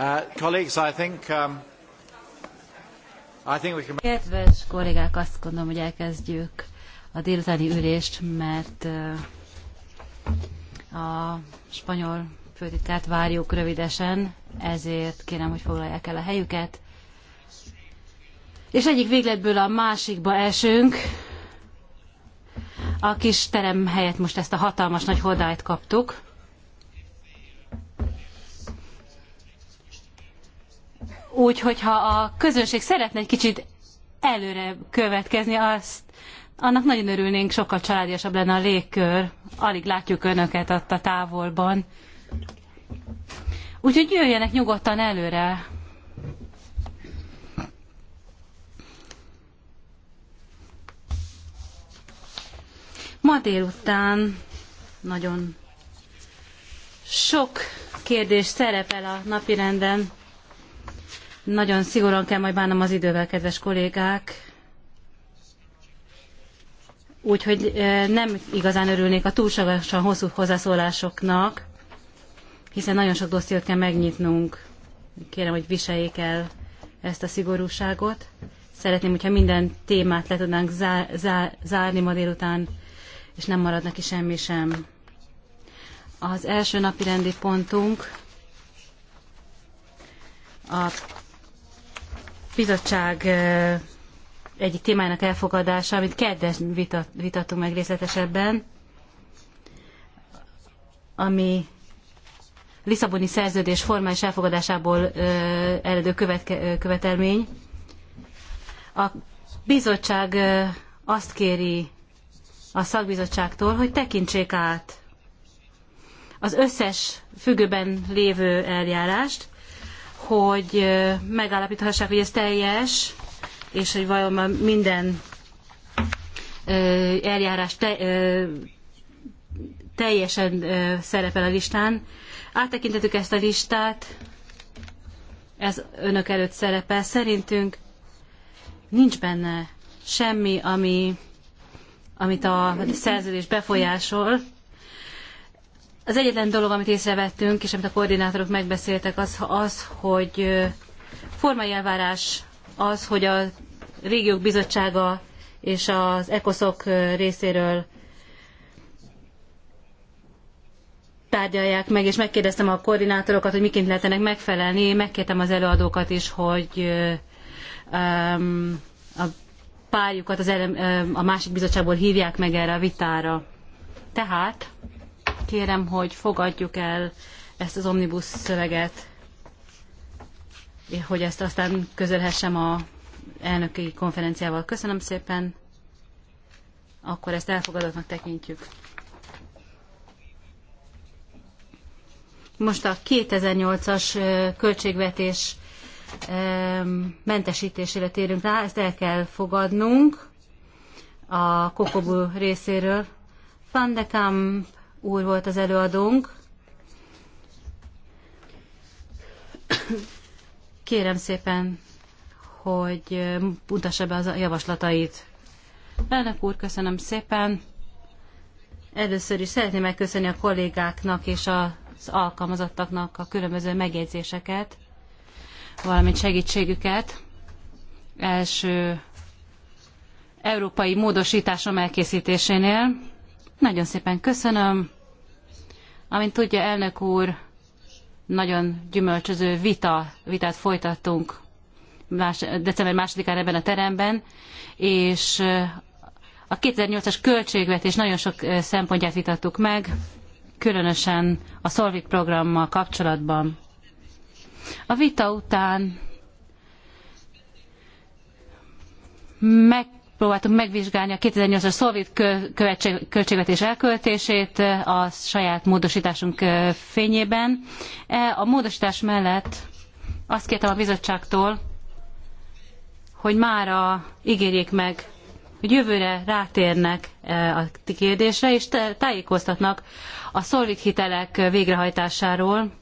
Uh, um, Kedves kollégák, azt gondolom, hogy elkezdjük a délutáni ülést, mert uh, a spanyol főtitkát várjuk rövidesen, ezért kérem, hogy foglalják el a helyüket. És egyik végletből a másikba esünk. A kis terem helyett most ezt a hatalmas nagy hodályt kaptuk. Úgy, hogyha a közönség szeretne egy kicsit előre következni, azt annak nagyon örülnénk, sokkal családiasabb lenne a légkör. Alig látjuk önöket ott a távolban. Úgyhogy jöjjenek nyugodtan előre. Ma délután nagyon sok kérdés szerepel a napirenden. Nagyon szigorúan kell majd bánnom az idővel, kedves kollégák. Úgyhogy eh, nem igazán örülnék a túlságosan hosszú hozzászólásoknak, hiszen nagyon sok dossziót kell megnyitnunk. Kérem, hogy viseljék el ezt a szigorúságot. Szeretném, hogyha minden témát le tudnánk zár, zár, zárni ma délután, és nem maradna ki semmi sem. Az első napi rendi pontunk a bizottság egyik témájának elfogadása, amit kedden vitat, vitattunk meg részletesebben, ami Lisszaboni szerződés formális elfogadásából eredő követke, követelmény. A bizottság azt kéri a szakbizottságtól, hogy tekintsék át az összes függőben lévő eljárást, hogy megállapíthassák, hogy ez teljes, és hogy vajon minden eljárás te, teljesen szerepel a listán. Áttekintettük ezt a listát, ez önök előtt szerepel. Szerintünk nincs benne semmi, ami, amit a szerződés befolyásol, az egyetlen dolog, amit észrevettünk, és amit a koordinátorok megbeszéltek, az, az hogy formai elvárás az, hogy a régiók bizottsága és az ECOSZOK részéről tárgyalják meg, és megkérdeztem a koordinátorokat, hogy miként lehetenek megfelelni. Megkértem az előadókat is, hogy um, a párjukat az a másik bizottságból hívják meg erre a vitára. Tehát kérem, hogy fogadjuk el ezt az omnibus szöveget, hogy ezt aztán közelhessem a elnöki konferenciával. Köszönöm szépen. Akkor ezt elfogadottnak tekintjük. Most a 2008-as költségvetés mentesítésére térünk rá, ezt el kell fogadnunk a Kokobu részéről. Van de Kamp úr volt az előadónk. Kérem szépen, hogy mutassa be a javaslatait. Elnök úr, köszönöm szépen. Először is szeretném megköszönni a kollégáknak és az alkalmazottaknak a különböző megjegyzéseket, valamint segítségüket. Első európai módosításom elkészítésénél nagyon szépen köszönöm. Amint tudja, elnök úr, nagyon gyümölcsöző vita, vitát folytattunk december 2-án ebben a teremben, és eh, a 2008-as költségvetés nagyon sok eh, szempontját vitattuk meg, különösen a Solvit programmal kapcsolatban. A vita után meg próbáltuk megvizsgálni a 2008-as szovjet költségvetés elköltését a saját módosításunk fényében. E, a módosítás mellett azt kértem a bizottságtól, hogy mára ígérjék meg, hogy jövőre rátérnek a kérdésre, és tájékoztatnak a szolvit hitelek végrehajtásáról,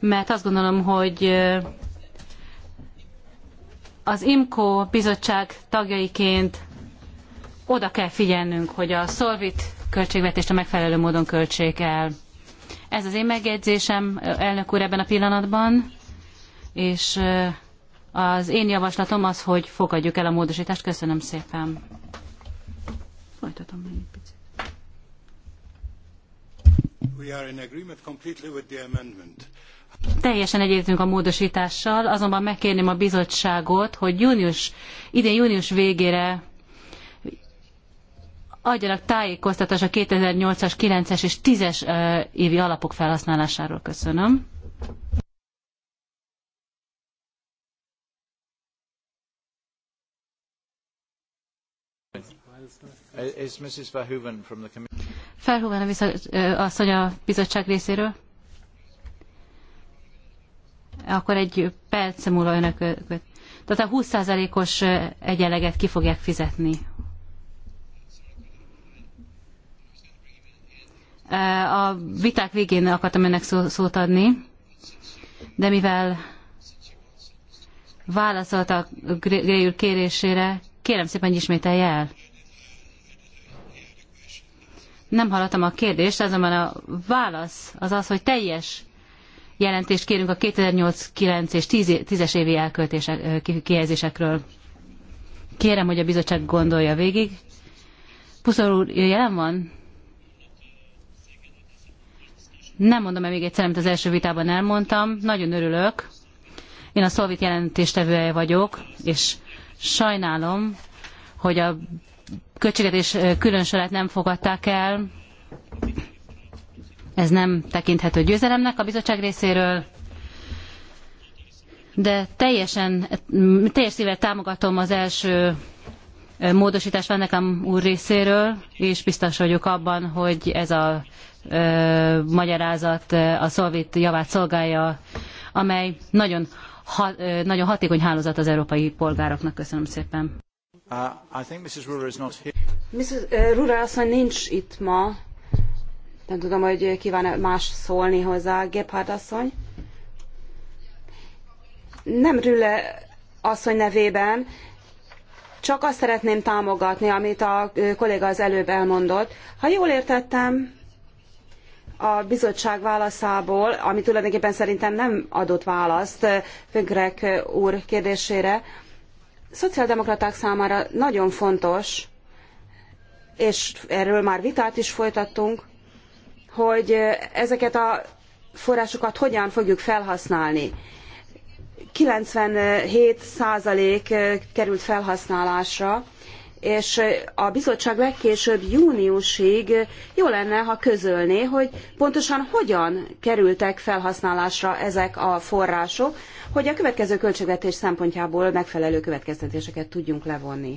mert azt gondolom, hogy az IMCO bizottság tagjaiként oda kell figyelnünk, hogy a szolvit költségvetést a megfelelő módon költsék el. Ez az én megjegyzésem, elnök úr, ebben a pillanatban, és az én javaslatom az, hogy fogadjuk el a módosítást. Köszönöm szépen. Folytatom még egy picit. We are in agreement completely with the amendment. Teljesen egyetünk a módosítással, azonban megkérném a bizottságot, hogy június, idén június végére adjanak tájékoztatás a 2008-as, 9-es és 10-es évi alapok felhasználásáról. Köszönöm. Mrs. Verhoeven from the Verhoeven, a asszony a bizottság részéről akkor egy perc múlva önök, tehát a 20%-os egyenleget ki fogják fizetni. A viták végén akartam önnek szó, szót adni, de mivel válaszolt a Gray úr kérésére, kérem szépen, hogy ismételje el. Nem hallottam a kérdést, azonban a válasz az az, hogy teljes jelentést kérünk a 2008-9 és 10-es évi elköltések, kihelyezésekről. Kérem, hogy a bizottság gondolja végig. Puszor úr, jelen van? Nem mondom el még egyszer, amit az első vitában elmondtam. Nagyon örülök. Én a Szolvit jelentéstevője vagyok, és sajnálom, hogy a költségvetés külön sorát nem fogadták el, ez nem tekinthető győzelemnek a bizottság részéről, de teljesen, teljes szívvel támogatom az első módosítás Vennekem úr részéről, és biztos vagyok abban, hogy ez a ö, magyarázat a szolvit javát szolgálja, amely nagyon, ha, ö, nagyon hatékony hálózat az európai polgároknak. Köszönöm szépen. Uh, Mrs. Rura asszony nincs itt ma, nem tudom, hogy kíván más szólni hozzá, Gebhard asszony. Nem Rülle asszony nevében, csak azt szeretném támogatni, amit a kolléga az előbb elmondott. Ha jól értettem, a bizottság válaszából, ami tulajdonképpen szerintem nem adott választ Fögrek úr kérdésére, szociáldemokraták számára nagyon fontos, és erről már vitát is folytattunk, hogy ezeket a forrásokat hogyan fogjuk felhasználni. 97% került felhasználásra, és a bizottság legkésőbb júniusig jó lenne, ha közölné, hogy pontosan hogyan kerültek felhasználásra ezek a források, hogy a következő költségvetés szempontjából megfelelő következtetéseket tudjunk levonni.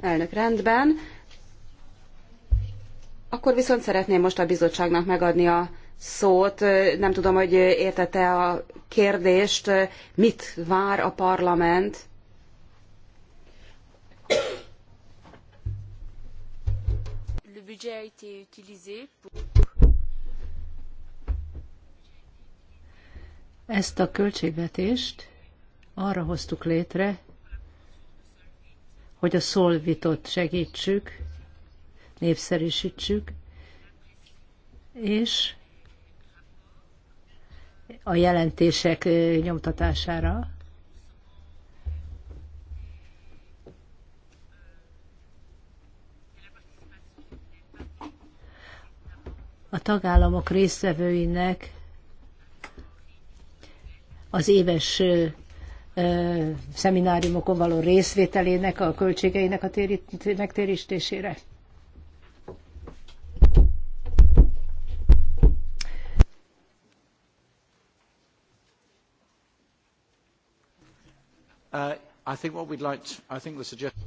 Elnök rendben. Akkor viszont szeretném most a bizottságnak megadni a szót. Nem tudom, hogy értette a kérdést, mit vár a parlament. Ezt a költségvetést arra hoztuk létre, hogy a szolvitot segítsük, népszerűsítsük, és a jelentések nyomtatására. A tagállamok résztvevőinek az éves szemináriumokon való részvételének, a költségeinek a megtérítésére. Uh,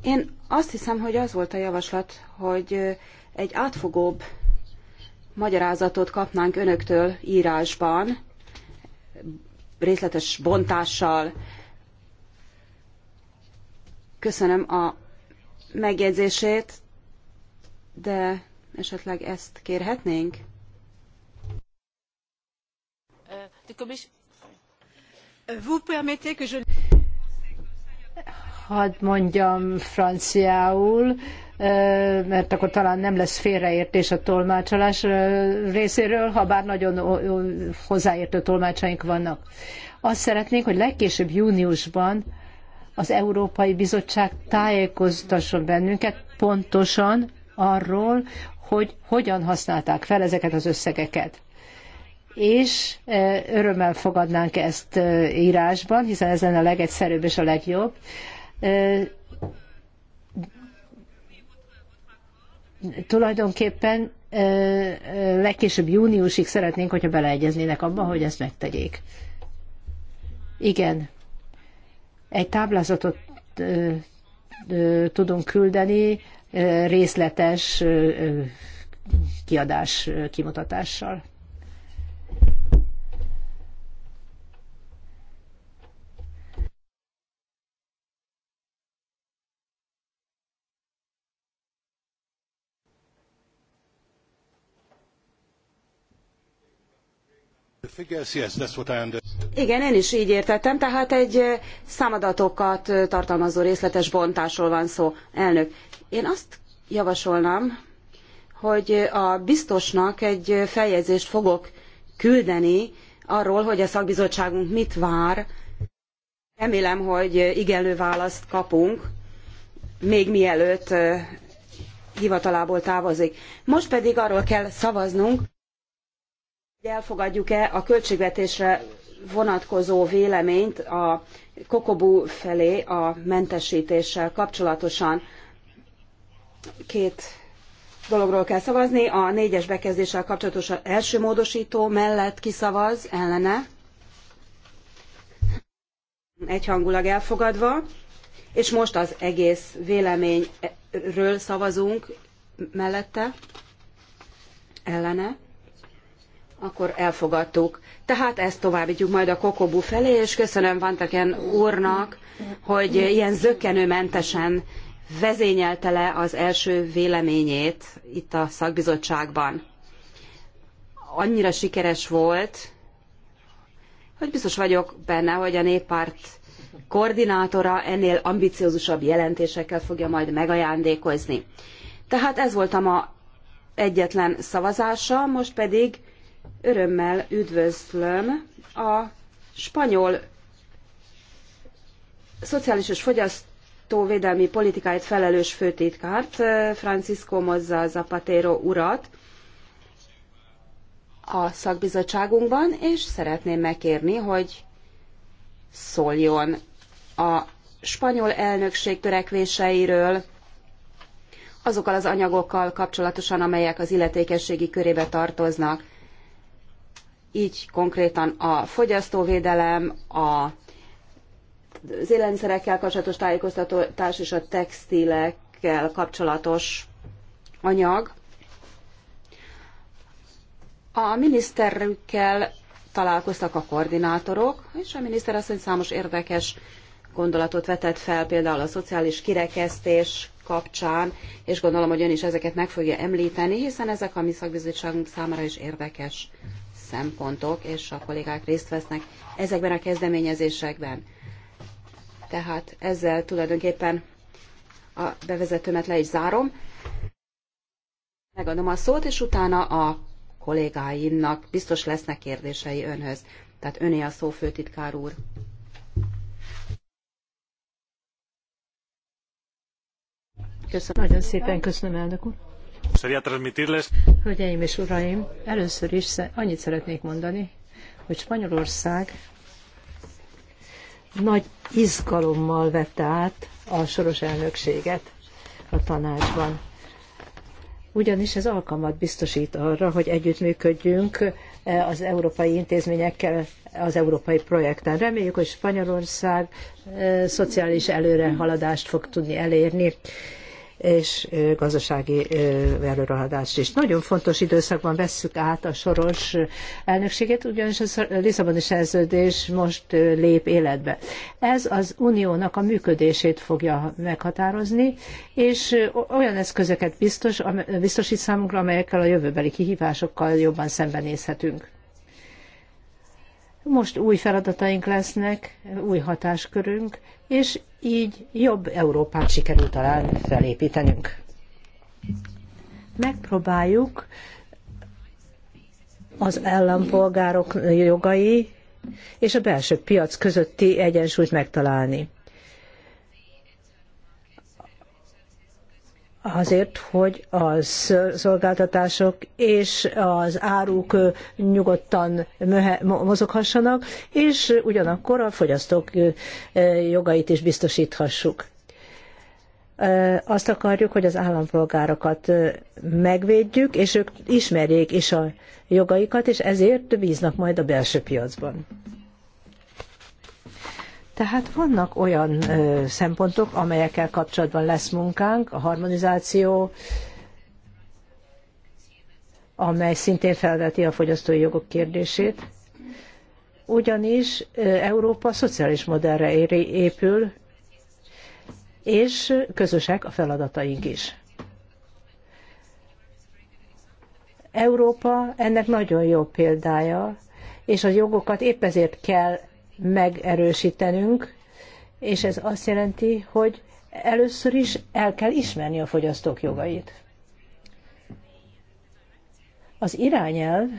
Én azt hiszem, hogy az volt a javaslat, hogy uh, egy átfogóbb magyarázatot kapnánk önöktől írásban, részletes bontással. Köszönöm a megjegyzését, de esetleg ezt kérhetnénk? Uh, vous permettez que je hadd mondjam franciául, mert akkor talán nem lesz félreértés a tolmácsolás részéről, ha bár nagyon hozzáértő tolmácsaink vannak. Azt szeretnénk, hogy legkésőbb júniusban az Európai Bizottság tájékoztasson bennünket pontosan arról, hogy hogyan használták fel ezeket az összegeket. És örömmel fogadnánk ezt írásban, hiszen ez lenne a legegyszerűbb és a legjobb tulajdonképpen legkésőbb júniusig szeretnénk, hogyha beleegyeznének abba, hogy ezt megtegyék. Igen. Egy táblázatot tudunk küldeni részletes kiadás kimutatással. Igen, én is így értettem, tehát egy eh, számadatokat eh, tartalmazó részletes bontásról van szó, elnök. Én azt javasolnám, hogy eh, a biztosnak egy feljegyzést fogok küldeni arról, hogy a szakbizottságunk mit vár. Remélem, hogy igenlő választ kapunk, még mielőtt hivatalából távozik. Most pedig arról kell szavaznunk, Elfogadjuk-e a költségvetésre vonatkozó véleményt a Kokobu felé a mentesítéssel kapcsolatosan? Két dologról kell szavazni. A négyes bekezdéssel kapcsolatos első módosító mellett kiszavaz, ellene. Egyhangulag elfogadva. És most az egész véleményről szavazunk mellette, ellene. Akkor elfogadtuk. Tehát ezt továbbítjuk majd a Kokobu felé, és köszönöm Vantaken úrnak, hogy ilyen zökkenőmentesen vezényelte le az első véleményét itt a szakbizottságban. Annyira sikeres volt, hogy biztos vagyok benne, hogy a néppárt koordinátora ennél ambiciózusabb jelentésekkel fogja majd megajándékozni. Tehát ez volt a ma egyetlen szavazása, most pedig Örömmel üdvözlöm a spanyol szociális és fogyasztóvédelmi politikáért felelős főtitkárt, eh, Francisco Mozza Zapatero urat a szakbizottságunkban, és szeretném megkérni, hogy szóljon a spanyol elnökség törekvéseiről, azokkal az anyagokkal kapcsolatosan, amelyek az illetékességi körébe tartoznak így konkrétan a fogyasztóvédelem, a az élelmiszerekkel kapcsolatos tájékoztatás és a textilekkel kapcsolatos anyag. A miniszterükkel találkoztak a koordinátorok, és a miniszter azt számos érdekes gondolatot vetett fel, például a szociális kirekesztés kapcsán, és gondolom, hogy ön is ezeket meg fogja említeni, hiszen ezek a mi szakbizottságunk számára is érdekes szempontok, és a kollégák részt vesznek ezekben a kezdeményezésekben. Tehát ezzel tulajdonképpen a bevezetőmet le is zárom. Megadom a szót, és utána a kollégáimnak biztos lesznek kérdései önhöz. Tehát öné a szó, főtitkár úr. Köszönöm. Nagyon szépen köszönöm, elnök úr. Hölgyeim és uraim, először is annyit szeretnék mondani, hogy Spanyolország nagy izgalommal vette át a soros elnökséget a tanácsban. Ugyanis ez alkalmat biztosít arra, hogy együttműködjünk e, az európai intézményekkel az európai projekten. Reméljük, hogy Spanyolország e, szociális előrehaladást fog tudni elérni és gazdasági előrehaladást is. Nagyon fontos időszakban vesszük át a soros elnökséget, ugyanis a Lisszaboni szerződés most lép életbe. Ez az uniónak a működését fogja meghatározni, és olyan eszközöket biztos, biztosít számunkra, amelyekkel a jövőbeli kihívásokkal jobban szembenézhetünk. Most új feladataink lesznek, új hatáskörünk, és így jobb Európát sikerült talán felépítenünk. Megpróbáljuk az állampolgárok jogai és a belső piac közötti egyensúlyt megtalálni. azért, hogy a szolgáltatások és az áruk nyugodtan mozoghassanak, és ugyanakkor a fogyasztók jogait is biztosíthassuk. Azt akarjuk, hogy az állampolgárokat megvédjük, és ők ismerjék is a jogaikat, és ezért bíznak majd a belső piacban. Tehát vannak olyan szempontok, amelyekkel kapcsolatban lesz munkánk, a harmonizáció, amely szintén felveti a fogyasztói jogok kérdését, ugyanis Európa szociális modellre épül, és közösek a feladataink is. Európa ennek nagyon jó példája, és a jogokat épp ezért kell megerősítenünk, és ez azt jelenti, hogy először is el kell ismerni a fogyasztók jogait. Az irányelv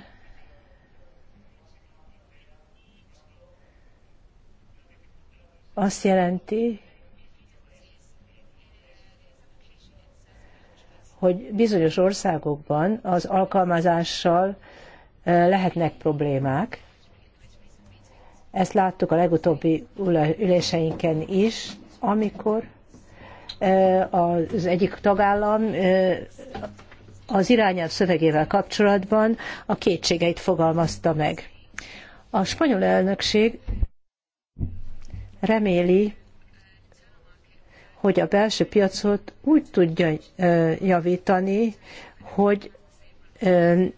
azt jelenti, hogy bizonyos országokban az alkalmazással eh, lehetnek problémák, ezt láttuk a legutóbbi üléseinken is, amikor e, az egyik tagállam e, az irányelv szövegével kapcsolatban a kétségeit fogalmazta meg. A spanyol elnökség reméli, hogy a belső piacot úgy tudja e, javítani, hogy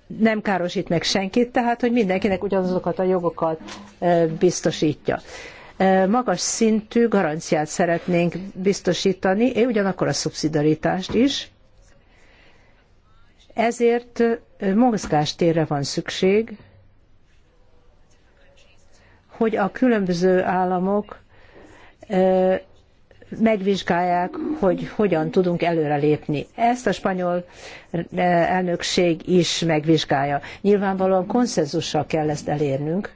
nem károsít meg senkit, tehát hogy mindenkinek ugyanazokat a jogokat biztosítja. Magas szintű garanciát szeretnénk biztosítani, ugyanakkor a szubszidaritást is. Ezért mozgástérre van szükség, hogy a különböző államok megvizsgálják, hogy hogyan tudunk előrelépni. Ezt a spanyol eh, elnökség is megvizsgálja. Nyilvánvalóan konszenzussal kell ezt elérnünk,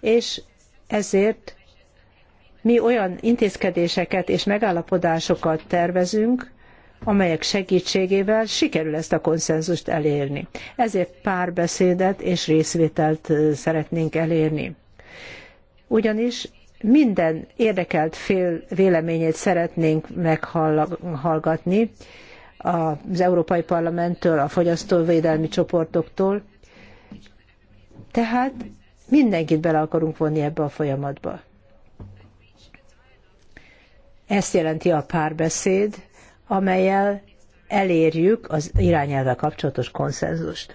és ezért mi olyan intézkedéseket és megállapodásokat tervezünk, amelyek segítségével sikerül ezt a konszenzust elérni. Ezért párbeszédet és részvételt eh, szeretnénk elérni. Ugyanis minden érdekelt fél véleményét szeretnénk meghallgatni az Európai Parlamenttől, a fogyasztóvédelmi csoportoktól. Tehát mindenkit bele akarunk vonni ebbe a folyamatba. Ezt jelenti a párbeszéd, amelyel elérjük az irányelvvel kapcsolatos konszenzust.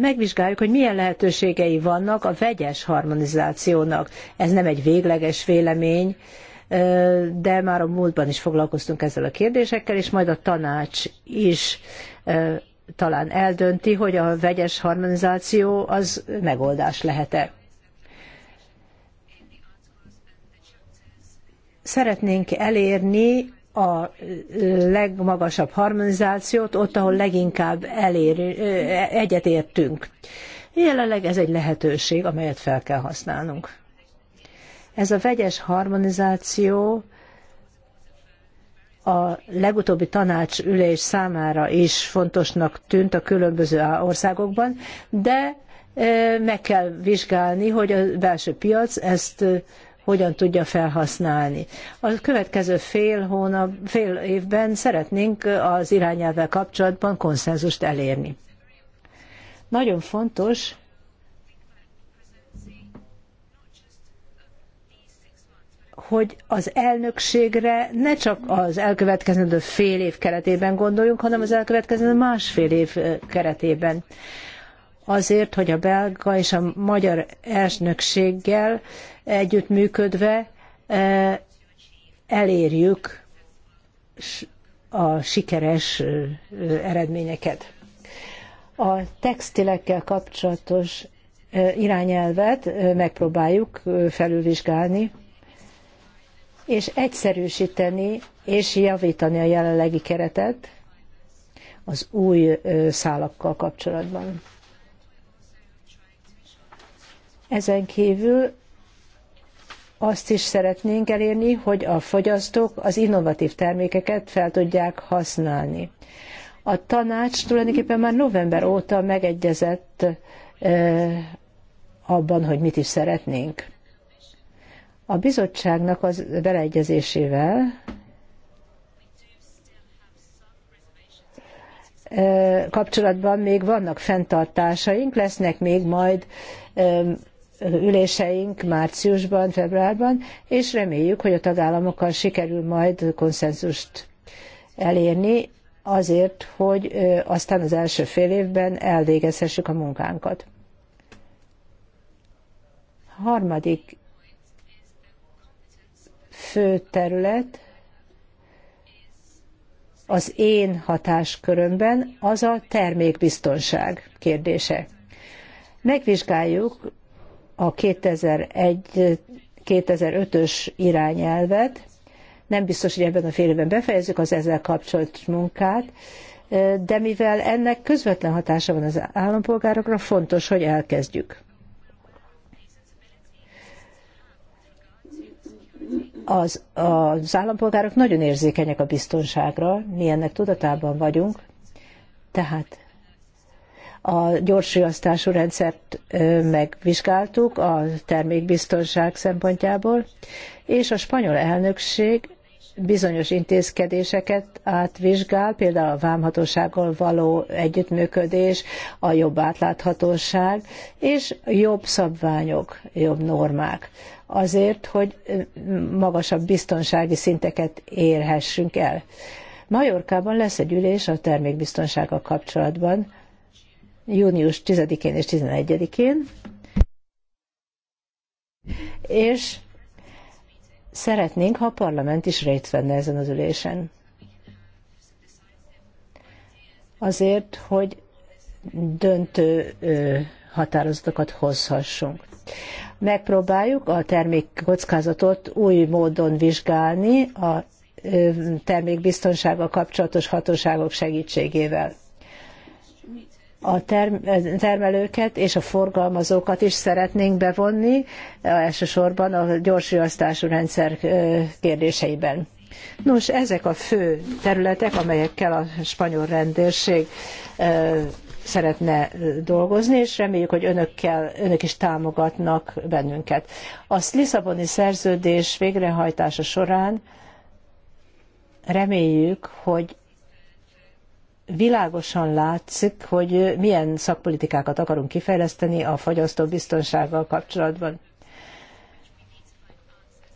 megvizsgáljuk, hogy milyen lehetőségei vannak a vegyes harmonizációnak. Ez nem egy végleges vélemény, de már a múltban is foglalkoztunk ezzel a kérdésekkel, és majd a tanács is talán eldönti, hogy a vegyes harmonizáció az megoldás lehet-e. Szeretnénk elérni a legmagasabb harmonizációt, ott, ahol leginkább elér, egyetértünk. Jelenleg ez egy lehetőség, amelyet fel kell használnunk. Ez a vegyes harmonizáció a legutóbbi tanácsülés számára is fontosnak tűnt a különböző országokban, de meg kell vizsgálni, hogy a belső piac ezt hogyan tudja felhasználni. A következő fél hónap, fél évben szeretnénk az irányelvvel kapcsolatban konszenzust elérni. Nagyon fontos, hogy az elnökségre ne csak az elkövetkezendő fél év keretében gondoljunk, hanem az elkövetkezendő másfél év keretében. Azért, hogy a belga és a magyar elnökséggel együttműködve e, elérjük a sikeres e, eredményeket. A textilekkel kapcsolatos e, irányelvet megpróbáljuk felülvizsgálni, és egyszerűsíteni és javítani a jelenlegi keretet az új szálakkal kapcsolatban. Ezen kívül azt is szeretnénk elérni, hogy a fogyasztók az innovatív termékeket fel tudják használni. A tanács tulajdonképpen már november óta megegyezett abban, hogy mit is szeretnénk. A bizottságnak az beleegyezésével kapcsolatban még vannak fenntartásaink, lesznek még majd üléseink márciusban, februárban, és reméljük, hogy a tagállamokkal sikerül majd konszenzust elérni azért, hogy aztán az első fél évben elvégezhessük a munkánkat. Harmadik fő terület az én hatáskörömben az a termékbiztonság kérdése. Megvizsgáljuk a 2001-2005-ös irányelvet. Nem biztos, hogy ebben a fél évben befejezzük az ezzel kapcsolatos munkát, de mivel ennek közvetlen hatása van az állampolgárokra, fontos, hogy elkezdjük. Az, az állampolgárok nagyon érzékenyek a biztonságra, mi ennek tudatában vagyunk, tehát a gyorsriasztású rendszert megvizsgáltuk a termékbiztonság szempontjából, és a spanyol elnökség bizonyos intézkedéseket átvizsgál, például a vámhatósággal való együttműködés, a jobb átláthatóság, és jobb szabványok, jobb normák azért, hogy magasabb biztonsági szinteket érhessünk el. Majorkában lesz egy ülés a termékbiztonsággal kapcsolatban, június 10-én és 11-én, és szeretnénk, ha a parlament is részt venne ezen az ülésen. Azért, hogy döntő határozatokat hozhassunk. Megpróbáljuk a termék kockázatot új módon vizsgálni a termékbiztonsággal kapcsolatos hatóságok segítségével a termelőket és a forgalmazókat is szeretnénk bevonni, elsősorban a gyorsriasztású rendszer kérdéseiben. Nos, ezek a fő területek, amelyekkel a spanyol rendőrség szeretne dolgozni, és reméljük, hogy önökkel, önök is támogatnak bennünket. A Lisszaboni szerződés végrehajtása során reméljük, hogy világosan látszik, hogy milyen szakpolitikákat akarunk kifejleszteni a fogyasztóbiztonsággal kapcsolatban.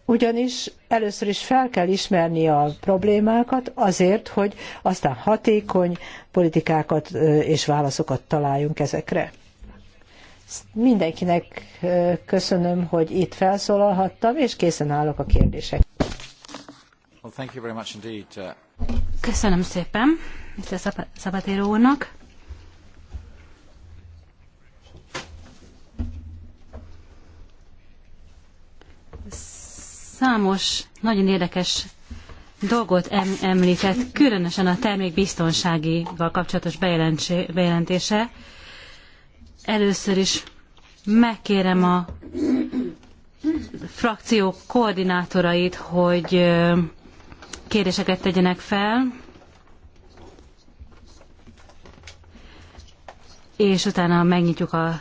Ugyanis először is fel kell ismerni a problémákat azért, hogy aztán hatékony politikákat és válaszokat találjunk ezekre. Mindenkinek köszönöm, hogy itt felszólalhattam, és készen állok a kérdésekre. Well, uh, Köszönöm szépen Mr. Szabatéró úrnak. Számos nagyon érdekes dolgot em- említett, különösen a termékbiztonságival kapcsolatos bejelentése. Először is megkérem a frakciók koordinátorait, hogy kérdéseket tegyenek fel, és utána megnyitjuk a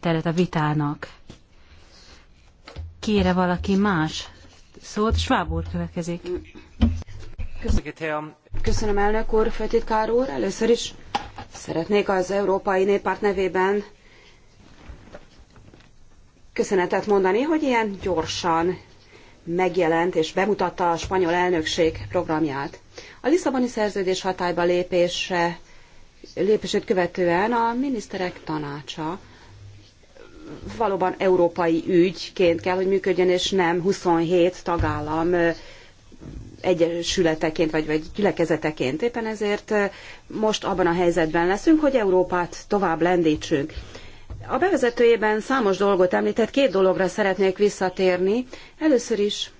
teret a vitának. Kére valaki más szót? Schwab úr következik. Köszönöm, Köszönöm elnök úr, főtitkár úr. Először is szeretnék az Európai Néppárt nevében köszönetet mondani, hogy ilyen gyorsan megjelent és bemutatta a spanyol elnökség programját. A Lisszaboni szerződés hatályba lépése, lépését követően a miniszterek tanácsa valóban európai ügyként kell, hogy működjön, és nem 27 tagállam egyesületeként vagy, vagy gyülekezeteként. Éppen ezért most abban a helyzetben leszünk, hogy Európát tovább lendítsünk. A bevezetőjében számos dolgot említett, két dologra szeretnék visszatérni. Először is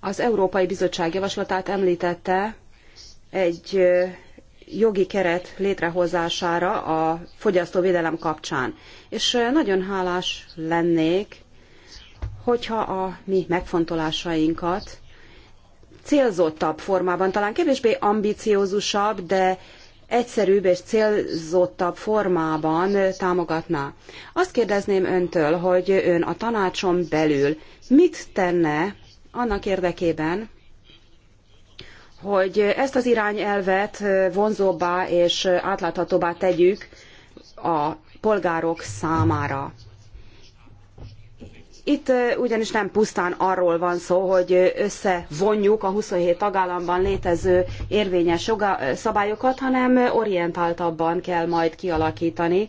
az Európai Bizottság javaslatát említette egy jogi keret létrehozására a fogyasztóvédelem kapcsán. És nagyon hálás lennék, hogyha a mi megfontolásainkat célzottabb formában, talán kevésbé ambiciózusabb, de egyszerűbb és célzottabb formában támogatná. Azt kérdezném öntől, hogy ön a tanácson belül mit tenne annak érdekében, hogy ezt az irányelvet vonzóbbá és átláthatóbbá tegyük a polgárok számára. Itt ugyanis nem pusztán arról van szó, hogy összevonjuk a 27 tagállamban létező érvényes szabályokat, hanem orientáltabban kell majd kialakítani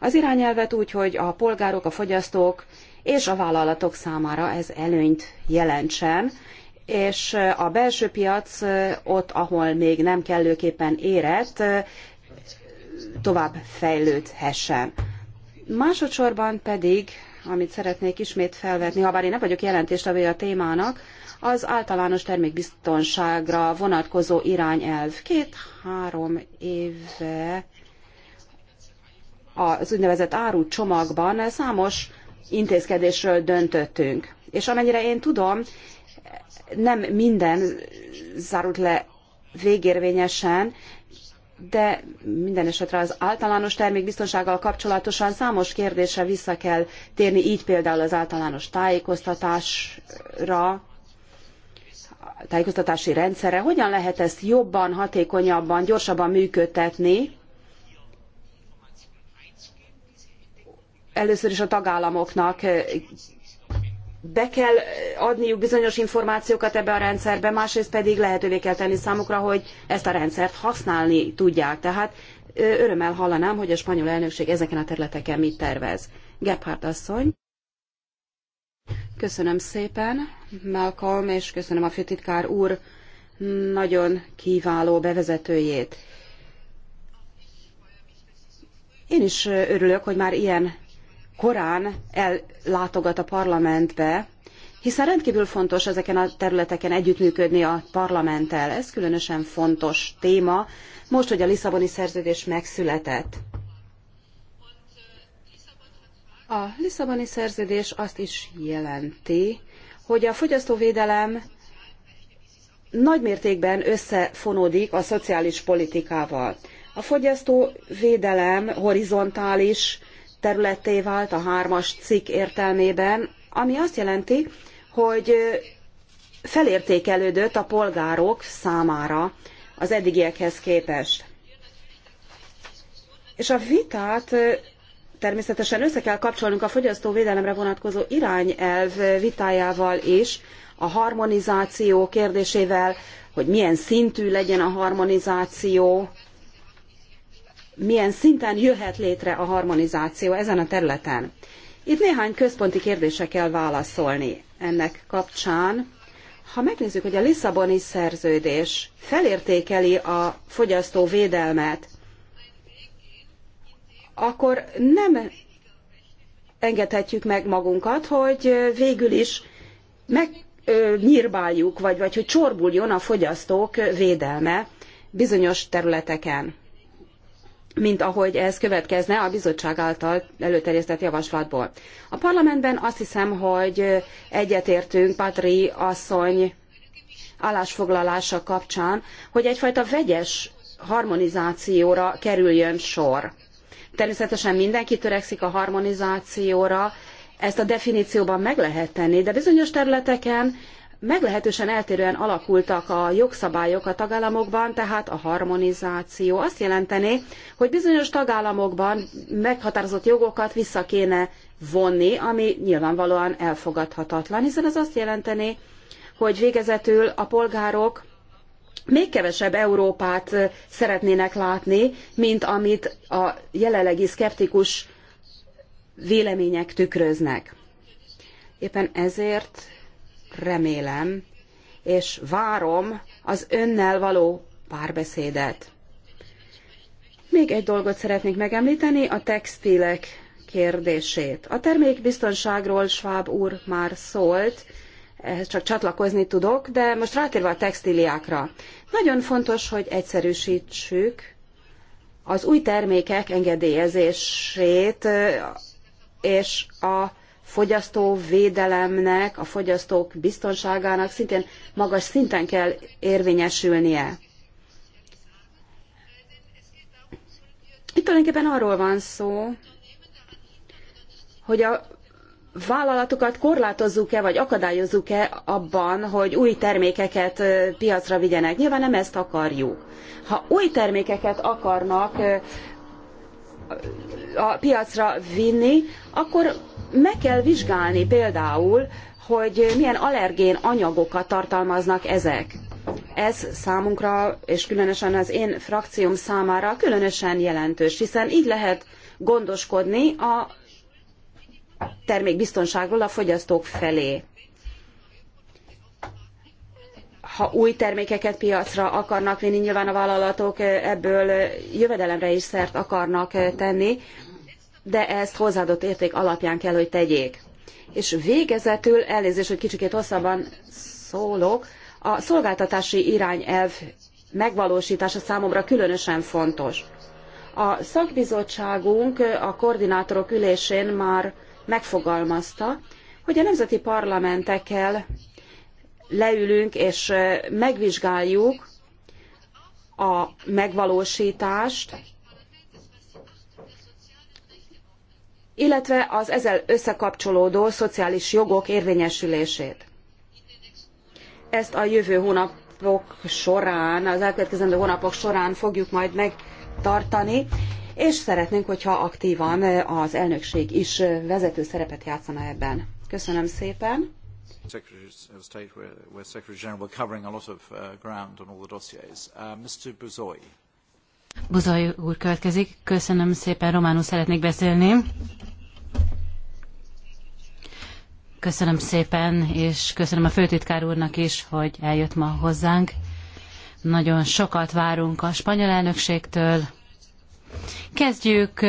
az irányelvet úgy, hogy a polgárok, a fogyasztók és a vállalatok számára ez előnyt jelentsen, és a belső piac ott, ahol még nem kellőképpen érett, tovább fejlődhessen. Másodszorban pedig amit szeretnék ismét felvetni, habár én nem vagyok jelentéstevője a témának, az általános termékbiztonságra vonatkozó irányelv. Két-három éve az úgynevezett árucsomagban számos intézkedésről döntöttünk. És amennyire én tudom, nem minden zárult le végérvényesen, de minden esetre az általános termékbiztonsággal kapcsolatosan számos kérdésre vissza kell térni, így például az általános tájékoztatásra, tájékoztatási rendszerre. Hogyan lehet ezt jobban, hatékonyabban, gyorsabban működtetni? Először is a tagállamoknak be kell adniuk bizonyos információkat ebbe a rendszerbe, másrészt pedig lehetővé kell tenni számukra, hogy ezt a rendszert használni tudják. Tehát örömmel hallanám, hogy a spanyol elnökség ezeken a területeken mit tervez. Gebhardt asszony. Köszönöm szépen, Malcolm, és köszönöm a főtitkár úr nagyon kiváló bevezetőjét. Én is örülök, hogy már ilyen korán ellátogat a parlamentbe, hiszen rendkívül fontos ezeken a területeken együttműködni a parlamenttel. Ez különösen fontos téma, most, hogy a Lisszaboni szerződés megszületett. A Lisszaboni szerződés azt is jelenti, hogy a fogyasztóvédelem nagy mértékben összefonódik a szociális politikával. A fogyasztóvédelem horizontális területté vált a hármas cikk értelmében, ami azt jelenti, hogy felértékelődött a polgárok számára az eddigiekhez képest. És a vitát természetesen össze kell kapcsolnunk a fogyasztóvédelemre vonatkozó irányelv vitájával is, a harmonizáció kérdésével, hogy milyen szintű legyen a harmonizáció, milyen szinten jöhet létre a harmonizáció ezen a területen. Itt néhány központi kérdésre kell válaszolni ennek kapcsán. Ha megnézzük, hogy a Lisszaboni szerződés felértékeli a fogyasztó védelmet, akkor nem engedhetjük meg magunkat, hogy végül is megnyírbáljuk, vagy, vagy hogy csorbuljon a fogyasztók védelme bizonyos területeken mint ahogy ez következne a bizottság által előterjesztett javaslatból. A parlamentben azt hiszem, hogy egyetértünk Patri asszony állásfoglalása kapcsán, hogy egyfajta vegyes harmonizációra kerüljön sor. Természetesen mindenki törekszik a harmonizációra, ezt a definícióban meg lehet tenni, de bizonyos területeken meglehetősen eltérően alakultak a jogszabályok a tagállamokban, tehát a harmonizáció azt jelenteni, hogy bizonyos tagállamokban meghatározott jogokat vissza kéne vonni, ami nyilvánvalóan elfogadhatatlan, hiszen ez azt jelenteni, hogy végezetül a polgárok még kevesebb Európát szeretnének látni, mint amit a jelenlegi szkeptikus vélemények tükröznek. Éppen ezért remélem, és várom az önnel való párbeszédet. Még egy dolgot szeretnék megemlíteni, a textilek kérdését. A termékbiztonságról Schwab úr már szólt, ehhez csak csatlakozni tudok, de most rátérve a textiliákra. Nagyon fontos, hogy egyszerűsítsük az új termékek engedélyezését és a fogyasztóvédelemnek, a fogyasztók biztonságának szintén magas szinten kell érvényesülnie. Itt tulajdonképpen arról van szó, hogy a vállalatokat korlátozzuk-e, vagy akadályozzuk-e abban, hogy új termékeket piacra vigyenek. Nyilván nem ezt akarjuk. Ha új termékeket akarnak a piacra vinni, akkor meg kell vizsgálni például, hogy milyen allergén anyagokat tartalmaznak ezek. Ez számunkra, és különösen az én frakcióm számára különösen jelentős, hiszen így lehet gondoskodni a termékbiztonságról a fogyasztók felé. Ha új termékeket piacra akarnak vinni, nyilván a vállalatok ebből jövedelemre is szert akarnak tenni, de ezt hozzáadott érték alapján kell, hogy tegyék. És végezetül, elnézést, hogy kicsikét hosszabban szólok, a szolgáltatási irányelv megvalósítása számomra különösen fontos. A szakbizottságunk a koordinátorok ülésén már megfogalmazta, hogy a nemzeti parlamentekkel leülünk és megvizsgáljuk a megvalósítást, illetve az ezzel összekapcsolódó szociális jogok érvényesülését. Ezt a jövő hónapok során, az elkövetkezendő hónapok során fogjuk majd megtartani, és szeretnénk, hogyha aktívan az elnökség is vezető szerepet játszana ebben. Köszönöm szépen! Uh, uh, Mr. Buzoy úr következik. Köszönöm szépen, románul szeretnék beszélni. Köszönöm szépen, és köszönöm a főtitkár úrnak is, hogy eljött ma hozzánk. Nagyon sokat várunk a spanyol elnökségtől. Kezdjük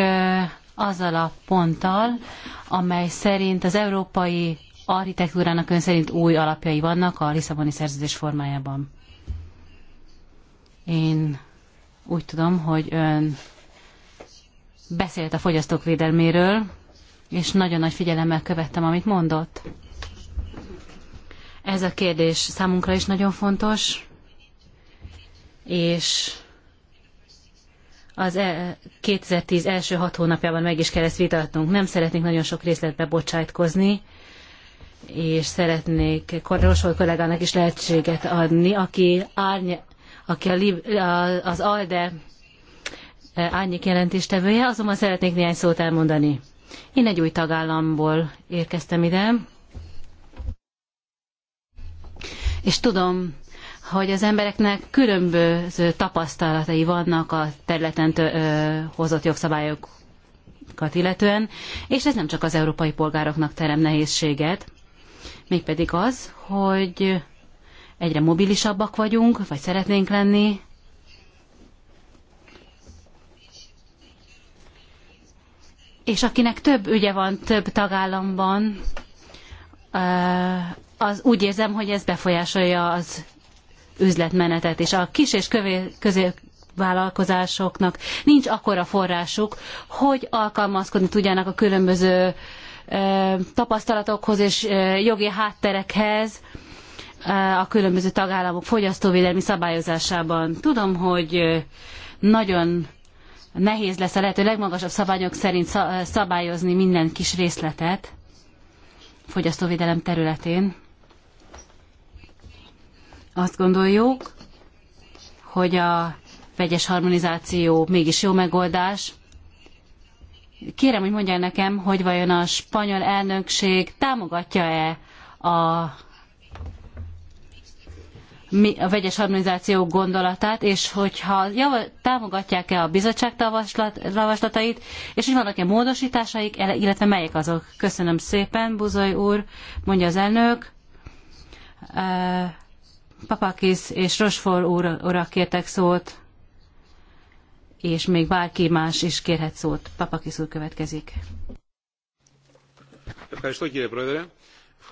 azzal a ponttal, amely szerint az európai architektúrának ön szerint új alapjai vannak a Lisszaboni szerződés formájában. Én úgy tudom, hogy ön beszélt a fogyasztók védelméről, és nagyon nagy figyelemmel követtem, amit mondott. Ez a kérdés számunkra is nagyon fontos, és az 2010 e- első hat hónapjában meg is kell ezt vitatnunk. Nem szeretnék nagyon sok részletbe bocsájtkozni, és szeretnék Rosol kollégának is lehetséget adni, aki, árny, aki a, a, az ALDE e, árnyék jelentéstevője, azonban szeretnék néhány szót elmondani. Én egy új tagállamból érkeztem ide, és tudom, hogy az embereknek különböző tapasztalatai vannak a területen tő, ö, hozott jogszabályokat illetően, és ez nem csak az európai polgároknak terem nehézséget, mégpedig az, hogy egyre mobilisabbak vagyunk, vagy szeretnénk lenni, és akinek több ügye van több tagállamban, az úgy érzem, hogy ez befolyásolja az üzletmenetet, és a kis és középvállalkozásoknak nincs akkora forrásuk, hogy alkalmazkodni tudjanak a különböző tapasztalatokhoz és jogi hátterekhez a különböző tagállamok fogyasztóvédelmi szabályozásában. Tudom, hogy nagyon nehéz lesz a lehető legmagasabb szabályok szerint szabályozni minden kis részletet fogyasztóvédelem területén. Azt gondoljuk, hogy a vegyes harmonizáció mégis jó megoldás. Kérem, hogy mondják nekem, hogy vajon a spanyol elnökség támogatja-e a a vegyes harmonizáció gondolatát, és hogyha támogatják-e a bizottság javaslatait, és hogy vannak-e módosításaik, illetve melyek azok. Köszönöm szépen, Buzoly úr, mondja az elnök. Papakis és Rosfor úr, urak kértek szót, és még bárki más is kérhet szót. Papakis úr következik. Köszönöm,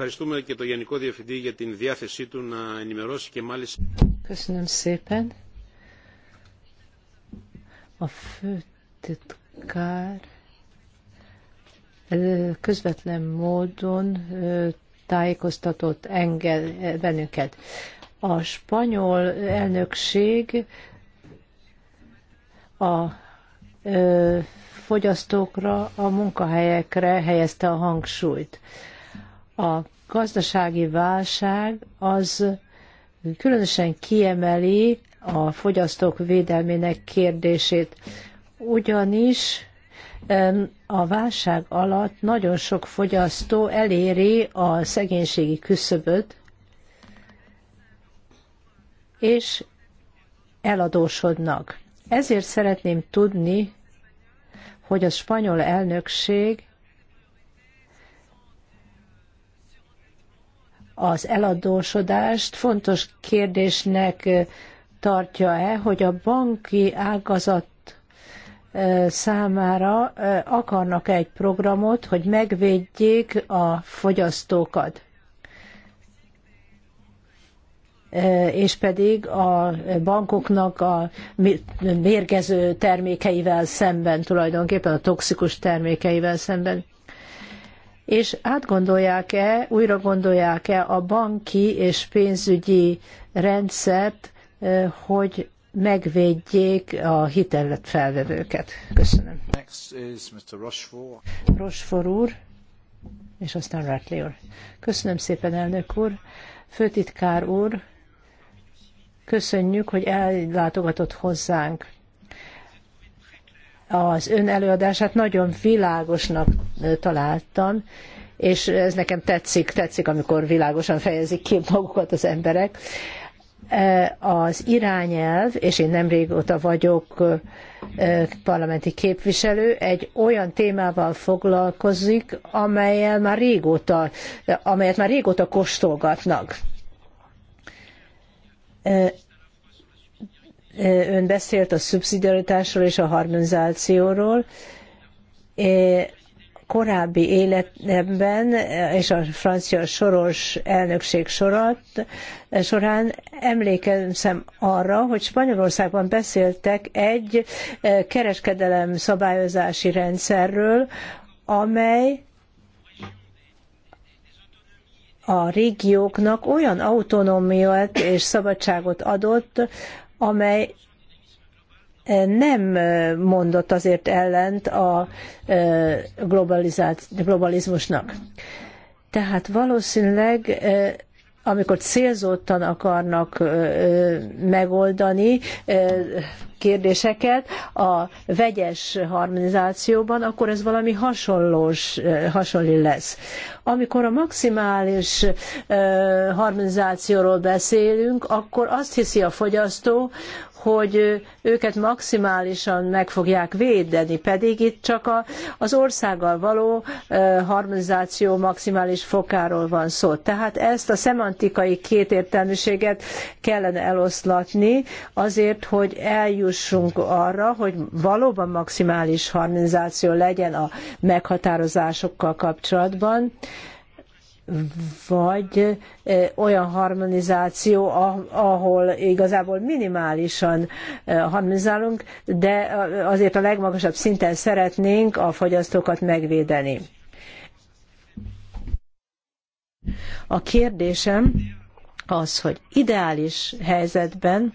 Ευχαριστούμε και τον Γενικό Διευθυντή για την διάθεσή του να ενημερώσει και μάλιστα. Köszönöm szépen. A főtitkár közvetlen módon tájékoztatott engel bennünket. A spanyol elnökség a fogyasztókra, a munkahelyekre helyezte a hangsúlyt. A gazdasági válság az különösen kiemeli a fogyasztók védelmének kérdését, ugyanis a válság alatt nagyon sok fogyasztó eléri a szegénységi küszöböt, és eladósodnak. Ezért szeretném tudni, hogy a spanyol elnökség az eladósodást fontos kérdésnek tartja-e, hogy a banki ágazat számára akarnak -e egy programot, hogy megvédjék a fogyasztókat. És pedig a bankoknak a mérgező termékeivel szemben, tulajdonképpen a toxikus termékeivel szemben és átgondolják-e, újra gondolják-e a banki és pénzügyi rendszert, hogy megvédjék a hitelet felvevőket. Köszönöm. Next is Mr. Rochefort. Rochefort úr, és aztán Ratley úr. Köszönöm szépen, elnök úr. Főtitkár úr, köszönjük, hogy ellátogatott hozzánk az ön előadását nagyon világosnak találtam, és ez nekem tetszik, tetszik, amikor világosan fejezik ki magukat az emberek. Az irányelv, és én nem régóta vagyok parlamenti képviselő, egy olyan témával foglalkozik, amelyel már régóta, amelyet már régóta kóstolgatnak Ön beszélt a szubszidiaritásról és a harmonizációról. Korábbi életemben és a francia soros elnökség sorat, során emlékezem arra, hogy Spanyolországban beszéltek egy e, kereskedelem szabályozási rendszerről, amely a régióknak olyan autonómiát és szabadságot adott, amely eh, nem eh, mondott azért ellent a eh, globalizmusnak. Tehát valószínűleg amikor célzottan akarnak megoldani kérdéseket a vegyes harmonizációban, akkor ez valami hasonlós, hasonló lesz. Amikor a maximális harmonizációról beszélünk, akkor azt hiszi a fogyasztó, hogy őket maximálisan meg fogják védeni, pedig itt csak az országgal való harmonizáció maximális fokáról van szó. Tehát ezt a szemantikai kétértelműséget kellene eloszlatni azért, hogy eljussunk arra, hogy valóban maximális harmonizáció legyen a meghatározásokkal kapcsolatban, vagy olyan harmonizáció, ahol igazából minimálisan harmonizálunk, de azért a legmagasabb szinten szeretnénk a fogyasztókat megvédeni. A kérdésem az, hogy ideális helyzetben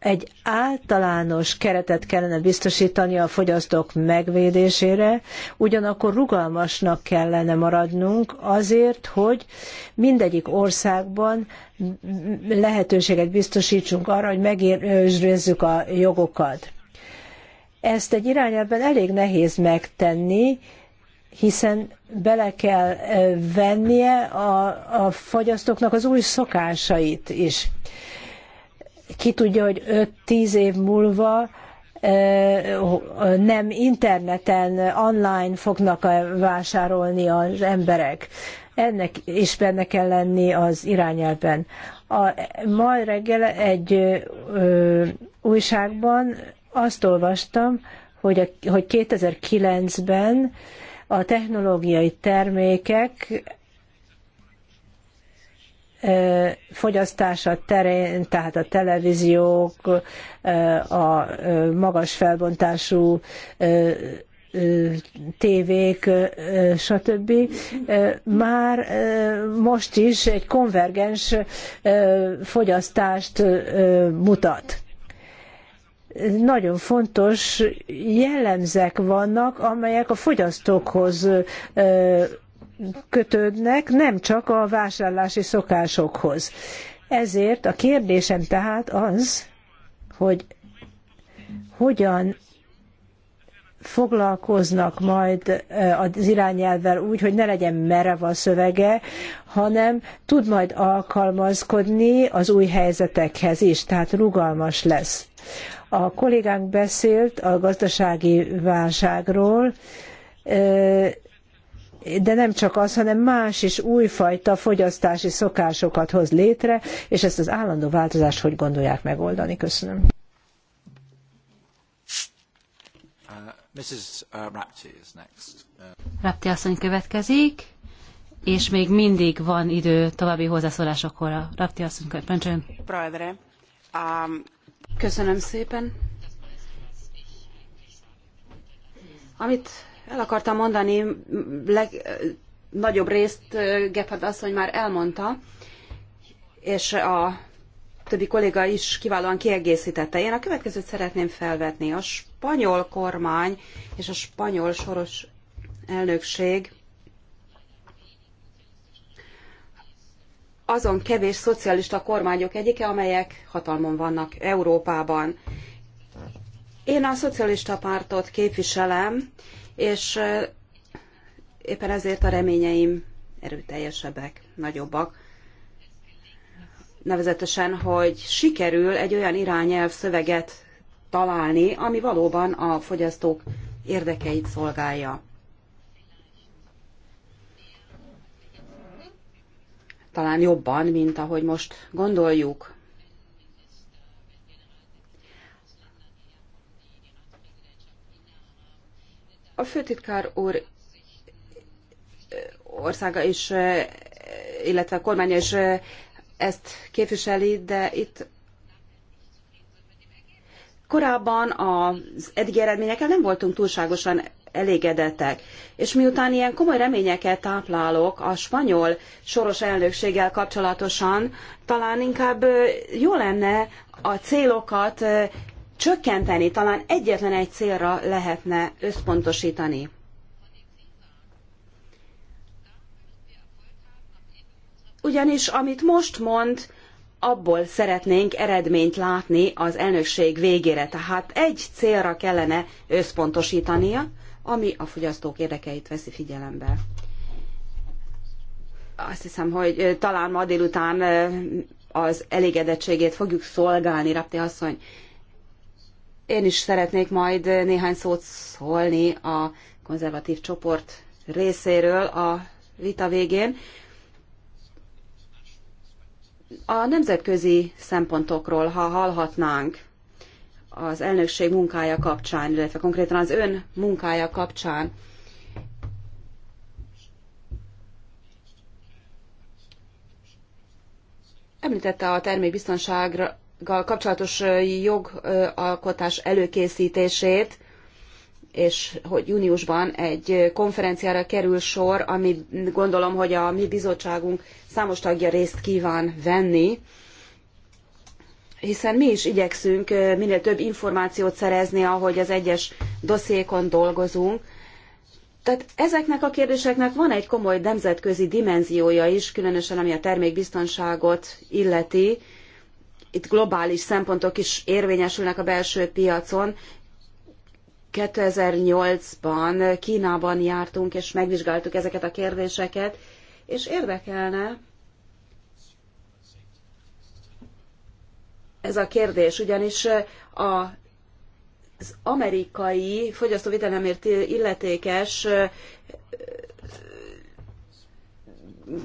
egy általános keretet kellene biztosítani a fogyasztók megvédésére, ugyanakkor rugalmasnak kellene maradnunk azért, hogy mindegyik országban lehetőséget biztosítsunk arra, hogy megőrizzük a jogokat. Ezt egy irányában elég nehéz megtenni, hiszen bele kell vennie a, a fogyasztóknak az új szokásait is ki tudja, hogy 5-10 év múlva nem interneten, online fognak vásárolni az emberek. Ennek is benne kell lenni az irányelben. A, ma reggel egy ö, újságban azt olvastam, hogy, a, hogy 2009-ben a technológiai termékek fogyasztása terén, tehát a televíziók, a magas felbontású tévék, stb. Már most is egy konvergens fogyasztást mutat nagyon fontos jellemzek vannak, amelyek a fogyasztókhoz kötődnek, nem csak a vásárlási szokásokhoz. Ezért a kérdésem tehát az, hogy hogyan foglalkoznak majd az irányelvvel úgy, hogy ne legyen merev a szövege, hanem tud majd alkalmazkodni az új helyzetekhez is, tehát rugalmas lesz. A kollégánk beszélt a gazdasági válságról, de nem csak az, hanem más is újfajta fogyasztási szokásokat hoz létre, és ezt az állandó változást hogy gondolják megoldani? Köszönöm. Uh, Mrs. Uh, uh, Rapti asszony következik, és még mindig van idő további hozzászólásokor a Rapti asszony könyvpöncsön. Köszönöm szépen. Amit el akartam mondani, legnagyobb részt Gephardt asszony már elmondta, és a többi kolléga is kiválóan kiegészítette. Én a következőt szeretném felvetni. A spanyol kormány és a spanyol soros elnökség azon kevés szocialista kormányok egyike, amelyek hatalmon vannak Európában. Én a szocialista pártot képviselem, és éppen ezért a reményeim erőteljesebbek, nagyobbak. Nevezetesen, hogy sikerül egy olyan irányelv szöveget találni, ami valóban a fogyasztók érdekeit szolgálja. Talán jobban, mint ahogy most gondoljuk. A főtitkár úr országa is, illetve a kormánya is ezt képviseli, de itt korábban az eddigi eredményekkel nem voltunk túlságosan elégedettek. És miután ilyen komoly reményeket táplálok a spanyol soros elnökséggel kapcsolatosan, talán inkább jó lenne a célokat csökkenteni, talán egyetlen egy célra lehetne összpontosítani. Ugyanis amit most mond, abból szeretnénk eredményt látni az elnökség végére. Tehát egy célra kellene összpontosítania, ami a fogyasztók érdekeit veszi figyelembe. Azt hiszem, hogy talán ma délután az elégedettségét fogjuk szolgálni, Rapti asszony én is szeretnék majd néhány szót szólni a konzervatív csoport részéről a vita végén. A nemzetközi szempontokról, ha hallhatnánk az elnökség munkája kapcsán, illetve konkrétan az ön munkája kapcsán, Említette a termékbiztonságra gal kapcsolatos jogalkotás előkészítését, és hogy júniusban egy konferenciára kerül sor, ami gondolom, hogy a mi bizottságunk számos tagja részt kíván venni, hiszen mi is igyekszünk minél több információt szerezni, ahogy az egyes dossziékon dolgozunk. Tehát ezeknek a kérdéseknek van egy komoly nemzetközi dimenziója is, különösen ami a termékbiztonságot illeti, itt globális szempontok is érvényesülnek a belső piacon. 2008-ban Kínában jártunk, és megvizsgáltuk ezeket a kérdéseket, és érdekelne ez a kérdés, ugyanis a az amerikai fogyasztóvédelemért illetékes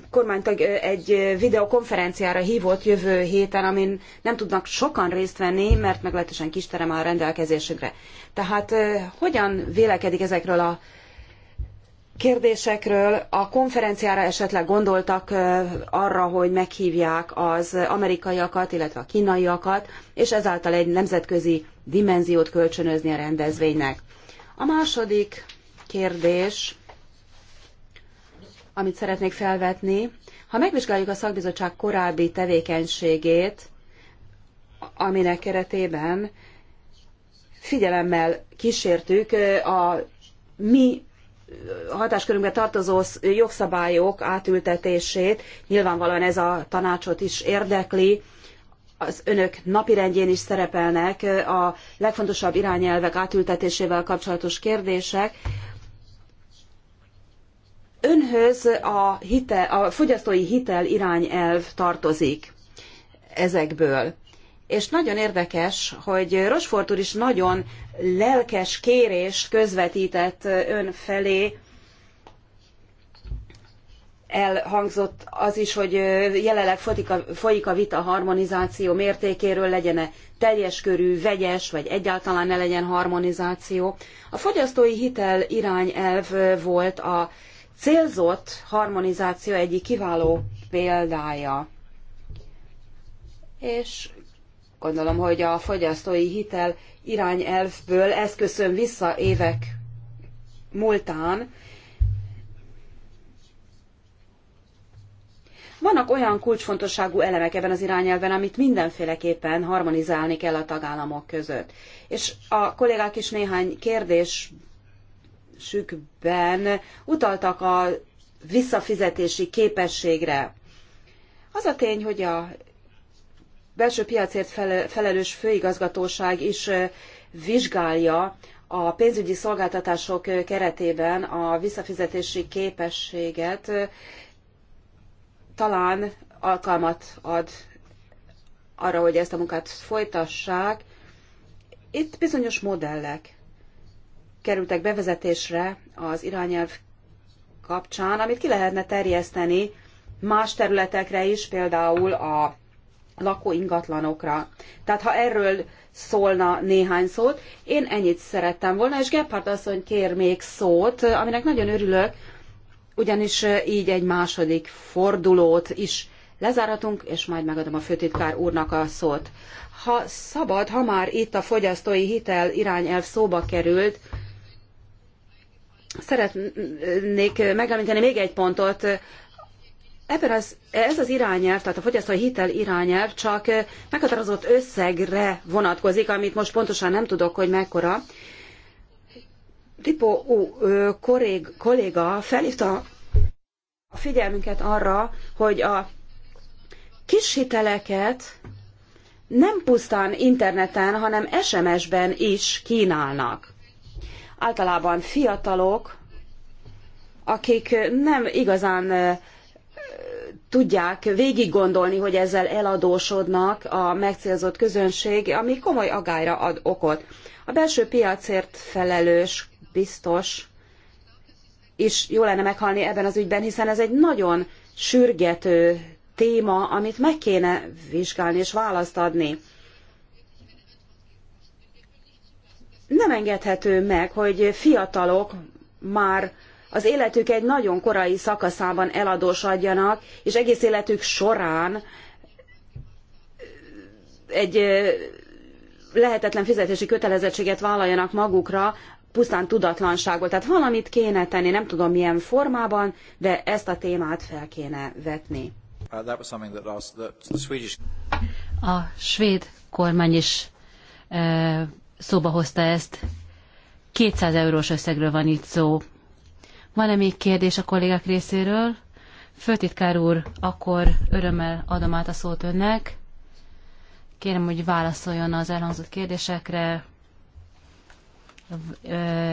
kormánytag egy videokonferenciára hívott jövő héten, amin nem tudnak sokan részt venni, mert meglehetősen kis terem a rendelkezésükre. Tehát hogyan vélekedik ezekről a kérdésekről? A konferenciára esetleg gondoltak arra, hogy meghívják az amerikaiakat, illetve a kínaiakat, és ezáltal egy nemzetközi dimenziót kölcsönözni a rendezvénynek. A második kérdés amit szeretnék felvetni. Ha megvizsgáljuk a szakbizottság korábbi tevékenységét, aminek keretében figyelemmel kísértük a mi hatáskörünkbe tartozó jogszabályok átültetését. Nyilvánvalóan ez a tanácsot is érdekli. Az önök napirendjén is szerepelnek a legfontosabb irányelvek átültetésével kapcsolatos kérdések önhöz a, a fogyasztói hitel irányelv tartozik ezekből. És nagyon érdekes, hogy Rosfort úr is nagyon lelkes kérést közvetített ön felé, elhangzott az is, hogy jelenleg folyik a, folyik a vita harmonizáció mértékéről, legyen-e teljes körű, vegyes, vagy egyáltalán ne legyen harmonizáció. A fogyasztói hitel irányelv volt a célzott harmonizáció egyik kiváló példája. És gondolom, hogy a fogyasztói hitel irányelvből ez köszön vissza évek múltán. Vannak olyan kulcsfontosságú elemek ebben az irányelven, amit mindenféleképpen harmonizálni kell a tagállamok között. És a kollégák is néhány kérdés kérdésükben utaltak a visszafizetési képességre. Az a tény, hogy a belső piacért felelős főigazgatóság is vizsgálja a pénzügyi szolgáltatások keretében a visszafizetési képességet, talán alkalmat ad arra, hogy ezt a munkát folytassák. Itt bizonyos modellek kerültek bevezetésre az irányelv kapcsán, amit ki lehetne terjeszteni más területekre is, például a lakóingatlanokra. Tehát ha erről szólna néhány szót, én ennyit szerettem volna, és Gephardt asszony kér még szót, aminek nagyon örülök, ugyanis így egy második fordulót is lezárhatunk, és majd megadom a főtitkár úrnak a szót. Ha szabad, ha már itt a fogyasztói hitel irányelv szóba került, Szeretnék megemlíteni még egy pontot. Ebben az, ez az irányelv, tehát a fogyasztói hitel irányelv csak meghatározott összegre vonatkozik, amit most pontosan nem tudok, hogy mekkora. Ripó korég, kolléga felhívta a figyelmünket arra, hogy a kis hiteleket nem pusztán interneten, hanem SMS-ben is kínálnak általában fiatalok, akik nem igazán tudják végiggondolni, hogy ezzel eladósodnak a megcélzott közönség, ami komoly agályra ad okot. A belső piacért felelős, biztos, is jó lenne meghalni ebben az ügyben, hiszen ez egy nagyon sürgető téma, amit meg kéne vizsgálni és választ adni. nem engedhető meg, hogy fiatalok már az életük egy nagyon korai szakaszában eladósodjanak, és egész életük során egy lehetetlen fizetési kötelezettséget vállaljanak magukra, pusztán tudatlanságból. Tehát valamit kéne tenni, nem tudom milyen formában, de ezt a témát fel kéne vetni. Uh, a svéd kormány is szóba hozta ezt. 200 eurós összegről van itt szó. Van-e még kérdés a kollégák részéről? Főtitkár úr, akkor örömmel adom át a szót önnek. Kérem, hogy válaszoljon az elhangzott kérdésekre,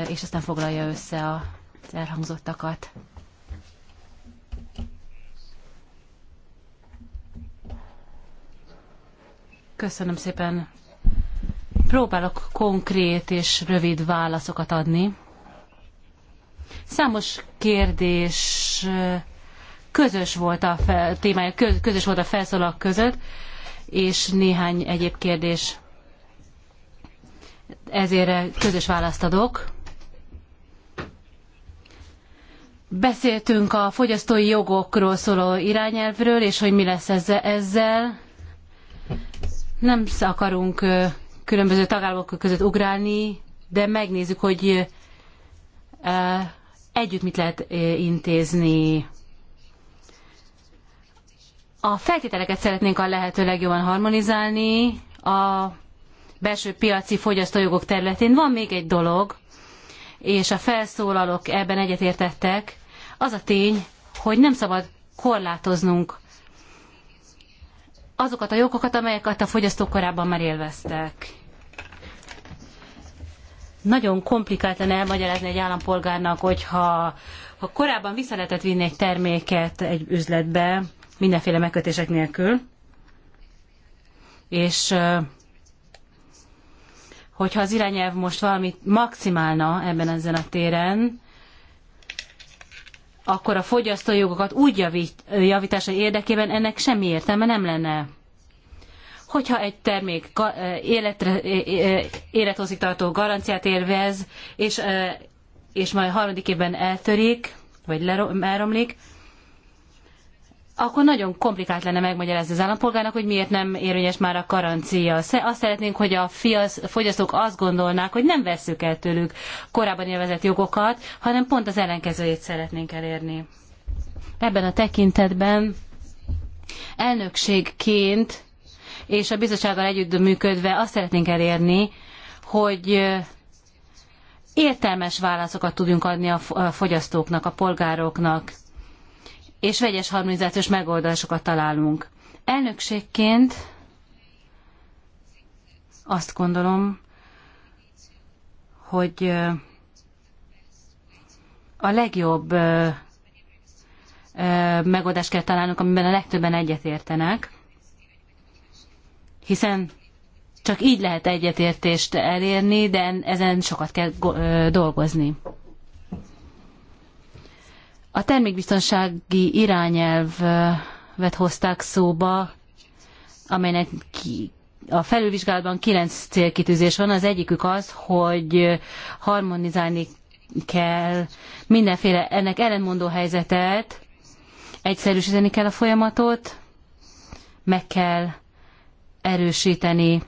és aztán foglalja össze az elhangzottakat. Köszönöm szépen Próbálok konkrét és rövid válaszokat adni. Számos kérdés közös volt a fel, témája, közös volt a felszólalak között, és néhány egyéb kérdés. Ezért közös választ adok. Beszéltünk a fogyasztói jogokról szóló irányelvről, és hogy mi lesz ezzel. Nem akarunk különböző tagállamok között ugrálni, de megnézzük, hogy együtt mit lehet intézni. A feltételeket szeretnénk a lehető legjobban harmonizálni a belső piaci fogyasztójogok területén. Van még egy dolog, és a felszólalók ebben egyetértettek, az a tény, hogy nem szabad korlátoznunk azokat a jogokat, amelyeket a fogyasztók korábban már élveztek nagyon komplikált lenne elmagyarázni egy állampolgárnak, hogyha ha korábban vissza lehetett vinni egy terméket egy üzletbe, mindenféle megkötések nélkül, és hogyha az irányelv most valamit maximálna ebben ezen a téren, akkor a fogyasztói jogokat úgy javít, javítása érdekében ennek semmi értelme nem lenne hogyha egy termék életre, élethosszígtartó garanciát élvez, és, és majd harmadik évben eltörik, vagy elromlik, akkor nagyon komplikált lenne megmagyarázni az állampolgárnak, hogy miért nem érvényes már a garancia. Azt szeretnénk, hogy a fogyasztók azt gondolnák, hogy nem vesszük el tőlük korábban élvezett jogokat, hanem pont az ellenkezőjét szeretnénk elérni. Ebben a tekintetben elnökségként és a bizottsággal együttműködve azt szeretnénk elérni, hogy értelmes válaszokat tudjunk adni a fogyasztóknak, a polgároknak, és vegyes harmonizációs megoldásokat találunk. Elnökségként azt gondolom, hogy a legjobb megoldást kell találnunk, amiben a legtöbben egyetértenek hiszen csak így lehet egyetértést elérni, de ezen sokat kell dolgozni. A termékbiztonsági irányelvet hozták szóba, amelynek a felülvizsgálatban kilenc célkitűzés van. Az egyikük az, hogy harmonizálni kell mindenféle ennek ellenmondó helyzetet, egyszerűsíteni kell a folyamatot, meg kell erősíteni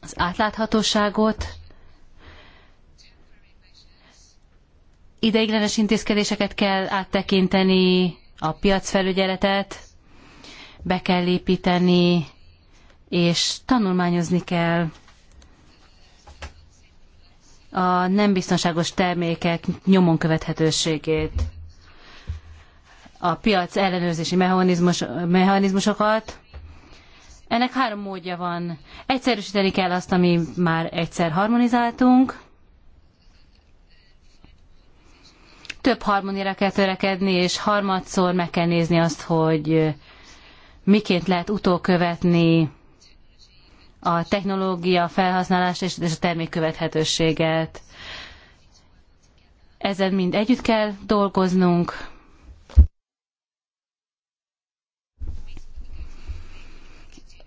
az átláthatóságot, ideiglenes intézkedéseket kell áttekinteni, a piacfelügyeletet be kell építeni, és tanulmányozni kell a nem biztonságos termékek nyomon követhetőségét, a piac ellenőrzési mechanizmus, mechanizmusokat, ennek három módja van. Egyszerűsíteni kell azt, ami már egyszer harmonizáltunk. Több harmonira kell törekedni, és harmadszor meg kell nézni azt, hogy miként lehet utókövetni a technológia felhasználást és a termék követhetőséget. Ezen mind együtt kell dolgoznunk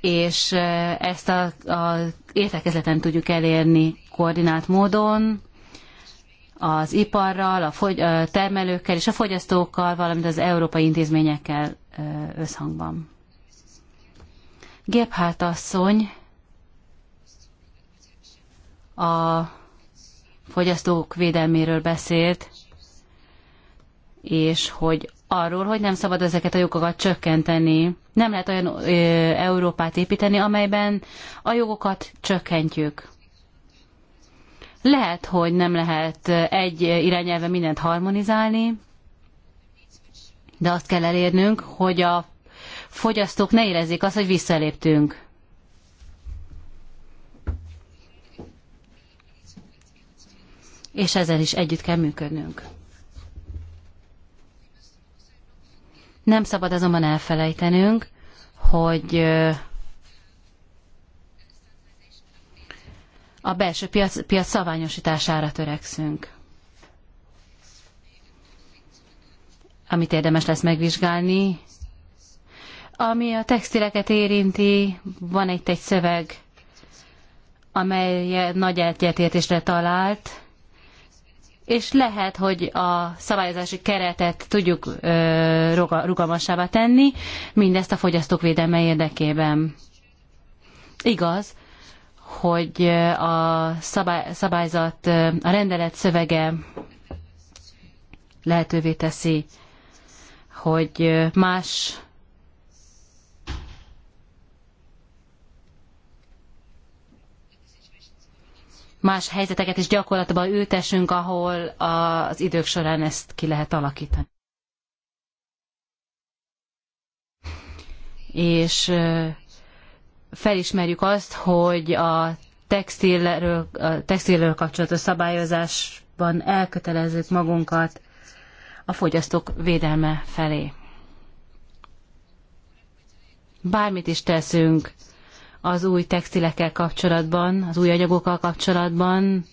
és ezt a, a értekezleten tudjuk elérni koordinált módon, az iparral, a, fogy, a termelőkkel és a fogyasztókkal, valamint az európai intézményekkel összhangban. Gebhardt asszony a fogyasztók védelméről beszélt, és hogy arról, hogy nem szabad ezeket a jogokat csökkenteni. Nem lehet olyan ö, Európát építeni, amelyben a jogokat csökkentjük. Lehet, hogy nem lehet egy irányelve mindent harmonizálni, de azt kell elérnünk, hogy a fogyasztók ne érezzék azt, hogy visszaléptünk. És ezzel is együtt kell működnünk. Nem szabad azonban elfelejtenünk, hogy a belső piac, piac szaványosítására törekszünk. Amit érdemes lesz megvizsgálni. Ami a textileket érinti, van itt egy szöveg, amely nagy eltértésre talált, és lehet, hogy a szabályozási keretet tudjuk rugalmasabbá tenni, mindezt a fogyasztók védelme érdekében. Igaz, hogy a szabály, szabályzat, a rendelet szövege lehetővé teszi, hogy más más helyzeteket is gyakorlatba ültessünk, ahol az idők során ezt ki lehet alakítani. És felismerjük azt, hogy a textilről, a textilről kapcsolatos szabályozásban elkötelezzük magunkat a fogyasztók védelme felé. Bármit is teszünk, az új textilekkel kapcsolatban, az új anyagokkal kapcsolatban,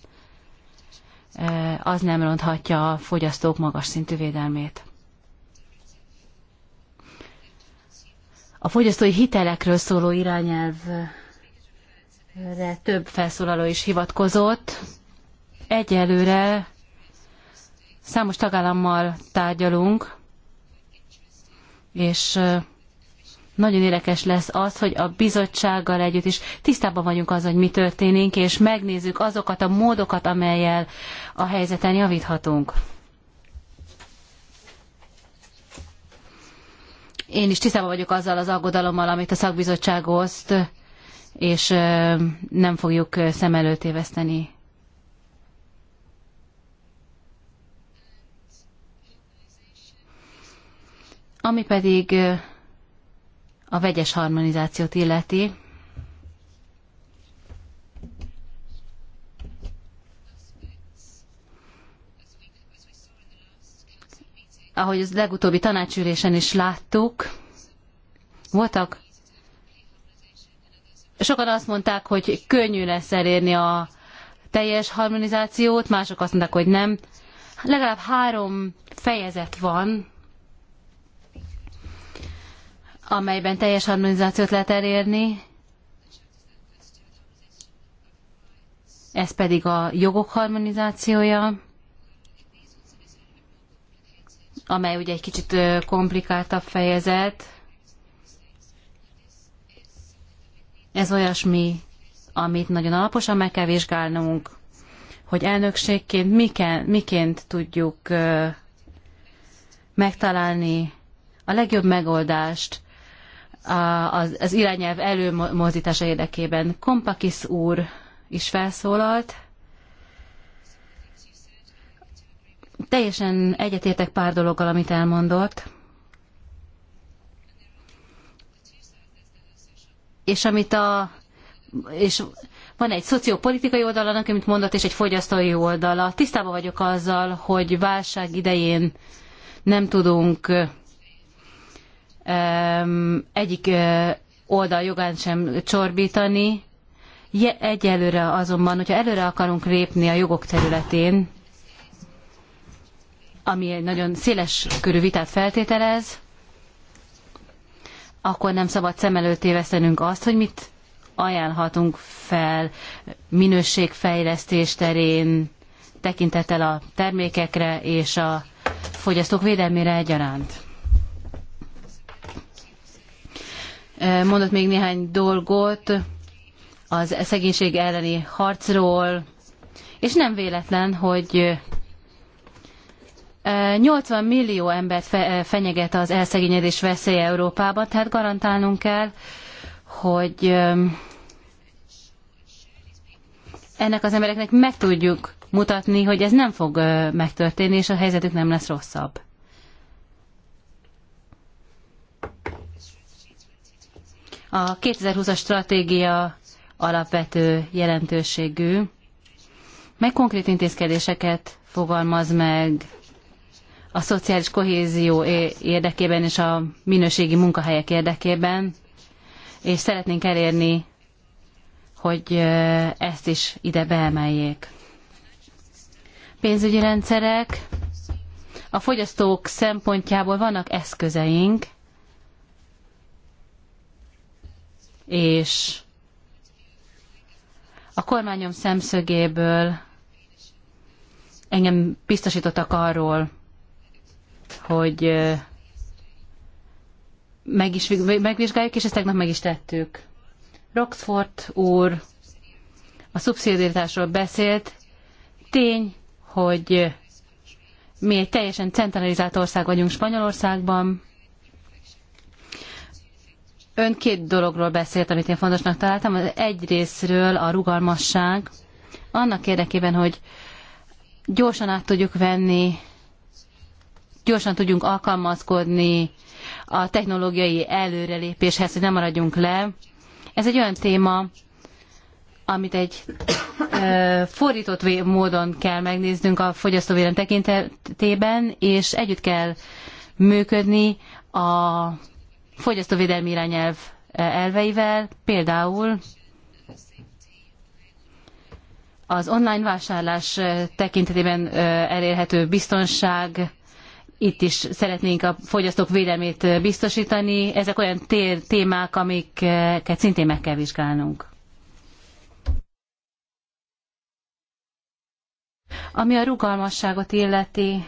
az nem ronthatja a fogyasztók magas szintű védelmét. A fogyasztói hitelekről szóló irányelvre több felszólaló is hivatkozott. Egyelőre számos tagállammal tárgyalunk, és nagyon érdekes lesz az, hogy a bizottsággal együtt is tisztában vagyunk az, hogy mi történik, és megnézzük azokat a módokat, amelyel a helyzeten javíthatunk. Én is tisztában vagyok azzal az aggodalommal, amit a szakbizottság oszt, és nem fogjuk szem előtt éveszteni. Ami pedig a vegyes harmonizációt illeti. Ahogy az legutóbbi tanácsülésen is láttuk, voltak sokan azt mondták, hogy könnyű lesz elérni a teljes harmonizációt, mások azt mondták, hogy nem. Legalább három fejezet van, amelyben teljes harmonizációt lehet elérni, ez pedig a jogok harmonizációja, amely ugye egy kicsit komplikáltabb fejezet. Ez olyasmi, amit nagyon alaposan meg kell vizsgálnunk, hogy elnökségként miként, miként tudjuk megtalálni a legjobb megoldást az, az irányelv előmozdítása érdekében. Kompakis úr is felszólalt. Teljesen egyetértek pár dologgal, amit elmondott. És amit a és van egy szociopolitikai oldala, amit mondott, és egy fogyasztói oldala. Tisztában vagyok azzal, hogy válság idején nem tudunk egyik oldal jogán sem csorbítani. Egyelőre azonban, hogyha előre akarunk lépni a jogok területén, ami egy nagyon széles körű vitát feltételez, akkor nem szabad szem előtt tévesztenünk azt, hogy mit ajánlhatunk fel minőségfejlesztés terén, tekintettel a termékekre és a fogyasztók védelmére egyaránt. mondott még néhány dolgot az szegénység elleni harcról, és nem véletlen, hogy 80 millió embert fenyeget az elszegényedés veszélye Európában, tehát garantálnunk kell, hogy ennek az embereknek meg tudjuk mutatni, hogy ez nem fog megtörténni, és a helyzetük nem lesz rosszabb. A 2020-as stratégia alapvető jelentőségű, meg konkrét intézkedéseket fogalmaz meg a szociális kohézió érdekében és a minőségi munkahelyek érdekében, és szeretnénk elérni, hogy ezt is ide beemeljék. Pénzügyi rendszerek. A fogyasztók szempontjából vannak eszközeink, és a kormányom szemszögéből engem biztosítottak arról, hogy meg is, megvizsgáljuk, és ezt tegnap meg is tettük. Roxford úr a szubszidiaritásról beszélt. Tény, hogy mi egy teljesen centralizált ország vagyunk Spanyolországban, Ön két dologról beszélt, amit én fontosnak találtam. Az egy részről a rugalmasság, annak érdekében, hogy gyorsan át tudjuk venni, gyorsan tudjunk alkalmazkodni a technológiai előrelépéshez, hogy nem maradjunk le. Ez egy olyan téma, amit egy ö, fordított módon kell megnéznünk a fogyasztóvédelem tekintetében, és együtt kell működni a fogyasztóvédelmi irányelv eh, elveivel, például az online vásárlás eh, tekintetében eh, elérhető biztonság, itt is szeretnénk a fogyasztók védelmét biztosítani. Ezek olyan tér, témák, amiket szintén meg kell vizsgálnunk. Ami a rugalmasságot illeti,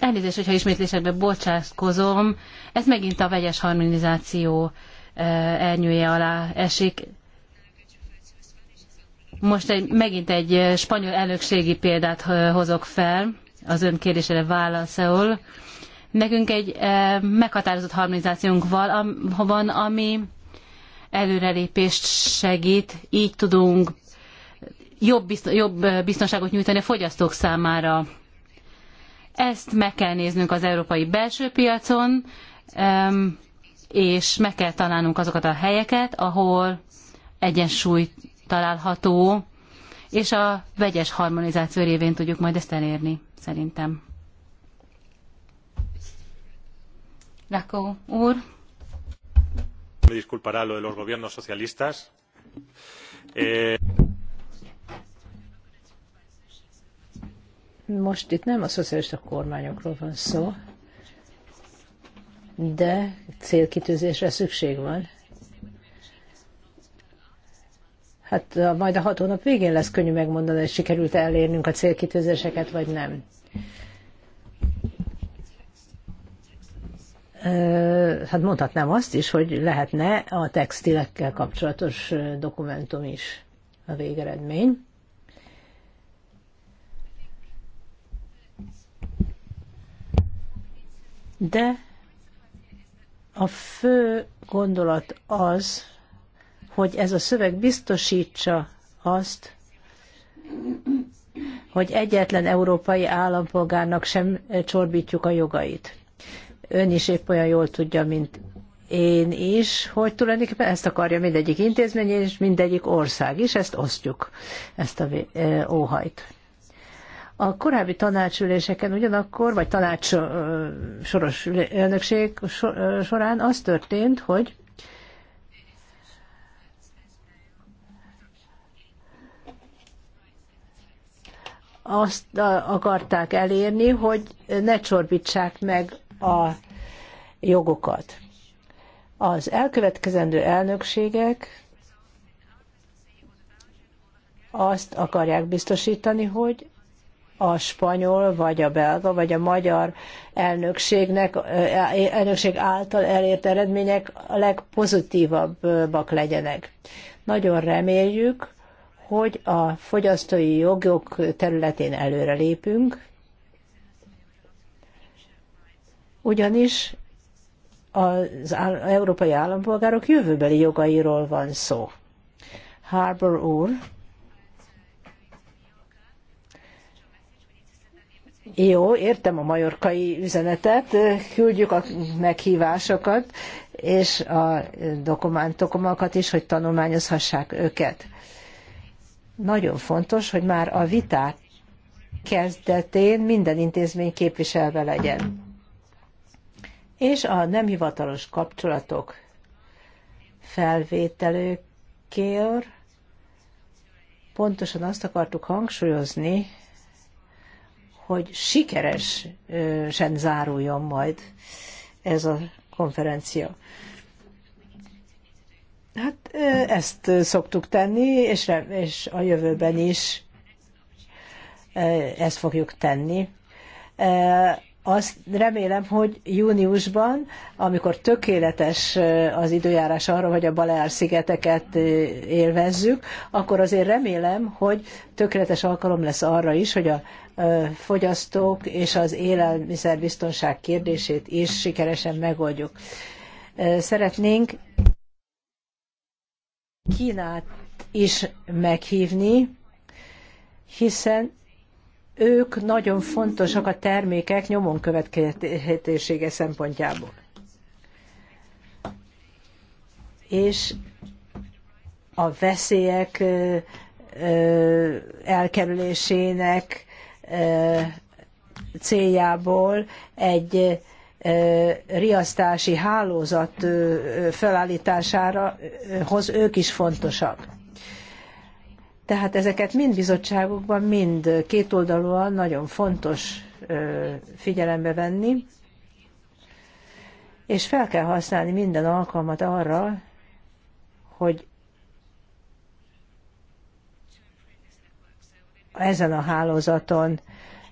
Elnézést, hogyha ismétlésekbe bocsátkozom, ez megint a vegyes harmonizáció elnyője eh, alá esik. Most egy, megint egy eh, spanyol elnökségi példát eh, hozok fel az ön kérdésére válaszol. Nekünk egy meghatározott harmonizációnk van, ami előrelépést segít, így tudunk jobb, biztonságot nyújtani a fogyasztók számára ezt meg kell néznünk az európai belső piacon, és meg kell találnunk azokat a helyeket, ahol egyensúly található, és a vegyes harmonizáció révén tudjuk majd ezt elérni, szerintem. Rakó úr. Disculpará lo de los gobiernos socialistas. Eh, Most itt nem a szocialista kormányokról van szó, de célkitűzésre szükség van. Hát majd a hat hónap végén lesz könnyű megmondani, hogy sikerült elérnünk a célkitűzéseket, vagy nem. Hát mondhatnám azt is, hogy lehetne a textilekkel kapcsolatos dokumentum is a végeredmény. De a fő gondolat az, hogy ez a szöveg biztosítsa azt, hogy egyetlen európai állampolgárnak sem csorbítjuk a jogait. Ön is épp olyan jól tudja, mint én is, hogy tulajdonképpen ezt akarja mindegyik intézmény és mindegyik ország is, ezt osztjuk, ezt a óhajt. A korábbi tanácsüléseken ugyanakkor, vagy tanács soros elnökség során az történt, hogy azt akarták elérni, hogy ne csorbítsák meg a jogokat. Az elkövetkezendő elnökségek azt akarják biztosítani, hogy a spanyol, vagy a belga, vagy a magyar elnökségnek, elnökség által elért eredmények a legpozitívabbak legyenek. Nagyon reméljük, hogy a fogyasztói jogok területén előrelépünk, ugyanis az európai állampolgárok jövőbeli jogairól van szó. Harbour úr Jó, értem a majorkai üzenetet, küldjük a meghívásokat, és a dokumentumokat is, hogy tanulmányozhassák őket. Nagyon fontos, hogy már a viták kezdetén minden intézmény képviselve legyen. És a nem hivatalos kapcsolatok felvételőkér pontosan azt akartuk hangsúlyozni, hogy sikeresen záruljon majd ez a konferencia. Hát ezt szoktuk tenni, és, és a jövőben is ezt fogjuk tenni. Azt remélem, hogy júniusban, amikor tökéletes az időjárás arra, hogy a Baleár-szigeteket élvezzük, akkor azért remélem, hogy tökéletes alkalom lesz arra is, hogy a fogyasztók és az élelmiszerbiztonság kérdését is sikeresen megoldjuk. Szeretnénk Kínát is meghívni, hiszen ők nagyon fontosak a termékek nyomon következhetősége szempontjából. És a veszélyek elkerülésének céljából egy riasztási hálózat felállítására hoz ők is fontosak. Tehát ezeket mind bizottságokban, mind kétoldalúan nagyon fontos figyelembe venni, és fel kell használni minden alkalmat arra, hogy ezen a hálózaton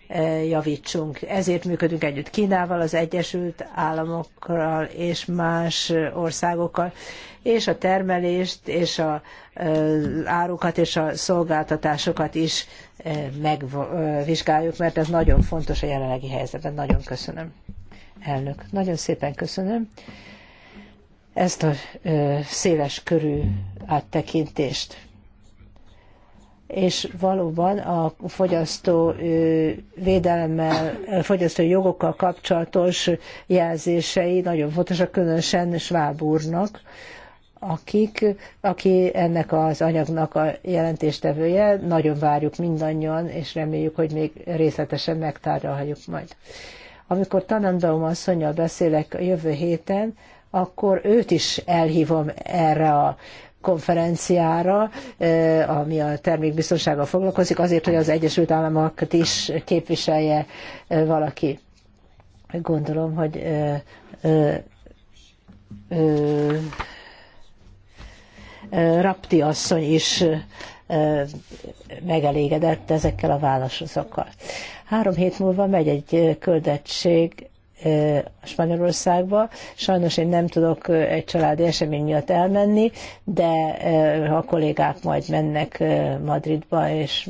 e, javítsunk. Ezért működünk együtt Kínával, az Egyesült Államokkal és más országokkal, és a termelést és a e, árukat és a szolgáltatásokat is e, megvizsgáljuk, mert ez nagyon fontos a jelenlegi helyzetben. Nagyon köszönöm, elnök. Nagyon szépen köszönöm ezt a széles körű áttekintést és valóban a fogyasztó védelemmel, fogyasztói jogokkal kapcsolatos jelzései nagyon fontosak, különösen Schwab úrnak, akik, aki ennek az anyagnak a jelentéstevője. Nagyon várjuk mindannyian, és reméljük, hogy még részletesen megtárgyalhatjuk majd. Amikor Tanandaum asszonynal beszélek a jövő héten, akkor őt is elhívom erre a konferenciára, ami a termékbiztonsággal foglalkozik, azért, hogy az Egyesült Államokat is képviselje valaki. Gondolom, hogy Rapti asszony is megelégedett ezekkel a válaszokkal. Három hét múlva megy egy küldettség Spanyolországba. Sajnos én nem tudok egy családi esemény miatt elmenni, de a kollégák majd mennek Madridba és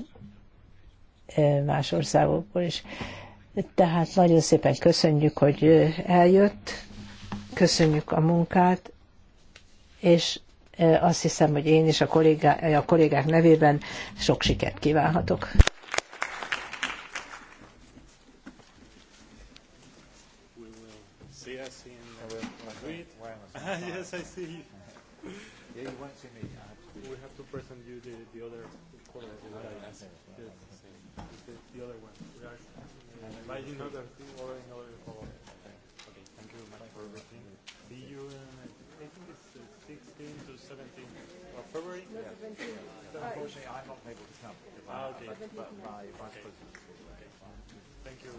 más országokból is. Tehát nagyon szépen köszönjük, hogy eljött, köszönjük a munkát, és azt hiszem, hogy én is a, kollégá, a kollégák nevében sok sikert kívánhatok. yes, I see. Yeah, you to see me. We have to present you the, the other quarter Yes. The, the other one. We are uh, inviting other in order to follow Okay, thank you very much for everything. See you in, uh, I think it's 16 uh, to 17 of February? No, yeah. Unfortunately, I'm not able to come ah, okay. I'm my vice president. Thank you.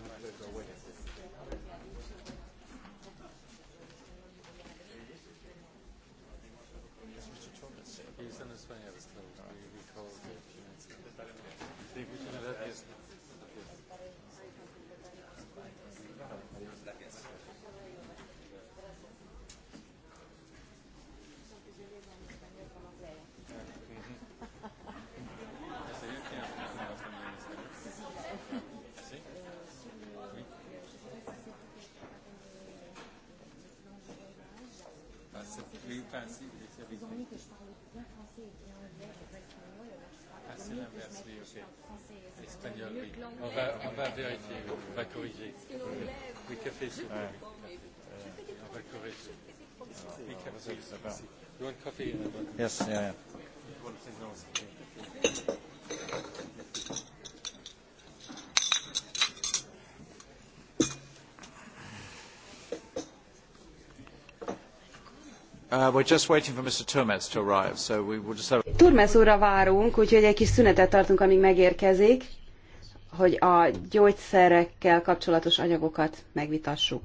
on va, on va vérifier, on va corriger. Oui, café, s'il vous plaît. On va corriger. Oui, café, s'il vous plaît. You want coffee? Yes, yeah, yeah. Uh, we're just waiting for Mr. Turmes to arrive, so we will just have... Turmes úrra várunk, úgyhogy egy kis szünetet tartunk, amíg megérkezik hogy a gyógyszerekkel kapcsolatos anyagokat megvitassuk.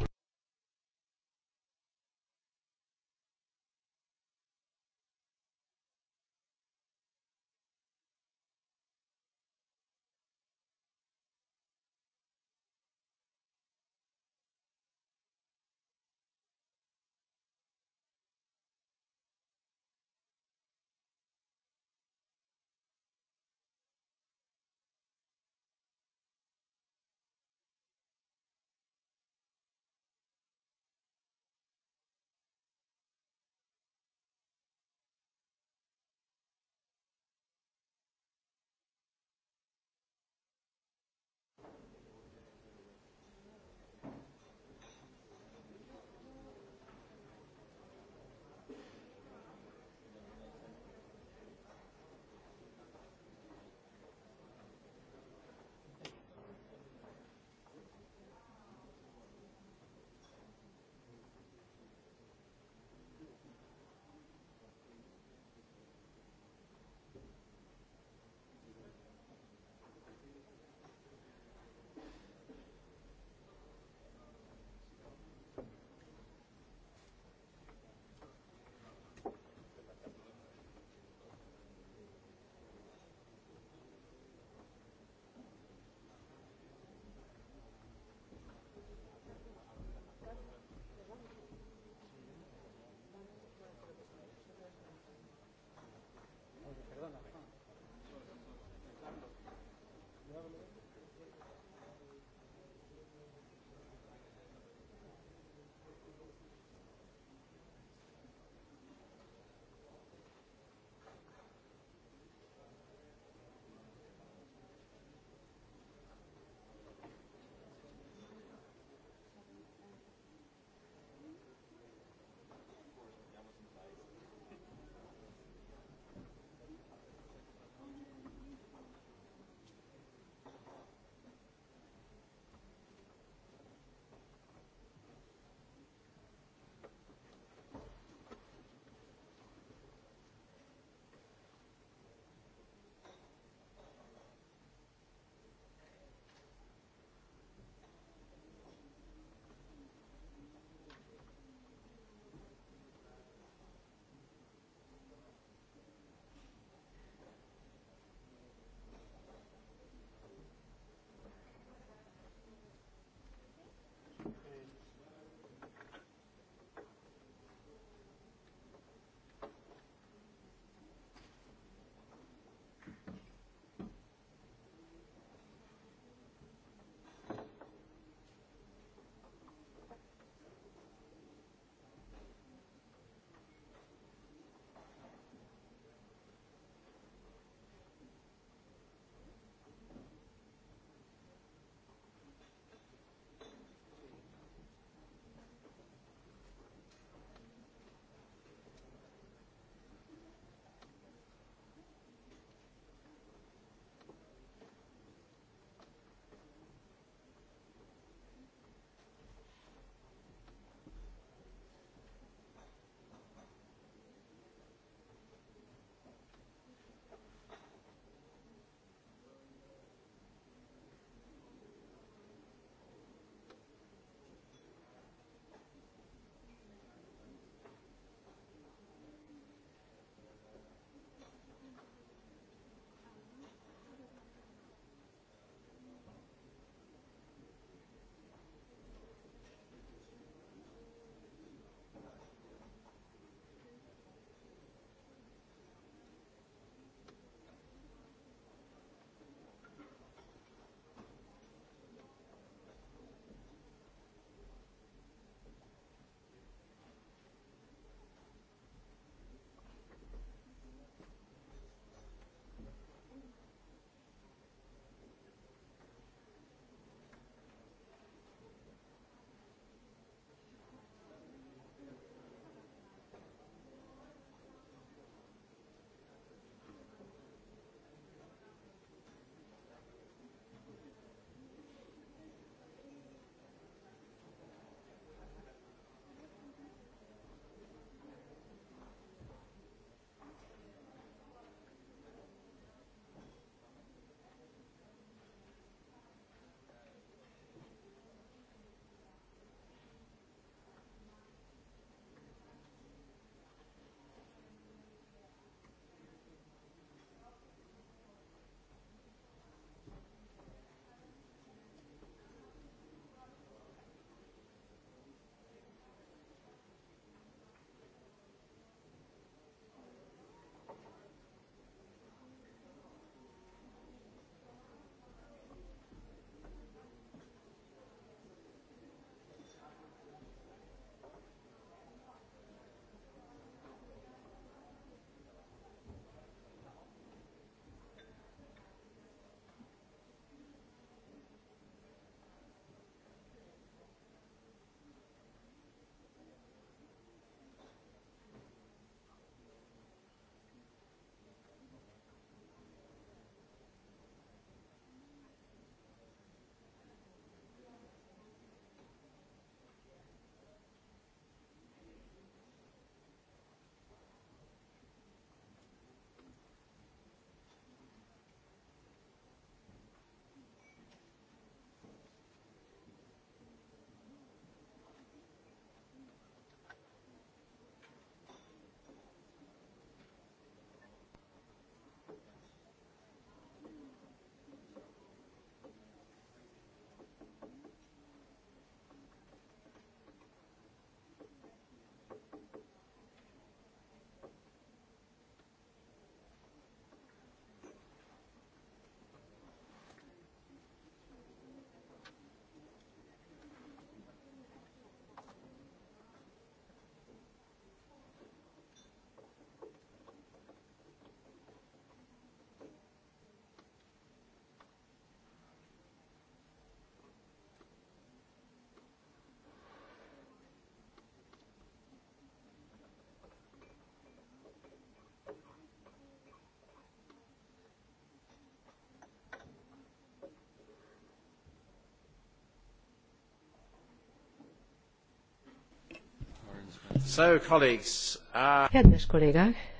Uh, Kedves kollégák!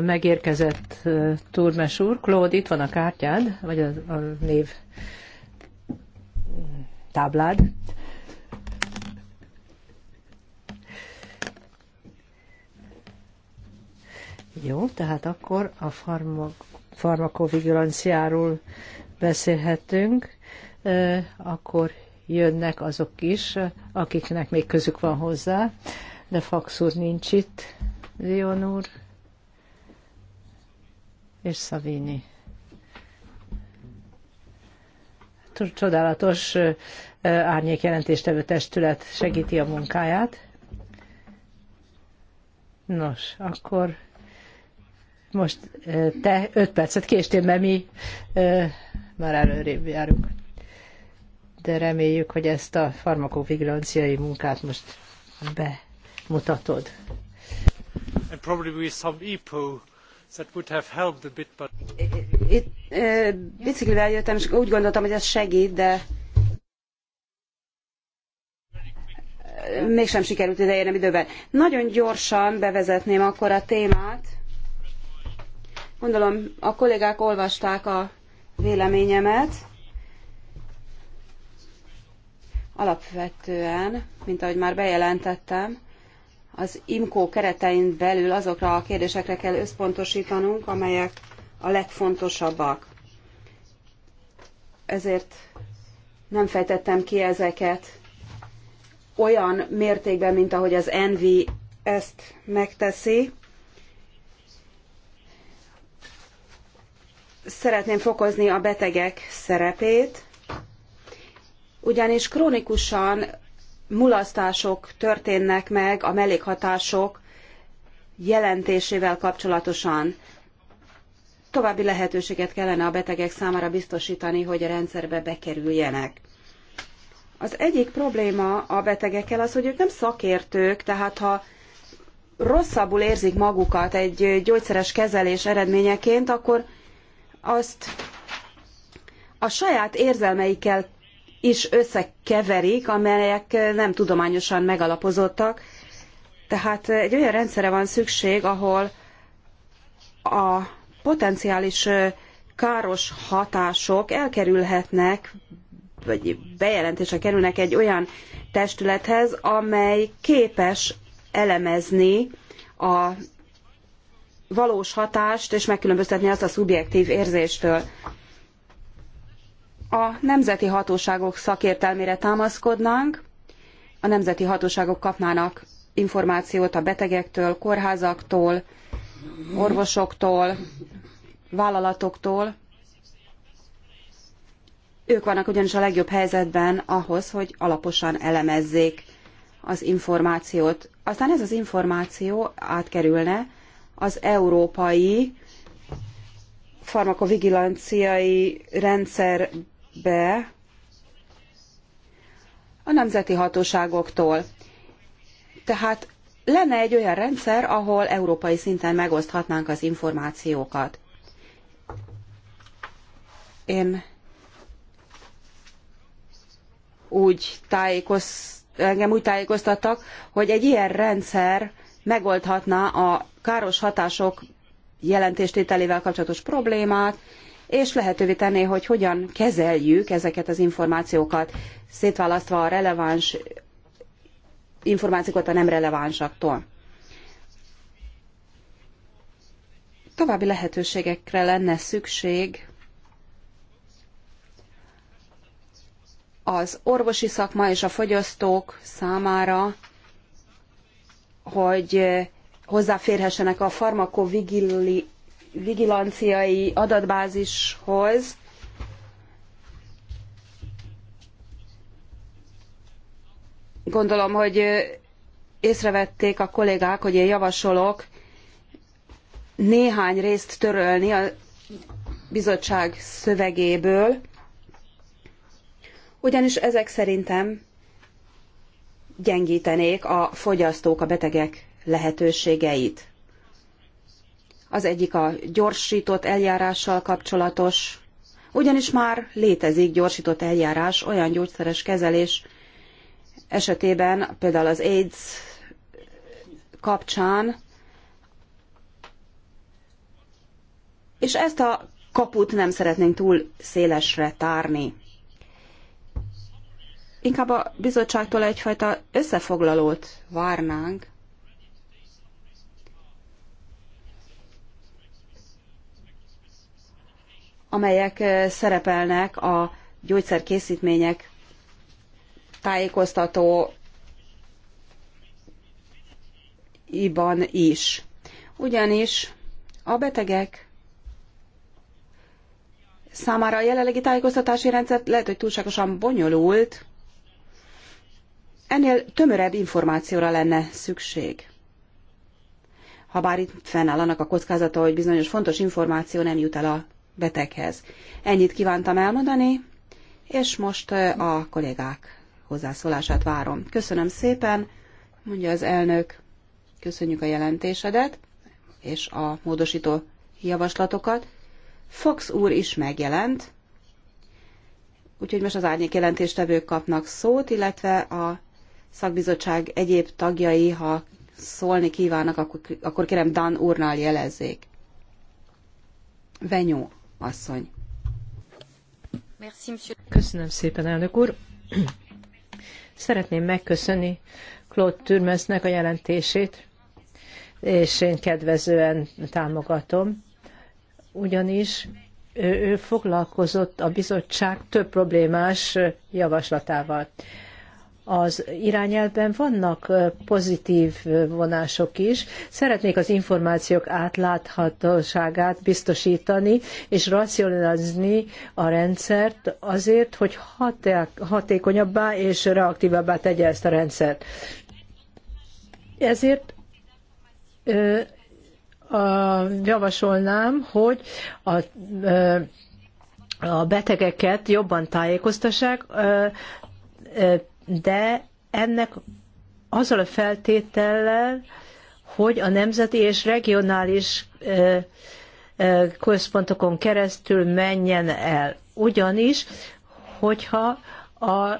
Megérkezett Turmes úr. Claude, itt van a kártyád, vagy a, a név táblád. Jó, tehát akkor a farmak, farmakovigilanciáról beszélhetünk akkor jönnek azok is, akiknek még közük van hozzá, de Fax úr nincs itt, Zion úr és Szavini. Csodálatos árnyékjelentéstevő testület segíti a munkáját. Nos, akkor most te öt percet késtél, mert mi már előrébb járunk de reméljük, hogy ezt a farmakovigilanciai munkát most bemutatod. And probably with some EPO itt biciklivel jöttem, és úgy gondoltam, hogy ez segít, de mégsem sikerült ideérnem időben. Nagyon gyorsan bevezetném akkor a témát. Gondolom a kollégák olvasták a véleményemet. Alapvetően, mint ahogy már bejelentettem, az IMCO keretein belül azokra a kérdésekre kell összpontosítanunk, amelyek a legfontosabbak. Ezért nem fejtettem ki ezeket olyan mértékben, mint ahogy az NV ezt megteszi. Szeretném fokozni a betegek szerepét, ugyanis krónikusan mulasztások történnek meg a mellékhatások jelentésével kapcsolatosan. További lehetőséget kellene a betegek számára biztosítani, hogy a rendszerbe bekerüljenek. Az egyik probléma a betegekkel az, hogy ők nem szakértők, tehát ha rosszabbul érzik magukat egy gyógyszeres kezelés eredményeként, akkor azt a saját érzelmeikkel is összekeverik, amelyek eh, nem tudományosan megalapozottak. Tehát eh, egy olyan rendszerre van szükség, ahol a potenciális eh, káros hatások elkerülhetnek, vagy bejelentése kerülnek egy olyan testülethez, amely képes elemezni a valós hatást, és megkülönböztetni azt a szubjektív érzéstől a nemzeti hatóságok szakértelmére támaszkodnánk, a nemzeti hatóságok kapnának információt a betegektől, kórházaktól, orvosoktól, vállalatoktól. Ők vannak ugyanis a legjobb helyzetben ahhoz, hogy alaposan elemezzék az információt. Aztán ez az információ átkerülne az európai farmakovigilanciai rendszer be a nemzeti hatóságoktól. Tehát lenne egy olyan rendszer, ahol európai szinten megoszthatnánk az információkat. Én úgy tájékoz, engem úgy tájékoztattak, hogy egy ilyen rendszer megoldhatná a káros hatások jelentéstételével kapcsolatos problémát, és lehetővé tenné, hogy hogyan kezeljük ezeket az információkat, szétválasztva a releváns információkat a nem relevánsaktól. További lehetőségekre lenne szükség az orvosi szakma és a fogyasztók számára, hogy hozzáférhessenek a farmakovigili vigilanciai adatbázishoz, gondolom, hogy észrevették a kollégák, hogy én javasolok néhány részt törölni a bizottság szövegéből, ugyanis ezek szerintem gyengítenék a fogyasztók, a betegek lehetőségeit. Az egyik a gyorsított eljárással kapcsolatos, ugyanis már létezik gyorsított eljárás olyan gyógyszeres kezelés esetében, például az AIDS kapcsán, és ezt a kaput nem szeretnénk túl szélesre tárni. Inkább a bizottságtól egyfajta összefoglalót várnánk, amelyek eh, szerepelnek a gyógyszerkészítmények tájékoztató iban is. Ugyanis a betegek számára a jelenlegi tájékoztatási rendszer lehet, hogy túlságosan bonyolult, ennél tömörebb információra lenne szükség. Habár itt fennáll annak a kockázata, hogy bizonyos fontos információ nem jut el a beteghez. Ennyit kívántam elmondani, és most a kollégák hozzászólását várom. Köszönöm szépen, mondja az elnök, köszönjük a jelentésedet és a módosító javaslatokat. Fox úr is megjelent, úgyhogy most az árnyék jelentéstevők kapnak szót, illetve a szakbizottság egyéb tagjai, ha szólni kívánnak, akkor, akkor kérem Dan úrnál jelezzék. Venyó asszony. Köszönöm szépen, elnök úr. Szeretném megköszönni Claude Türmesnek a jelentését, és én kedvezően támogatom, ugyanis ő, ő foglalkozott a bizottság több problémás javaslatával az irányelvben vannak pozitív vonások is. Szeretnék az információk átláthatóságát biztosítani és racionalizni a rendszert azért, hogy hatékonyabbá és reaktívabbá tegye ezt a rendszert. Ezért javasolnám, hogy a a betegeket jobban tájékoztassák, de ennek azzal a feltétellel, hogy a nemzeti és regionális központokon keresztül menjen el. Ugyanis, hogyha a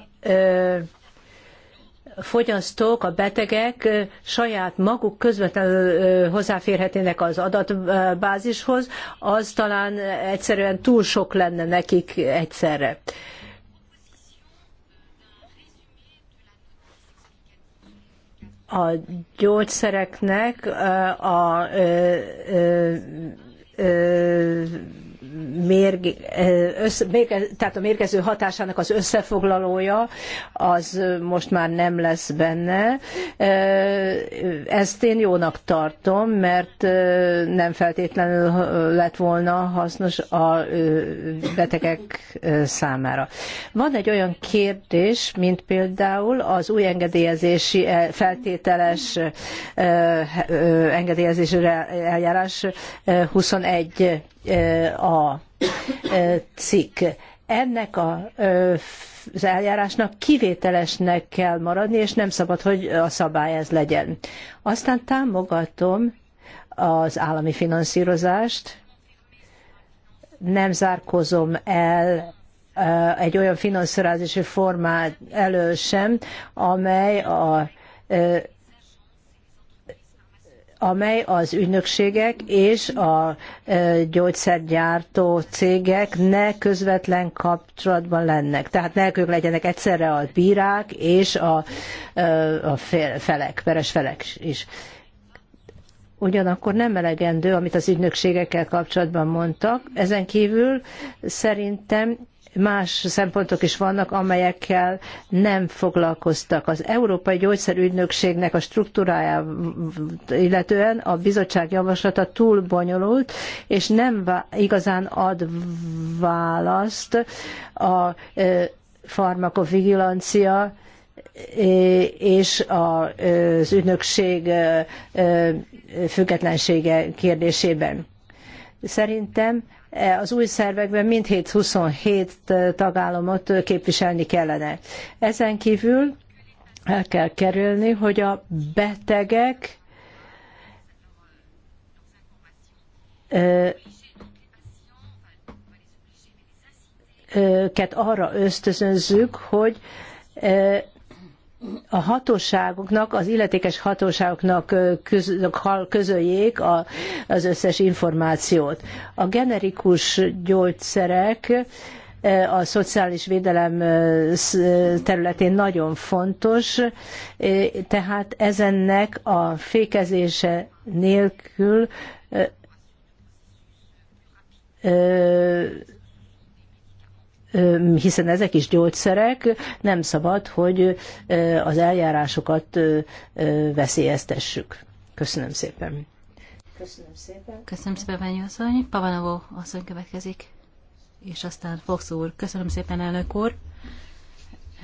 fogyasztók, a betegek saját maguk közvetlenül hozzáférhetének az adatbázishoz, az talán egyszerűen túl sok lenne nekik egyszerre. a gyógyszereknek a, a, a, a mérg, tehát a mérgező hatásának az összefoglalója az most már nem lesz benne. Ezt én jónak tartom, mert nem feltétlenül lett volna hasznos a betegek számára. Van egy olyan kérdés, mint például az új engedélyezési e, feltételes engedélyezési eljárás 21 a cikk. Ennek a az eljárásnak kivételesnek kell maradni, és nem szabad, hogy a szabály ez legyen. Aztán támogatom az állami finanszírozást, nem zárkozom el egy olyan finanszírozási formát elől sem, amely a amely az ügynökségek és a gyógyszergyártó cégek ne közvetlen kapcsolatban lennek. Tehát ne ők legyenek egyszerre a bírák és a, a felek, peres felek is. Ugyanakkor nem elegendő, amit az ügynökségekkel kapcsolatban mondtak. Ezen kívül szerintem más szempontok is vannak, amelyekkel nem foglalkoztak. Az Európai Gyógyszerügynökségnek a struktúráját illetően a bizottság javaslata túl bonyolult, és nem igazán ad választ a farmakovigilancia és az ügynökség függetlensége kérdésében. Szerintem eh, az új szervekben mindhét 27 eh, tagállamot eh, képviselni kellene. Ezen kívül el kell kerülni, hogy a betegek őket arra ösztözönzzük, hogy a hatóságoknak, az illetékes hatóságoknak közöljék az összes információt. A generikus gyógyszerek a szociális védelem területén nagyon fontos, tehát ezennek a fékezése nélkül hiszen ezek is gyógyszerek, nem szabad, hogy az eljárásokat veszélyeztessük. Köszönöm szépen. Köszönöm szépen. Köszönöm szépen, Ványi asszony. Pavanovó asszony következik, és aztán Fox úr. Köszönöm szépen, elnök úr.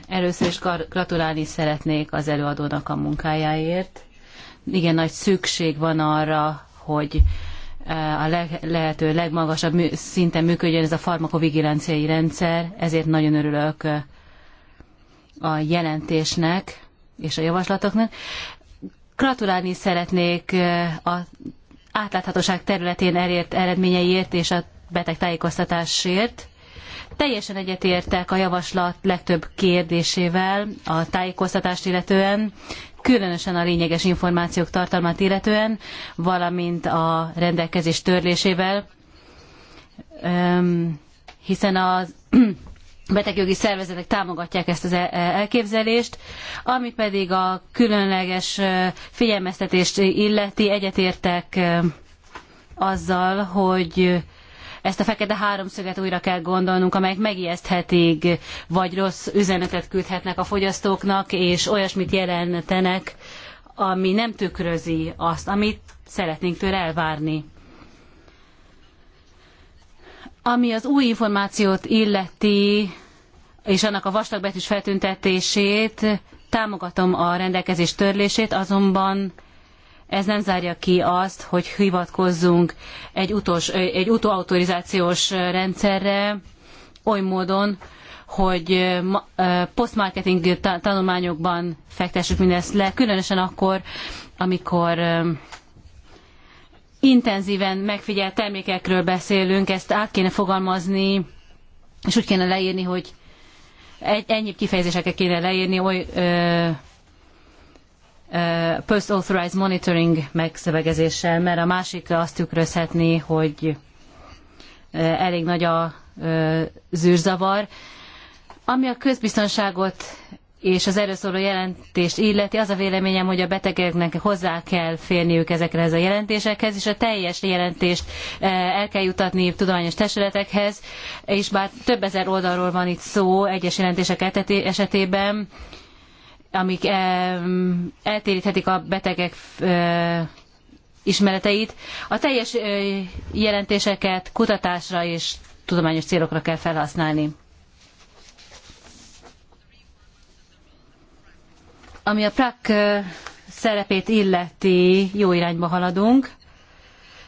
Először is gratulálni szeretnék az előadónak a munkájáért. Igen, nagy szükség van arra, hogy a lehető legmagasabb szinten működjön ez a farmakovigilanciai rendszer, ezért nagyon örülök a jelentésnek és a javaslatoknak. Gratulálni szeretnék a átláthatóság területén elért eredményeiért és a betegtájékoztatásért. Teljesen egyetértek a javaslat legtöbb kérdésével a tájékoztatást illetően, különösen a lényeges információk tartalmát illetően, valamint a rendelkezés törlésével, hiszen a betegjogi szervezetek támogatják ezt az e- e- elképzelést, ami pedig a különleges figyelmeztetést illeti, egyetértek azzal, hogy ezt a fekete háromszöget újra kell gondolnunk, amelyek megijeszthetik, vagy rossz üzenetet küldhetnek a fogyasztóknak, és olyasmit jelentenek, ami nem tükrözi azt, amit szeretnénk tőle elvárni. Ami az új információt illeti, és annak a vastagbetűs feltüntetését, támogatom a rendelkezés törlését, azonban ez nem zárja ki azt, hogy hivatkozzunk egy, utos, egy utóautorizációs rendszerre oly módon, hogy posztmarketing tanulmányokban fektessük mindezt le, különösen akkor, amikor intenzíven megfigyelt termékekről beszélünk, ezt át kéne fogalmazni, és úgy kéne leírni, hogy egy, kifejezésekkel kéne leírni, oly ö, Eh, post-authorized monitoring megszövegezéssel, mert a másik azt tükrözhetné, hogy eh, elég nagy a eh, zűrzavar. Ami a közbiztonságot és az erről szóló jelentést illeti, az a véleményem, hogy a betegeknek hozzá kell férniük ezekhez a jelentésekhez, és a teljes jelentést el kell jutatni tudományos testületekhez, és bár több ezer oldalról van itt szó egyes jelentések esetében, amik eltéríthetik a betegek ismereteit. A teljes jelentéseket kutatásra és tudományos célokra kell felhasználni. Ami a PRAK szerepét illeti, jó irányba haladunk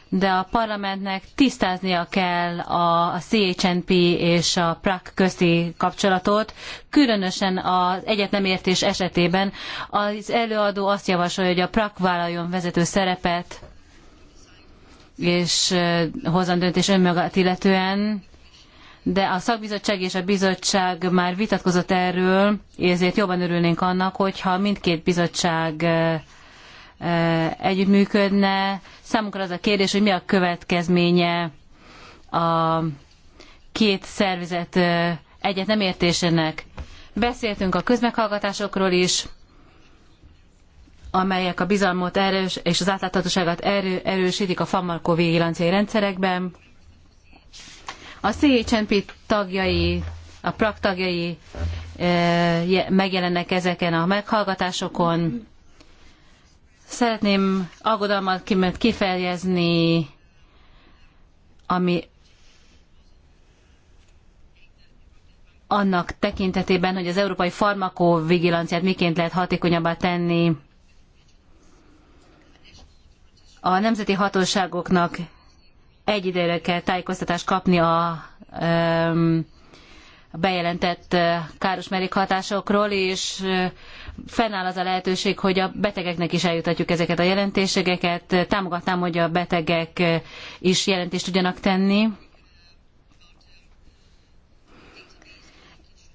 de a parlamentnek tisztáznia kell a CHNP és a PRAC közti kapcsolatot, különösen az egyetemértés esetében. Az előadó azt javasolja, hogy a PRAC vállaljon vezető szerepet, és hozzon döntés önmagát illetően, de a szakbizottság és a bizottság már vitatkozott erről, ezért jobban örülnénk annak, hogyha mindkét bizottság együttműködne. Számunkra az a kérdés, hogy mi a következménye a két szervezet egyet nem értésének. Beszéltünk a közmeghallgatásokról is, amelyek a bizalmat erős és az átláthatóságot erő, erősítik a Famarkó vigilanciai rendszerekben. A CHNP tagjai, a praktagjai tagjai megjelennek ezeken a meghallgatásokon Szeretném aggodalmat kifejezni, ami annak tekintetében, hogy az európai farmakovigilanciát miként lehet hatékonyabbá tenni a nemzeti hatóságoknak egyidejűleg kell tájékoztatást kapni a bejelentett eh, káros mellékhatásokról, és eh, fennáll az a lehetőség, hogy a betegeknek is eljutatjuk ezeket a jelentéseket. Támogatnám, hogy a betegek eh, is jelentést tudjanak tenni.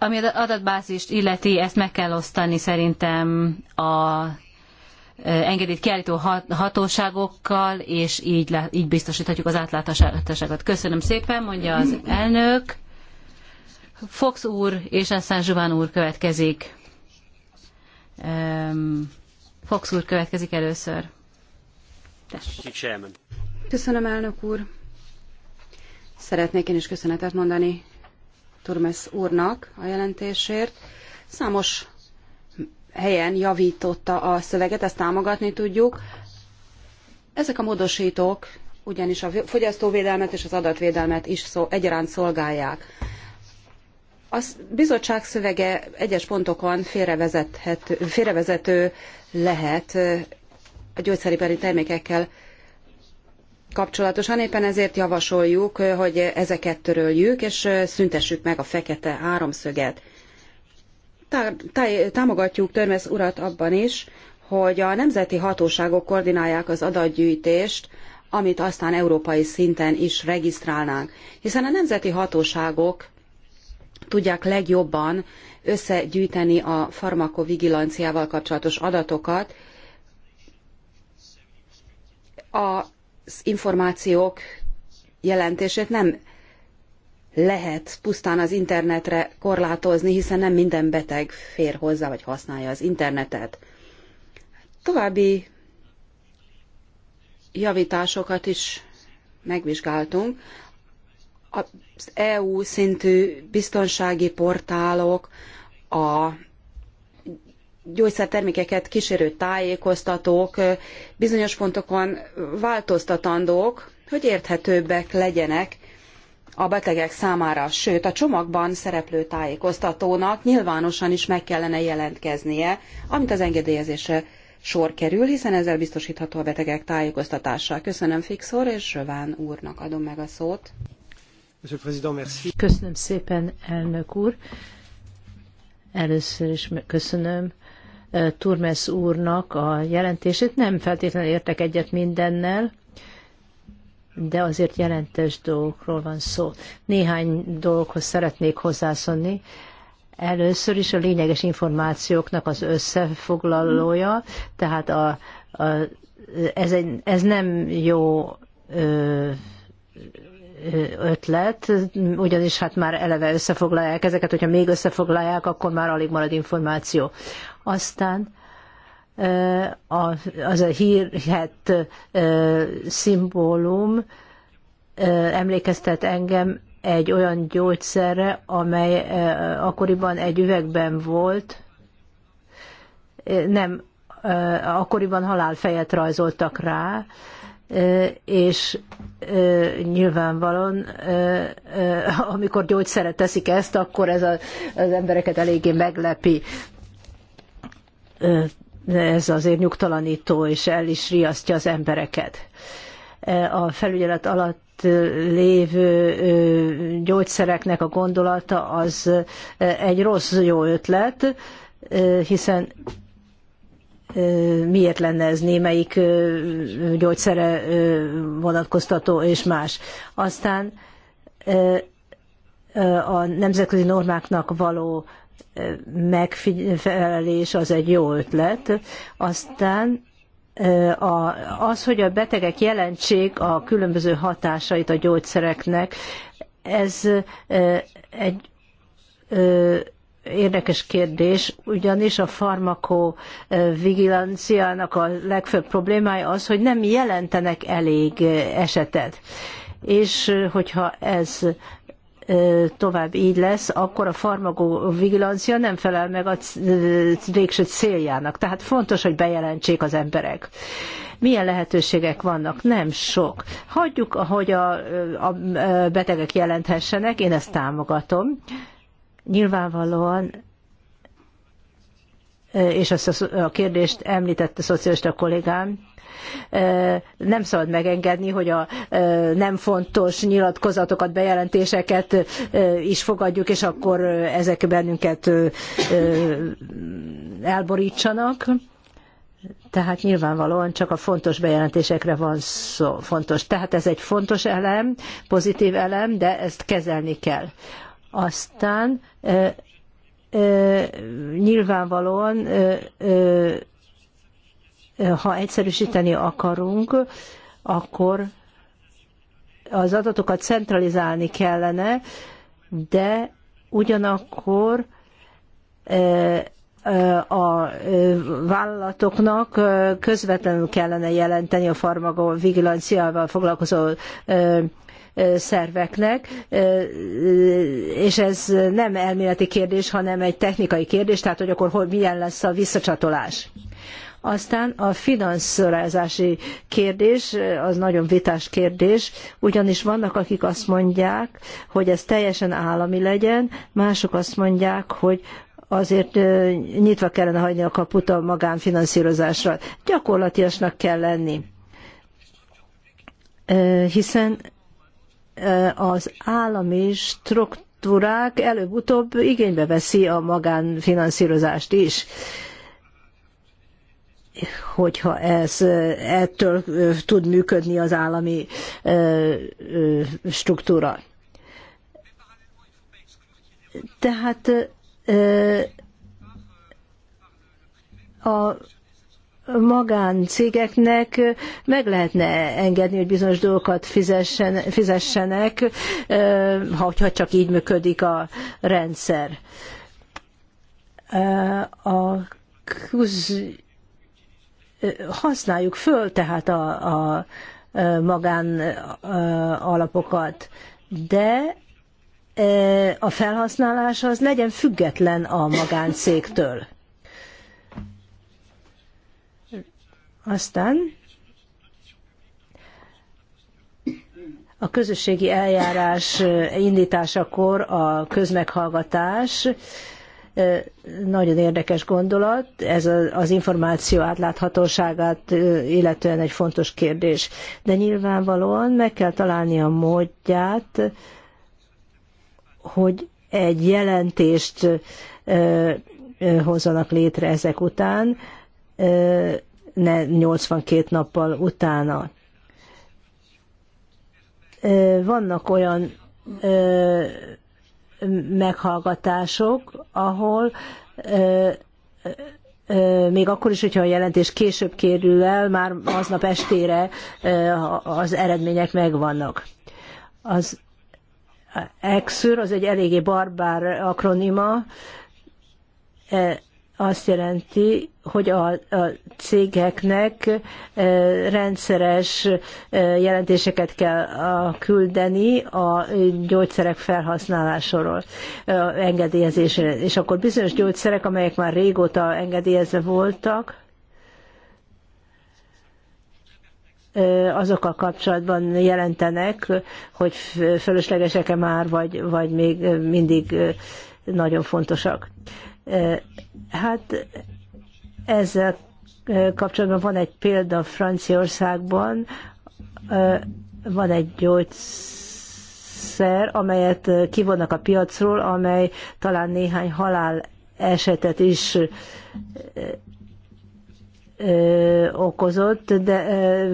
Ami az adatbázist illeti, ezt meg kell osztani szerintem a eh, engedélyt kiállító hatóságokkal, és így, le, így biztosíthatjuk az átláthatóságot. Köszönöm szépen, mondja az elnök. Fox úr és aztán Zsuván úr következik. Um, Fox úr következik először. Tessék. Köszönöm, elnök úr. Szeretnék én is köszönetet mondani Turmes úrnak a jelentésért. Számos helyen javította a szöveget, ezt támogatni tudjuk. Ezek a módosítók ugyanis a fogyasztóvédelmet és az adatvédelmet is szó, egyaránt szolgálják. A bizottság szövege egyes pontokon félrevezető lehet a gyógyszeripari termékekkel kapcsolatosan. Éppen ezért javasoljuk, hogy ezeket töröljük, és szüntessük meg a fekete háromszöget. Támogatjuk Törmesz urat abban is, hogy a nemzeti hatóságok koordinálják az adatgyűjtést, amit aztán európai szinten is regisztrálnánk. Hiszen a nemzeti hatóságok tudják legjobban összegyűjteni a farmakovigilanciával kapcsolatos adatokat. Az információk jelentését nem lehet pusztán az internetre korlátozni, hiszen nem minden beteg fér hozzá vagy használja az internetet. További javításokat is megvizsgáltunk. A az e EU szintű biztonsági portálok, a gyógyszertermékeket kísérő tájékoztatók bizonyos pontokon változtatandók, hogy érthetőbbek legyenek a betegek számára, sőt a csomagban szereplő tájékoztatónak nyilvánosan is meg kellene jelentkeznie, amit az engedélyezésre sor kerül, hiszen ezzel biztosítható a betegek tájékoztatása. Köszönöm Fixor és Röván úrnak adom meg a szót. Köszönöm szépen, elnök úr. Először is köszönöm eh, Turmes úrnak a jelentését. Nem feltétlenül értek egyet mindennel, de azért jelentős dolgokról van szó. Néhány dolgokhoz szeretnék hozzászólni. Először is a lényeges információknak az összefoglalója, tehát a, a, ez, egy, ez nem jó ö, ötlet, ugyanis hát már eleve összefoglalják ezeket, hogyha még összefoglalják, akkor már alig marad információ. Aztán az a hírhet szimbólum emlékeztet engem egy olyan gyógyszerre, amely akkoriban egy üvegben volt, nem, akkoriban halálfejet rajzoltak rá, és nyilvánvalóan, amikor gyógyszere teszik ezt, akkor ez az embereket eléggé meglepi. Ez azért nyugtalanító, és el is riasztja az embereket. A felügyelet alatt lévő gyógyszereknek a gondolata az egy rossz jó ötlet, hiszen miért lenne ez némelyik gyógyszere vonatkoztató és más. Aztán a nemzetközi normáknak való megfelelés az egy jó ötlet. Aztán az, hogy a betegek jelentsék a különböző hatásait a gyógyszereknek, ez egy érdekes kérdés, ugyanis a farmakovigilanciának a legfőbb problémája az, hogy nem jelentenek elég esetet. És hogyha ez tovább így lesz, akkor a farmakovigilancia nem felel meg a végső céljának. Tehát fontos, hogy bejelentsék az emberek. Milyen lehetőségek vannak? Nem sok. Hagyjuk, hogy a, a betegek jelenthessenek, én ezt támogatom nyilvánvalóan és azt a kérdést említette szocialista kollégám, nem szabad megengedni, hogy a nem fontos nyilatkozatokat, bejelentéseket is fogadjuk, és akkor ezek bennünket elborítsanak. Tehát nyilvánvalóan csak a fontos bejelentésekre van szó, fontos. Tehát ez egy fontos elem, pozitív elem, de ezt kezelni kell. Aztán nyilvánvalóan, ha egyszerűsíteni akarunk, akkor az adatokat centralizálni kellene, de ugyanakkor a vállalatoknak közvetlenül kellene jelenteni a farmakovigilanciával foglalkozó szerveknek, és ez nem elméleti kérdés, hanem egy technikai kérdés, tehát hogy akkor milyen lesz a visszacsatolás. Aztán a finanszírozási kérdés, az nagyon vitás kérdés, ugyanis vannak, akik azt mondják, hogy ez teljesen állami legyen, mások azt mondják, hogy azért nyitva kellene hagyni a kaput a magánfinanszírozásra. Gyakorlatiasnak kell lenni. Hiszen az állami struktúrák előbb-utóbb igénybe veszi a magánfinanszírozást is hogyha ez ettől tud működni az állami struktúra. Tehát a magáncégeknek meg lehetne engedni, hogy bizonyos dolgokat fizessen, fizessenek, ha, ha csak így működik a rendszer. A köz... használjuk föl tehát a, a magán alapokat, de a felhasználás az legyen független a magáncégtől. Aztán a közösségi eljárás indításakor a közmeghallgatás nagyon érdekes gondolat, ez az információ átláthatóságát illetően egy fontos kérdés. De nyilvánvalóan meg kell találni a módját, hogy egy jelentést hozzanak létre ezek után, ne 82 nappal utána. Vannak olyan meghallgatások, ahol még akkor is, hogyha a jelentés később kérül el, már aznap estére az eredmények megvannak. Az EXÜR az egy eléggé barbár akronima, azt jelenti, hogy a, a cégeknek eh, rendszeres eh, jelentéseket kell küldeni a eh, gyógyszerek felhasználásáról, engedélyezésére. És akkor bizonyos gyógyszerek, amelyek már régóta engedélyezve voltak, azokkal kapcsolatban jelentenek, hogy fölöslegesek-e már, vagy, vagy még mindig nagyon fontosak. Hát ezek kapcsolatban van egy példa Franciaországban, van egy gyógyszer, amelyet kivonnak a piacról, amely talán néhány halál esetet is okozott, de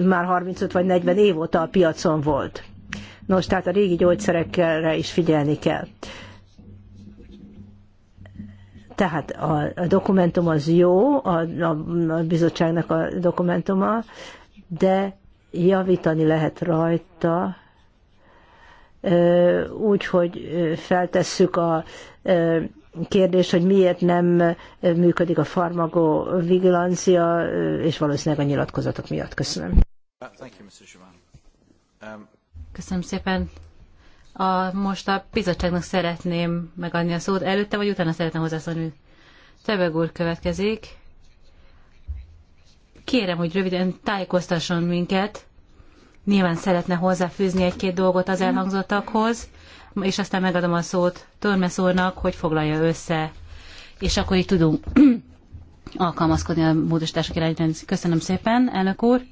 már 35 vagy 40 év óta a piacon volt. Nos, tehát a régi gyógyszerekre is figyelni kell. Tehát a, a dokumentum az jó, a, a, a bizottságnak a dokumentuma, de javítani lehet rajta, úgy, hogy feltesszük a kérdést, hogy miért nem működik a farmagó vigilancia, és valószínűleg a nyilatkozatok miatt. Köszönöm. Um, Köszönöm szépen. A, most a bizottságnak szeretném megadni a szót. Előtte vagy utána szeretném hozzászólni? Tebeg úr következik. Kérem, hogy röviden tájékoztasson minket. Nyilván szeretne hozzáfűzni egy-két dolgot az elhangzottakhoz, és aztán megadom a szót Törmesz úrnak, hogy foglalja össze, és akkor így tudunk alkalmazkodni a módosítások irányítani. Köszönöm szépen, elnök úr.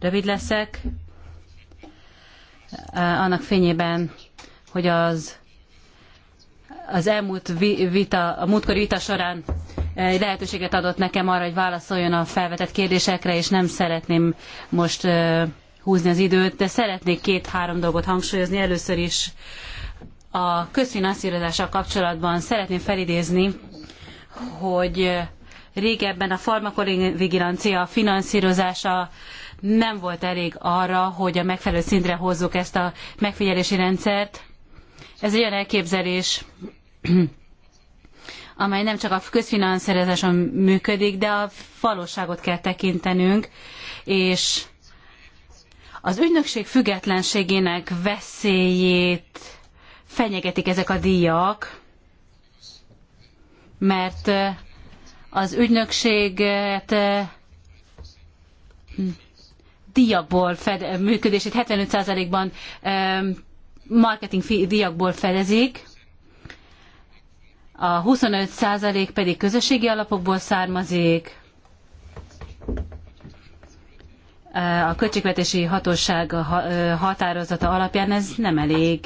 Rövid leszek annak fényében, hogy az, az elmúlt vita, a múltkori vita során lehetőséget adott nekem arra, hogy válaszoljon a felvetett kérdésekre, és nem szeretném most húzni az időt, de szeretnék két-három dolgot hangsúlyozni. Először is a közfinanszírozással kapcsolatban szeretném felidézni, hogy régebben a farmakovigilancia finanszírozása nem volt elég arra, hogy a megfelelő szintre hozzuk ezt a megfigyelési rendszert. Ez egy olyan elképzelés, amely nem csak a közfinanszírozáson működik, de a valóságot kell tekintenünk, és az ügynökség függetlenségének veszélyét fenyegetik ezek a díjak, mert az ügynökséget díjakból fed, működését 75%-ban marketing díjakból fedezik, a 25% pedig közösségi alapokból származik, a költségvetési hatóság határozata alapján ez nem elég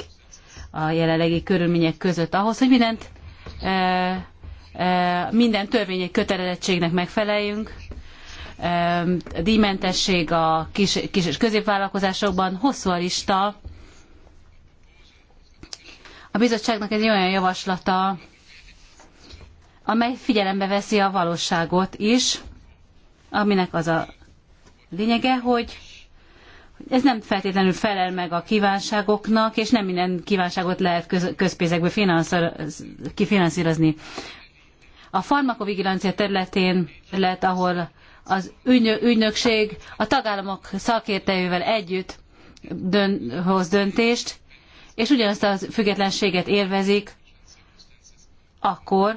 a jelenlegi körülmények között ahhoz, hogy mindent minden törvényi kötelezettségnek megfeleljünk a díjmentesség a kis, kis és középvállalkozásokban, hosszú a lista. A bizottságnak egy olyan javaslata, amely figyelembe veszi a valóságot is, aminek az a lényege, hogy ez nem feltétlenül felel meg a kívánságoknak, és nem minden kívánságot lehet köz, közpénzekből kifinanszírozni. A farmakovigilancia területén, lett, ahol az ügynökség a tagállamok szakértőivel együtt dön, hoz döntést, és ugyanazt a függetlenséget élvezik akkor,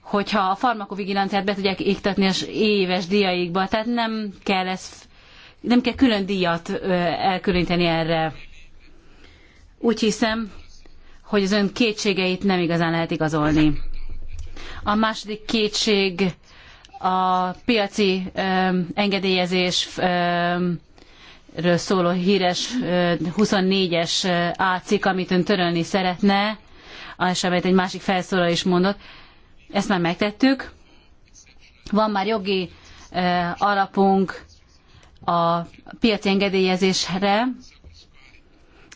hogyha a farmakovigilanciát be tudják iktatni az éves díjaikba. Tehát nem kell, ez, nem kell külön díjat elkülöníteni erre. Úgy hiszem, hogy az ön kétségeit nem igazán lehet igazolni. A második kétség a piaci engedélyezésről szóló híres 24-es ácik, amit ön törölni szeretne, és amelyet egy másik felszólaló is mondott. Ezt már megtettük. Van már jogi alapunk a piaci engedélyezésre,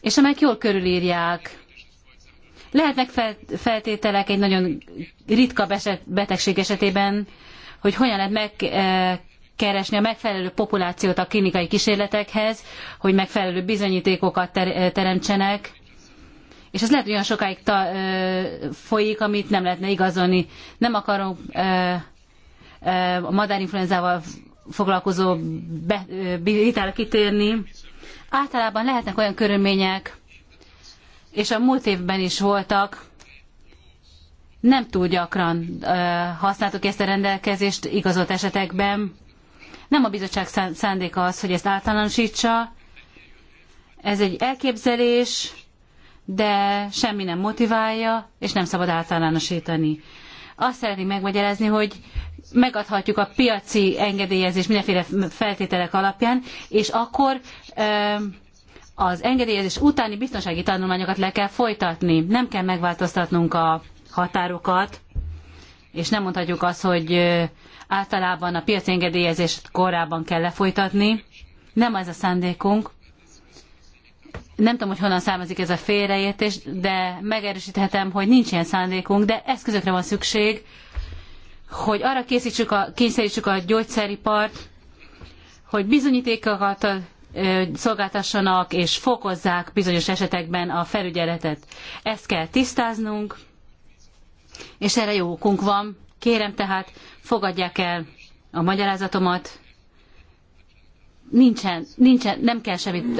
és amelyek jól körülírják. Lehetnek feltételek egy nagyon ritka betegség esetében, hogy hogyan lehet megkeresni a megfelelő populációt a klinikai kísérletekhez, hogy megfelelő bizonyítékokat ter teremtsenek, és ez lehet, hogy olyan sokáig ta, ö, folyik, amit nem lehetne igazolni. Nem akarom ö, ö, a madárinfluenzával foglalkozó vitára kitérni. Általában lehetnek olyan körülmények, és a múlt évben is voltak, nem túl gyakran használtuk ezt a rendelkezést igazolt esetekben. Nem a bizottság szándéka az, hogy ezt általánosítsa. Ez egy elképzelés, de semmi nem motiválja, és nem szabad általánosítani. Azt szeretnénk megmagyarázni, hogy megadhatjuk a piaci engedélyezés mindenféle feltételek alapján, és akkor az engedélyezés utáni biztonsági tanulmányokat le kell folytatni. Nem kell megváltoztatnunk a határokat, és nem mondhatjuk azt, hogy általában a piaci engedélyezést korábban kell lefolytatni. Nem ez a szándékunk. Nem tudom, hogy honnan származik ez a félreértés, de megerősíthetem, hogy nincs ilyen szándékunk, de eszközökre van szükség, hogy arra készítsük a, kényszerítsük a gyógyszeripart, hogy bizonyítékokat szolgáltassanak és fokozzák bizonyos esetekben a felügyeletet. Ezt kell tisztáznunk, és erre jó okunk van. Kérem tehát, fogadják el a magyarázatomat. Nincsen, nincsen, nem kell semmit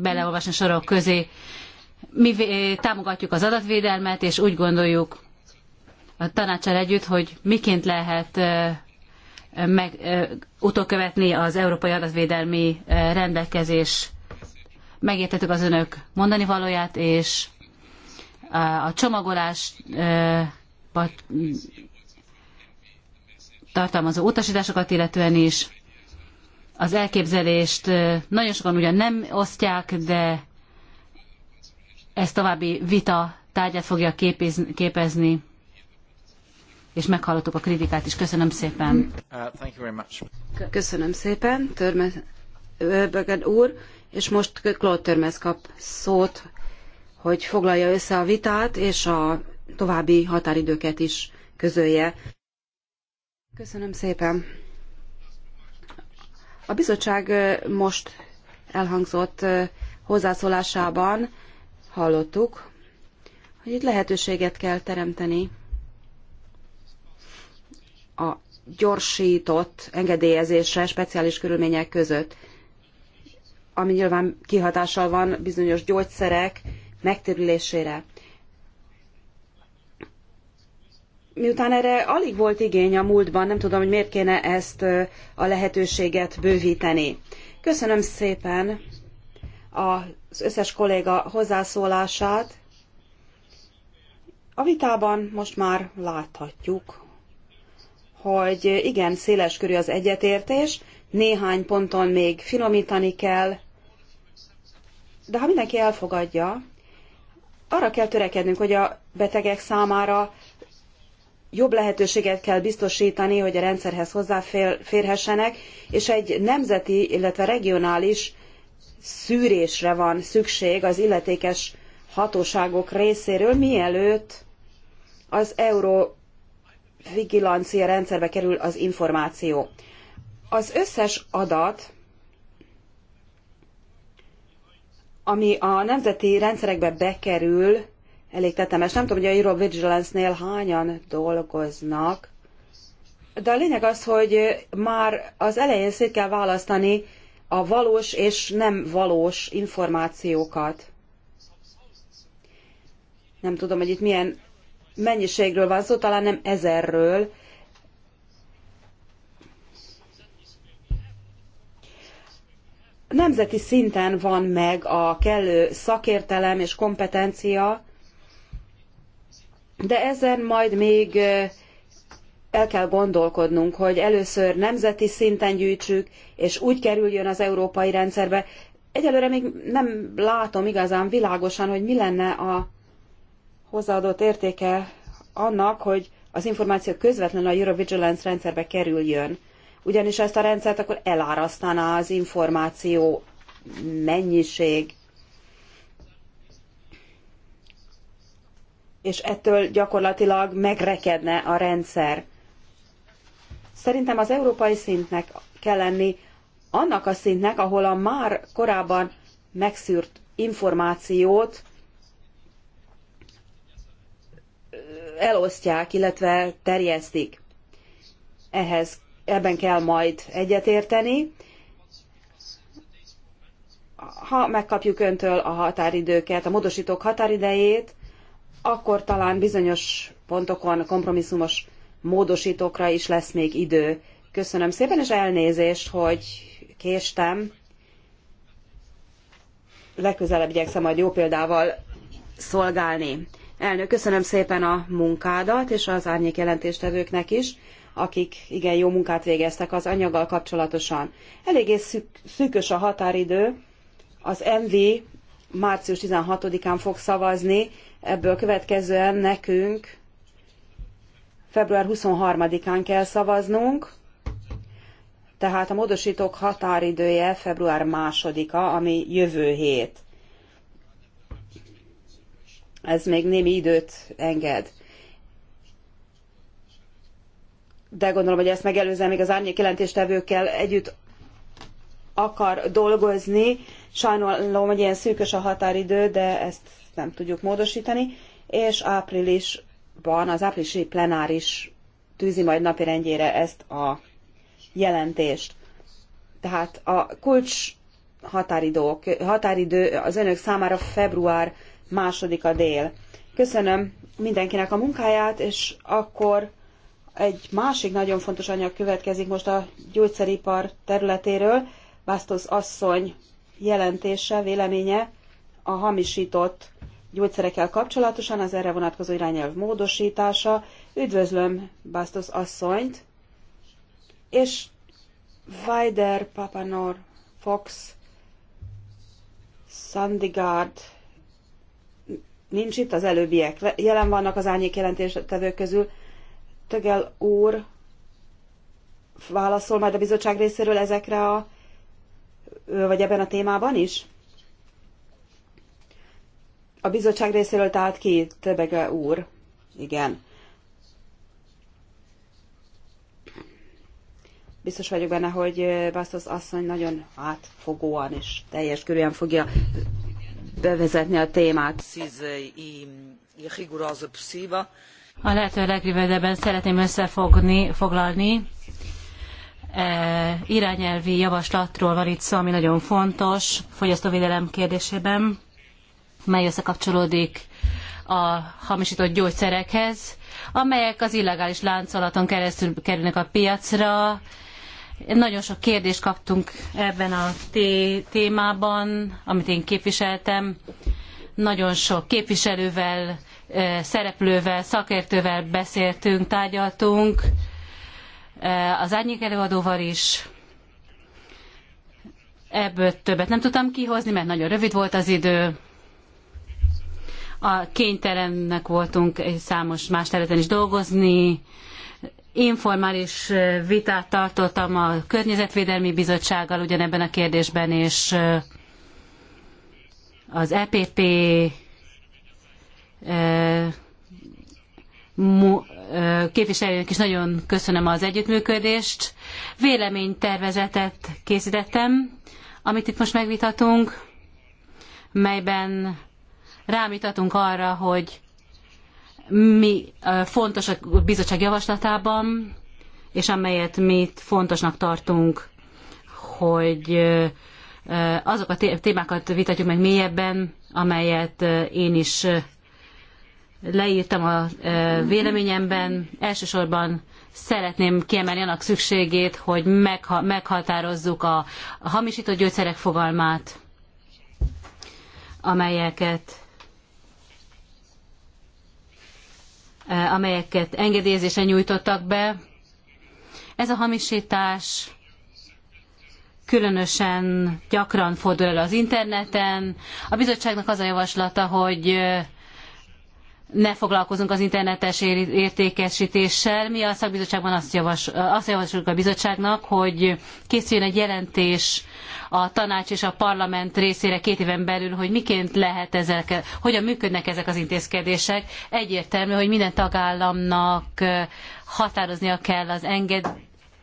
beleolvasni sorok közé. Mi támogatjuk az adatvédelmet, és úgy gondoljuk a tanácsal együtt, hogy miként lehet meg, utókövetni az Európai Adatvédelmi rendelkezés. Megértettük az önök mondani valóját, és a csomagolás tartalmazó utasításokat illetően is. Az elképzelést nagyon sokan ugyan nem osztják, de ez további vita tárgyát fogja képezni, és meghallottuk a kritikát is. Köszönöm szépen. Uh, Köszönöm szépen, Törmez, Bögen úr, és most Claude Törmez kap szót, hogy foglalja össze a vitát, és a további határidőket is közölje. Köszönöm szépen. A bizottság most elhangzott hozzászólásában hallottuk, hogy itt lehetőséget kell teremteni a gyorsított engedélyezésre speciális körülmények között, ami nyilván kihatással van bizonyos gyógyszerek megtérülésére. miután erre alig volt igény a múltban, nem tudom, hogy miért kéne ezt a lehetőséget bővíteni. Köszönöm szépen az összes kolléga hozzászólását. A vitában most már láthatjuk, hogy igen, széles körű az egyetértés, néhány ponton még finomítani kell, de ha mindenki elfogadja, arra kell törekednünk, hogy a betegek számára jobb lehetőséget kell biztosítani, hogy a rendszerhez hozzáférhessenek, és egy nemzeti, illetve regionális szűrésre van szükség az illetékes hatóságok részéről, mielőtt az eurovigilancia rendszerbe kerül az információ. Az összes adat, ami a nemzeti rendszerekbe bekerül, elég tetemes. Nem tudom, hogy a Euro Vigilance-nél hányan dolgoznak, de a lényeg az, hogy már az elején szét kell választani a valós és nem valós információkat. Nem tudom, hogy itt milyen mennyiségről van szó, talán nem ezerről. Nemzeti szinten van meg a kellő szakértelem és kompetencia, de ezen majd még el kell gondolkodnunk, hogy először nemzeti szinten gyűjtsük, és úgy kerüljön az európai rendszerbe. Egyelőre még nem látom igazán világosan, hogy mi lenne a hozzáadott értéke annak, hogy az információ közvetlenül a Eurovigilance rendszerbe kerüljön. Ugyanis ezt a rendszert akkor elárasztaná az információ mennyiség, és ettől gyakorlatilag megrekedne a rendszer. Szerintem az európai szintnek kell lenni annak a szintnek, ahol a már korábban megszűrt információt elosztják, illetve terjesztik. Ehhez ebben kell majd egyetérteni. Ha megkapjuk öntől a határidőket, a módosítók határidejét, akkor talán bizonyos pontokon kompromisszumos módosítókra is lesz még idő. Köszönöm szépen, és elnézést, hogy késtem. Legközelebb igyekszem majd jó példával szolgálni. Elnök, köszönöm szépen a munkádat, és az árnyék jelentéstevőknek is, akik igen jó munkát végeztek az anyaggal kapcsolatosan. Eléggé szük, szűkös a határidő, az MV március 16-án fog szavazni, Ebből következően nekünk február 23-án kell szavaznunk, tehát a módosítók határidője február 2-a, ami jövő hét. Ez még némi időt enged. De gondolom, hogy ezt megelőzem, még az árnyék jelentéstevőkkel együtt akar dolgozni. Sajnálom, hogy ilyen szűkös a határidő, de ezt nem tudjuk módosítani, és áprilisban, az áprilisi plenáris tűzi majd rendjére ezt a jelentést. Tehát a kulcs határidő, határidő az önök számára február másodika dél. Köszönöm mindenkinek a munkáját, és akkor egy másik nagyon fontos anyag következik most a gyógyszeripar területéről, Bastos asszony jelentése, véleménye a hamisított gyógyszerekkel kapcsolatosan az erre vonatkozó irányelv módosítása. Üdvözlöm Bastos asszonyt, és Weider, Papanor, Fox, Sandigard, nincs itt, az előbbiek jelen vannak az árnyék jelentéstevők közül. Tögel úr válaszol majd a bizottság részéről ezekre a, vagy ebben a témában is? A bizottság részéről tehát ki, Tebege úr? Igen. Biztos vagyok benne, hogy Bastos asszony nagyon átfogóan és teljes körűen fogja bevezetni a témát. A lehető legrövidebben szeretném összefogni, foglalni. E, irányelvi javaslatról van itt szó, ami nagyon fontos fogyasztóvédelem kérdésében mely összekapcsolódik a hamisított gyógyszerekhez, amelyek az illegális láncolaton keresztül kerülnek a piacra. Nagyon sok kérdést kaptunk ebben a témában, amit én képviseltem. Nagyon sok képviselővel, szereplővel, szakértővel beszéltünk, tárgyaltunk, az árnyék előadóval is. Ebből többet nem tudtam kihozni, mert nagyon rövid volt az idő a kénytelenek voltunk számos más területen is dolgozni, informális vitát tartottam a Környezetvédelmi Bizottsággal ugyanebben a kérdésben, és eh, az EPP eh, eh, képviselőnek is nagyon köszönöm az együttműködést. Véleménytervezetet készítettem, amit itt most megvitatunk, melyben rámítatunk arra, hogy mi fontos a bizottság javaslatában, és amelyet mi fontosnak tartunk, hogy azok a témákat vitatjuk meg mélyebben, amelyet én is leírtam a véleményemben. Elsősorban szeretném kiemelni annak szükségét, hogy meghatározzuk a hamisított gyógyszerek fogalmát, amelyeket amelyeket engedélyezésen nyújtottak be. Ez a hamisítás különösen gyakran fordul elő az interneten. A bizottságnak az a javaslata, hogy ne foglalkozunk az internetes értékesítéssel. Mi a szakbizottságban azt, javas, azt javasoljuk a bizottságnak, hogy készüljön egy jelentés a tanács és a parlament részére két éven belül, hogy miként lehet ezek, hogyan működnek ezek az intézkedések. Egyértelmű, hogy minden tagállamnak határoznia kell az, enged,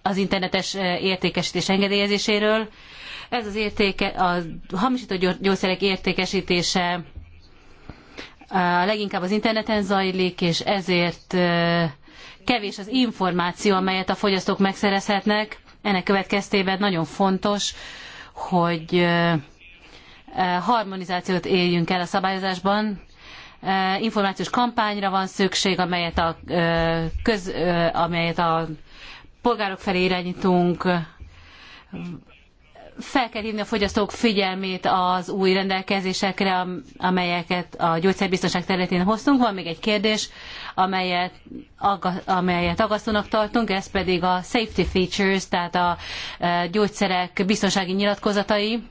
az internetes értékesítés engedélyezéséről. Ez az értéke, a hamisított gyógyszerek értékesítése leginkább az interneten zajlik, és ezért kevés az információ, amelyet a fogyasztók megszerezhetnek. Ennek következtében nagyon fontos, hogy harmonizációt éljünk el a szabályozásban. Információs kampányra van szükség, amelyet a, köz, amelyet a polgárok felé irányítunk, fel kell hívni a fogyasztók figyelmét az új rendelkezésekre, amelyeket a gyógyszerbiztonság területén hoztunk. Van még egy kérdés, amelyet, amelyet agasztónak tartunk, ez pedig a safety features, tehát a e, gyógyszerek biztonsági nyilatkozatai,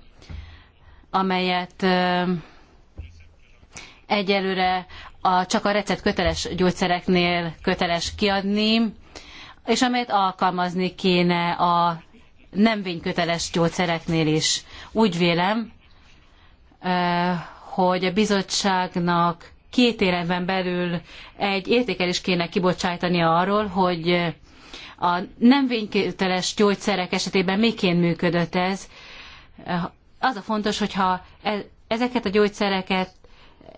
amelyet e, egyelőre a, csak a recept köteles gyógyszereknél köteles kiadni, és amelyet alkalmazni kéne a nem vényköteles gyógyszereknél is. Úgy vélem, hogy a bizottságnak két éven belül egy értékelést kéne kibocsátani arról, hogy a nem vényköteles gyógyszerek esetében miként működött ez. Az a fontos, hogyha e, ezeket a gyógyszereket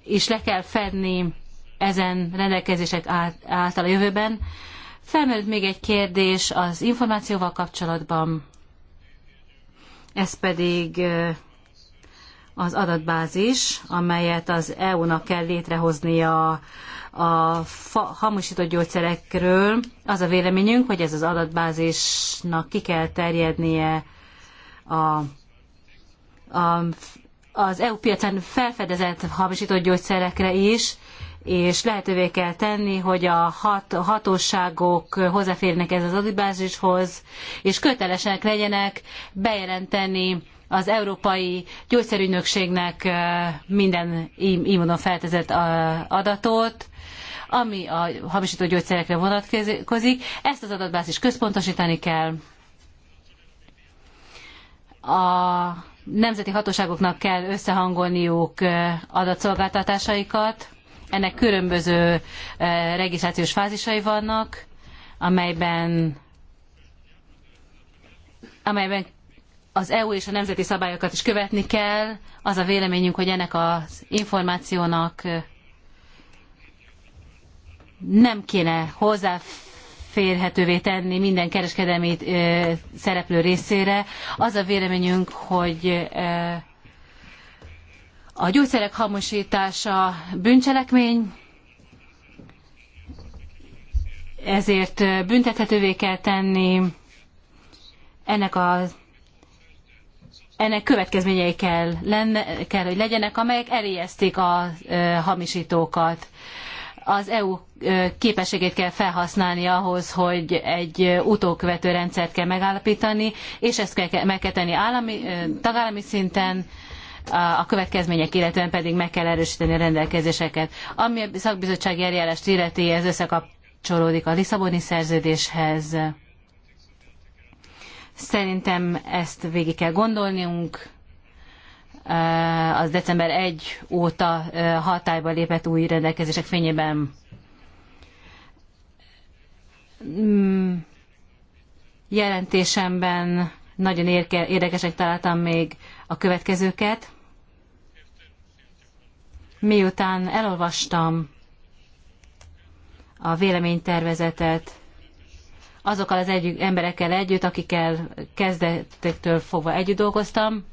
is le kell fedni ezen rendelkezések által a jövőben. Felmerült még egy kérdés az információval kapcsolatban ez pedig az adatbázis, amelyet az EU-nak kell létrehoznia a hamisított gyógyszerekről. Az a véleményünk, hogy ez az adatbázisnak ki kell terjednie a, a, az EU piacán felfedezett hamisított gyógyszerekre is, és lehetővé kell tenni, hogy a hat, hatóságok hozzáférjenek ez az adatbázishoz, és kötelesek legyenek bejelenteni az Európai Gyógyszerügynökségnek minden így módon feltezett adatot, ami a hamisított gyógyszerekre vonatkozik. Ezt az adatbázis központosítani kell. A nemzeti hatóságoknak kell összehangolniuk adatszolgáltatásaikat, ennek különböző eh, regisztrációs fázisai vannak, amelyben, amelyben az EU és a nemzeti szabályokat is követni kell. Az a véleményünk, hogy ennek az információnak eh, nem kéne hozzáférhetővé tenni minden kereskedelmi eh, szereplő részére. Az a véleményünk, hogy a gyógyszerek hamosítása bűncselekmény, ezért büntethetővé kell tenni, ennek a ennek következményei kell, lenne, kell, hogy legyenek, amelyek erélyezték a e, hamisítókat. Az EU képességét kell felhasználni ahhoz, hogy egy utókövető rendszert kell megállapítani, és ezt kell, meg kell tenni állami, tagállami szinten, a következmények, illetően pedig meg kell erősíteni a rendelkezéseket. Ami a szakbizottsági eljárást illeti, ez összekapcsolódik a Lisszaboni szerződéshez. Szerintem ezt végig kell gondolnunk. Eh, az december 1 óta eh, hatályba lépett új rendelkezések fényében hmm. jelentésemben nagyon érke, érdekesek találtam még a következőket miután elolvastam a véleménytervezetet azokkal az egy, emberekkel együtt, akikkel kezdetektől fogva együtt dolgoztam,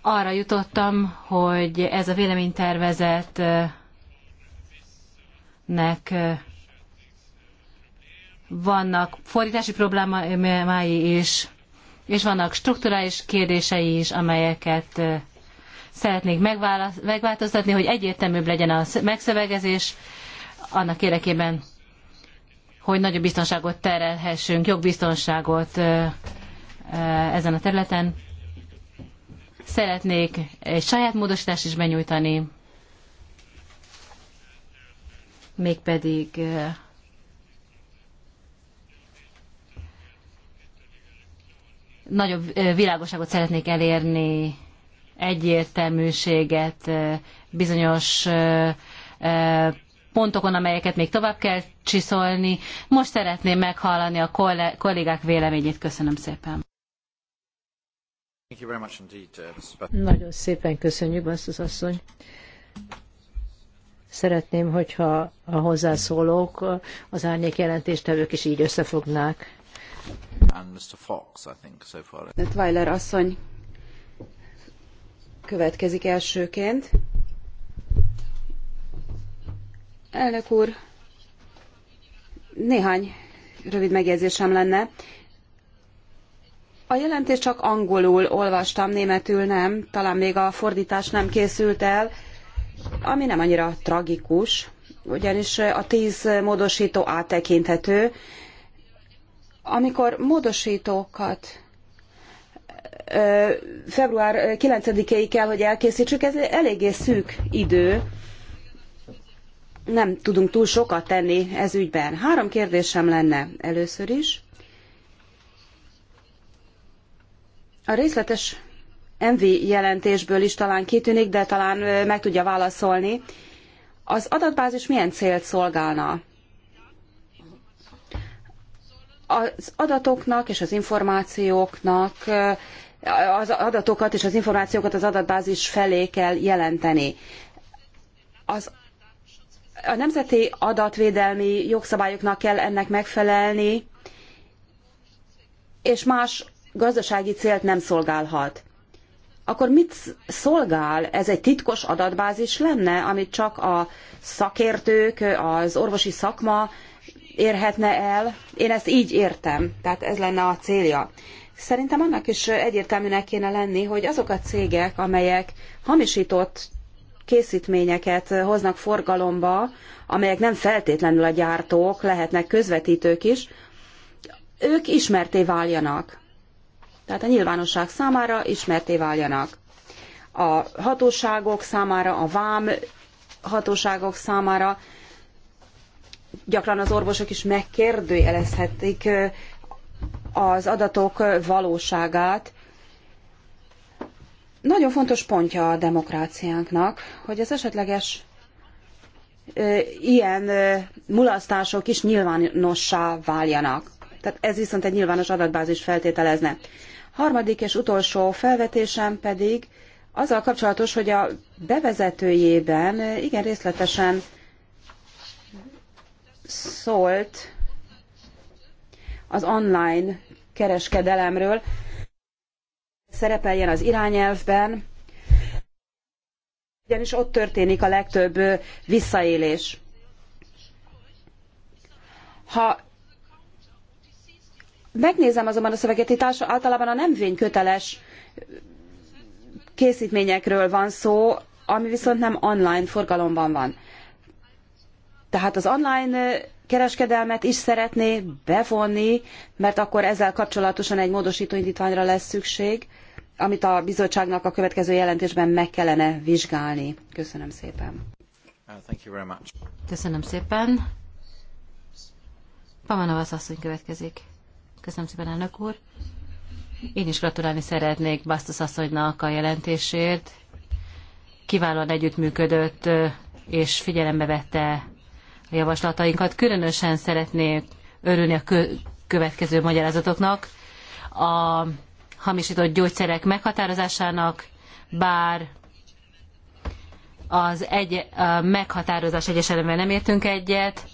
arra jutottam, hogy ez a véleménytervezetnek vannak fordítási problémái is, és vannak strukturális kérdései is, amelyeket szeretnék megváltoztatni, hogy egyértelműbb legyen a megszövegezés annak érdekében, hogy nagyobb biztonságot terelhessünk, jogbiztonságot ezen a területen. Szeretnék egy saját módosítást is benyújtani, mégpedig nagyobb világosságot szeretnék elérni egyértelműséget bizonyos pontokon, amelyeket még tovább kell csiszolni. Most szeretném meghallani a kollégák véleményét. Köszönöm szépen. Uh, Nagyon szépen köszönjük, az asszony. Szeretném, hogyha a hozzászólók, az árnyék jelentéstevők is így összefognák. And Mr. Fox, I think, so far. Weiler asszony következik elsőként. Elnök úr, néhány rövid megjegyzésem lenne. A jelentést csak angolul olvastam, németül nem, talán még a fordítás nem készült el, ami nem annyira tragikus, ugyanis a tíz módosító áttekinthető. Amikor módosítókat február 9-éig kell, hogy elkészítsük, ez eléggé szűk idő. Nem tudunk túl sokat tenni ez ügyben. Három kérdésem lenne először is. A részletes MV jelentésből is talán kitűnik, de talán meg tudja válaszolni. Az adatbázis milyen célt szolgálna? Az adatoknak és az információknak az adatokat és az információkat az adatbázis felé kell jelenteni. Az a nemzeti adatvédelmi jogszabályoknak kell ennek megfelelni, és más gazdasági célt nem szolgálhat. Akkor mit szolgál? Ez egy titkos adatbázis lenne, amit csak a szakértők, az orvosi szakma érhetne el? Én ezt így értem, tehát ez lenne a célja. Szerintem annak is egyértelműnek kéne lenni, hogy azok a cégek, amelyek hamisított készítményeket hoznak forgalomba, amelyek nem feltétlenül a gyártók, lehetnek közvetítők is, ők ismerté váljanak. Tehát a nyilvánosság számára ismerté váljanak. A hatóságok számára, a vám hatóságok számára, gyakran az orvosok is megkérdőjelezhetik az adatok valóságát. Nagyon fontos pontja a demokráciánknak, hogy az esetleges ilyen mulasztások is nyilvánossá váljanak. Tehát ez viszont egy nyilvános adatbázis feltételezne. Harmadik és utolsó felvetésem pedig azzal kapcsolatos, hogy a bevezetőjében igen részletesen szólt az online kereskedelemről szerepeljen az irányelvben, ugyanis ott történik a legtöbb visszaélés. Ha megnézem azonban a szöveget, itt általában a nem vényköteles készítményekről van szó, ami viszont nem online forgalomban van. Tehát az online kereskedelmet is szeretné bevonni, mert akkor ezzel kapcsolatosan egy módosító indítványra lesz szükség, amit a bizottságnak a következő jelentésben meg kellene vizsgálni. Köszönöm szépen. Uh, Köszönöm szépen. Pamanovasz asszony következik. Köszönöm szépen, elnök úr. Én is gratulálni szeretnék Basztus asszonynak a jelentésért. Kiválóan együttműködött és figyelembe vette javaslatainkat. Különösen szeretnék örülni a következő magyarázatoknak. A hamisított gyógyszerek meghatározásának, bár az egy, a meghatározás egyes elemben nem értünk egyet.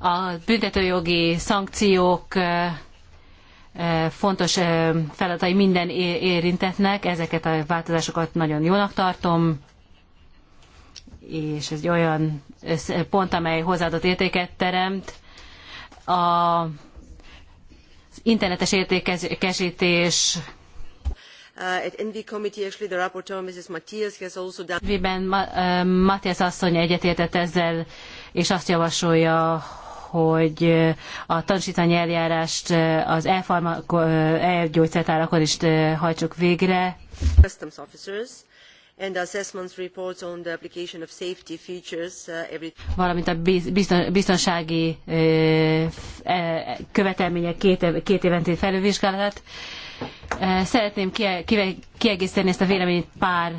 A büntetőjogi szankciók fontos feladatai minden érintetnek, ezeket a változásokat nagyon jónak tartom, és ez egy olyan pont, amely hozzáadott értéket teremt. A az internetes értékesítés uh, Viben uh, Matthias asszony egyetértett ezzel, és azt javasolja, hogy a tanúsítani eljárást az uh, e-gyógyszertárakon is hajtsuk végre. Customs officers and assessment reports on the application of safety features uh, every valamint a biztonsági e, követelmények két, két évente felülvizsgálatát. Szeretném kiegészíteni ezt a véleményt pár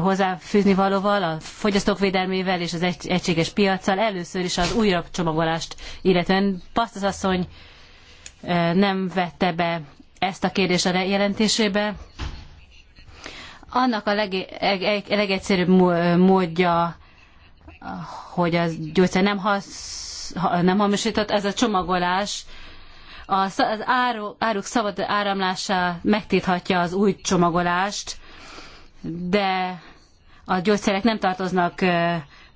hozzáfűzni valóval, a fogyasztók védelmével és az egységes piaccal. Először is az újabb csomagolást, illetően Pasztas asszony nem vette be ezt a kérdést a jelentésébe, annak a leg, legegyszerűbb módja, hogy a gyógyszer nem, hasz, nem hamisított, ez a csomagolás, az áru, áruk szabad áramlása megtilthatja az új csomagolást, de a gyógyszerek nem tartoznak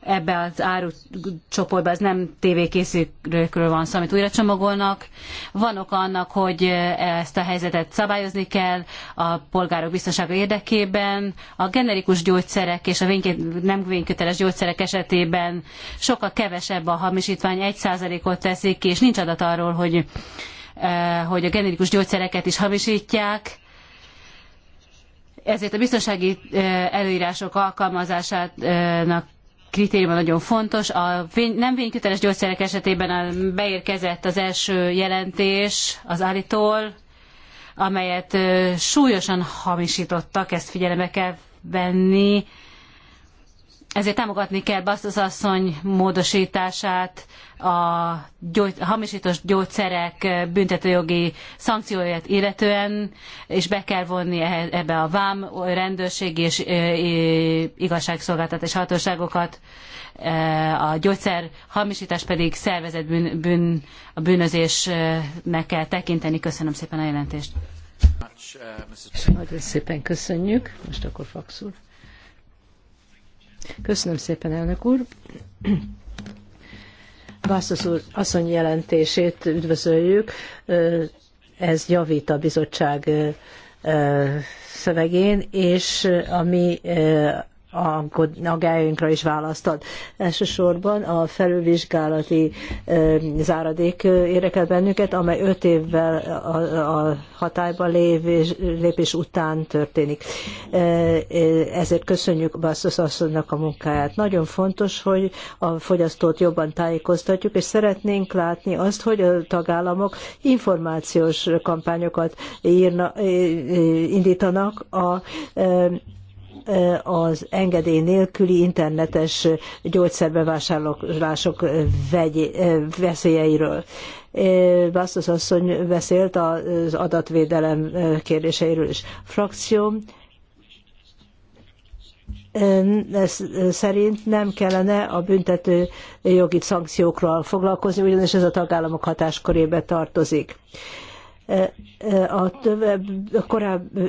ebbe az árucsoportba, ez nem tévékészítőkről van szó, amit újra csomagolnak. Van oka annak, hogy ezt a helyzetet szabályozni kell a polgárok biztonsága érdekében. A generikus gyógyszerek és a vénként nem vényköteles gyógyszerek esetében sokkal kevesebb a hamisítvány, 1%-ot teszik ki, és nincs adat arról, hogy, eh, hogy a generikus gyógyszereket is hamisítják ezért a biztonsági eh, előírások alkalmazásának kritériuma nagyon fontos. A nem vényköteles gyógyszerek esetében a, beérkezett az első jelentés az Alitól, amelyet súlyosan hamisítottak, ezt figyelembe kell venni. Ezért támogatni kell Basztos asszony módosítását, a gyógy, gyógyszerek büntetőjogi szankcióját illetően, és be kell vonni e- ebbe a vám, a rendőrségi és e- e- igazságszolgáltatás hatóságokat, a gyógyszer hamisítás pedig szervezett bűn, bűn, a bűnözésnek kell tekinteni. Köszönöm szépen a jelentést. Nagyon szépen köszönjük. Most akkor fakszul. Köszönöm szépen, elnök úr. Bászusz úr asszony jelentését üdvözöljük. Ez javít a bizottság szövegén, és ami aggályainkra is választ ad. Elsősorban a felülvizsgálati záradék érdekel bennünket, amely öt évvel a, a hatályba lévés, lépés után történik. Ezért köszönjük Basszus asszonynak a munkáját. Nagyon fontos, hogy a fogyasztót jobban tájékoztatjuk, és szeretnénk látni azt, hogy a tagállamok információs kampányokat írna, indítanak a az engedély nélküli internetes gyógyszerbevásárlások vegy, veszélyeiről. Bastos asszony beszélt az adatvédelem kérdéseiről is. Frakcióm szerint nem kellene a büntető jogi szankciókról foglalkozni, ugyanis ez a tagállamok hatáskörébe tartozik a, tövebb,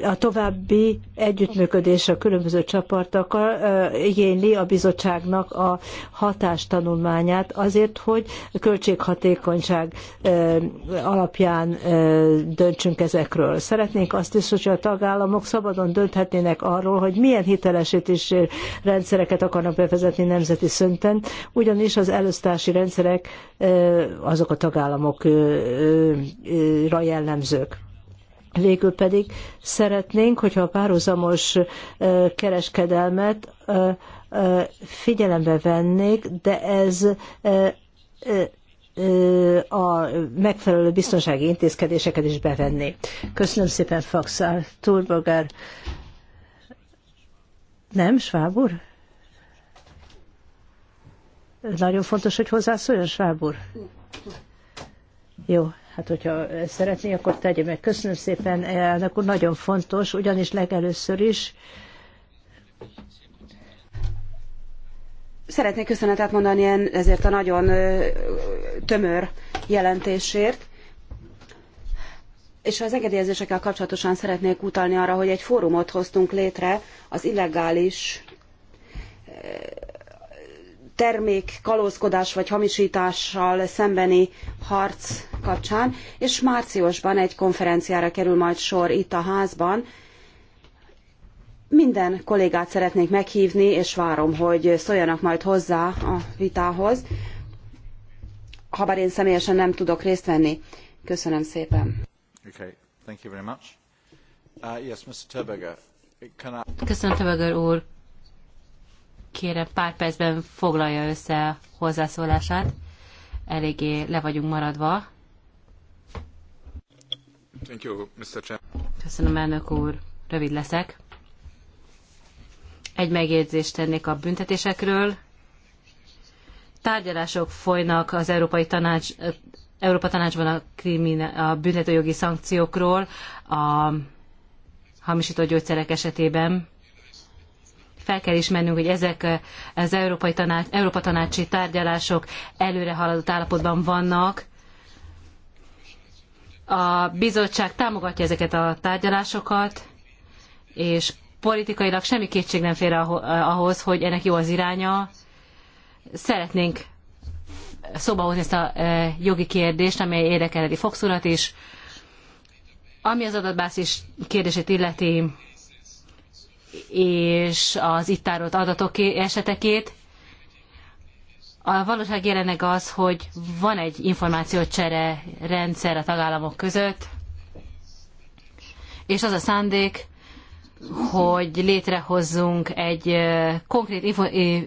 a további együttműködés a különböző csapatokkal igényli a bizottságnak a hatástanulmányát azért, hogy költséghatékonyság alapján döntsünk ezekről. Szeretnénk azt is, hogy a tagállamok szabadon dönthetnének arról, hogy milyen hitelesítési rendszereket akarnak bevezetni nemzeti szinten, ugyanis az elosztási rendszerek azok a tagállamokra jellemzőek jellemzők. Végül pedig szeretnénk, hogyha a párhuzamos kereskedelmet figyelembe vennék, de ez a megfelelő biztonsági intézkedéseket is bevenni. Köszönöm szépen, Faxál, Turboger. Nem, Schwab úr? Nagyon fontos, hogy hozzászóljon, Schwab úr. Jó, Hát, hogyha szeretné, akkor tegye meg. Köszönöm szépen, elnök úr, nagyon fontos, ugyanis legelőször is Szeretnék köszönetet mondani ezért a nagyon tömör jelentésért. És az engedélyezésekkel kapcsolatosan szeretnék utalni arra, hogy egy fórumot hoztunk létre az illegális termék kalózkodás vagy hamisítással szembeni harc kapcsán, és márciusban egy konferenciára kerül majd sor itt a házban. Minden kollégát szeretnék meghívni, és várom, hogy szóljanak majd hozzá a vitához, habár én személyesen nem tudok részt venni. Köszönöm szépen. Okay. Thank you very much. Uh, yes, Mr. Köszönöm, Töböger úr kérem pár percben foglalja össze hozzászólását. Eléggé le vagyunk maradva. Thank you, Mr. Chair. Köszönöm, elnök úr. Rövid leszek. Egy megjegyzést tennék a büntetésekről. Tárgyalások folynak az Európai Tanács, Európa Tanácsban a, a büntetőjogi szankciókról a hamisított gyógyszerek esetében fel kell ismernünk, hogy ezek az Európai Tanács, Európa Tanácsi tárgyalások előre haladott állapotban vannak. A bizottság támogatja ezeket a tárgyalásokat, és politikailag semmi kétség nem fér ahhoz, hogy ennek jó az iránya. Szeretnénk szóba hozni ezt a e, jogi kérdést, amely érdekelheti Fox urat is. Ami az adatbázis kérdését illeti, és az itt tárolt adatok esetekét. A valóság jelenleg az, hogy van egy információcsere rendszer a tagállamok között, és az a szándék, hogy létrehozzunk egy konkrét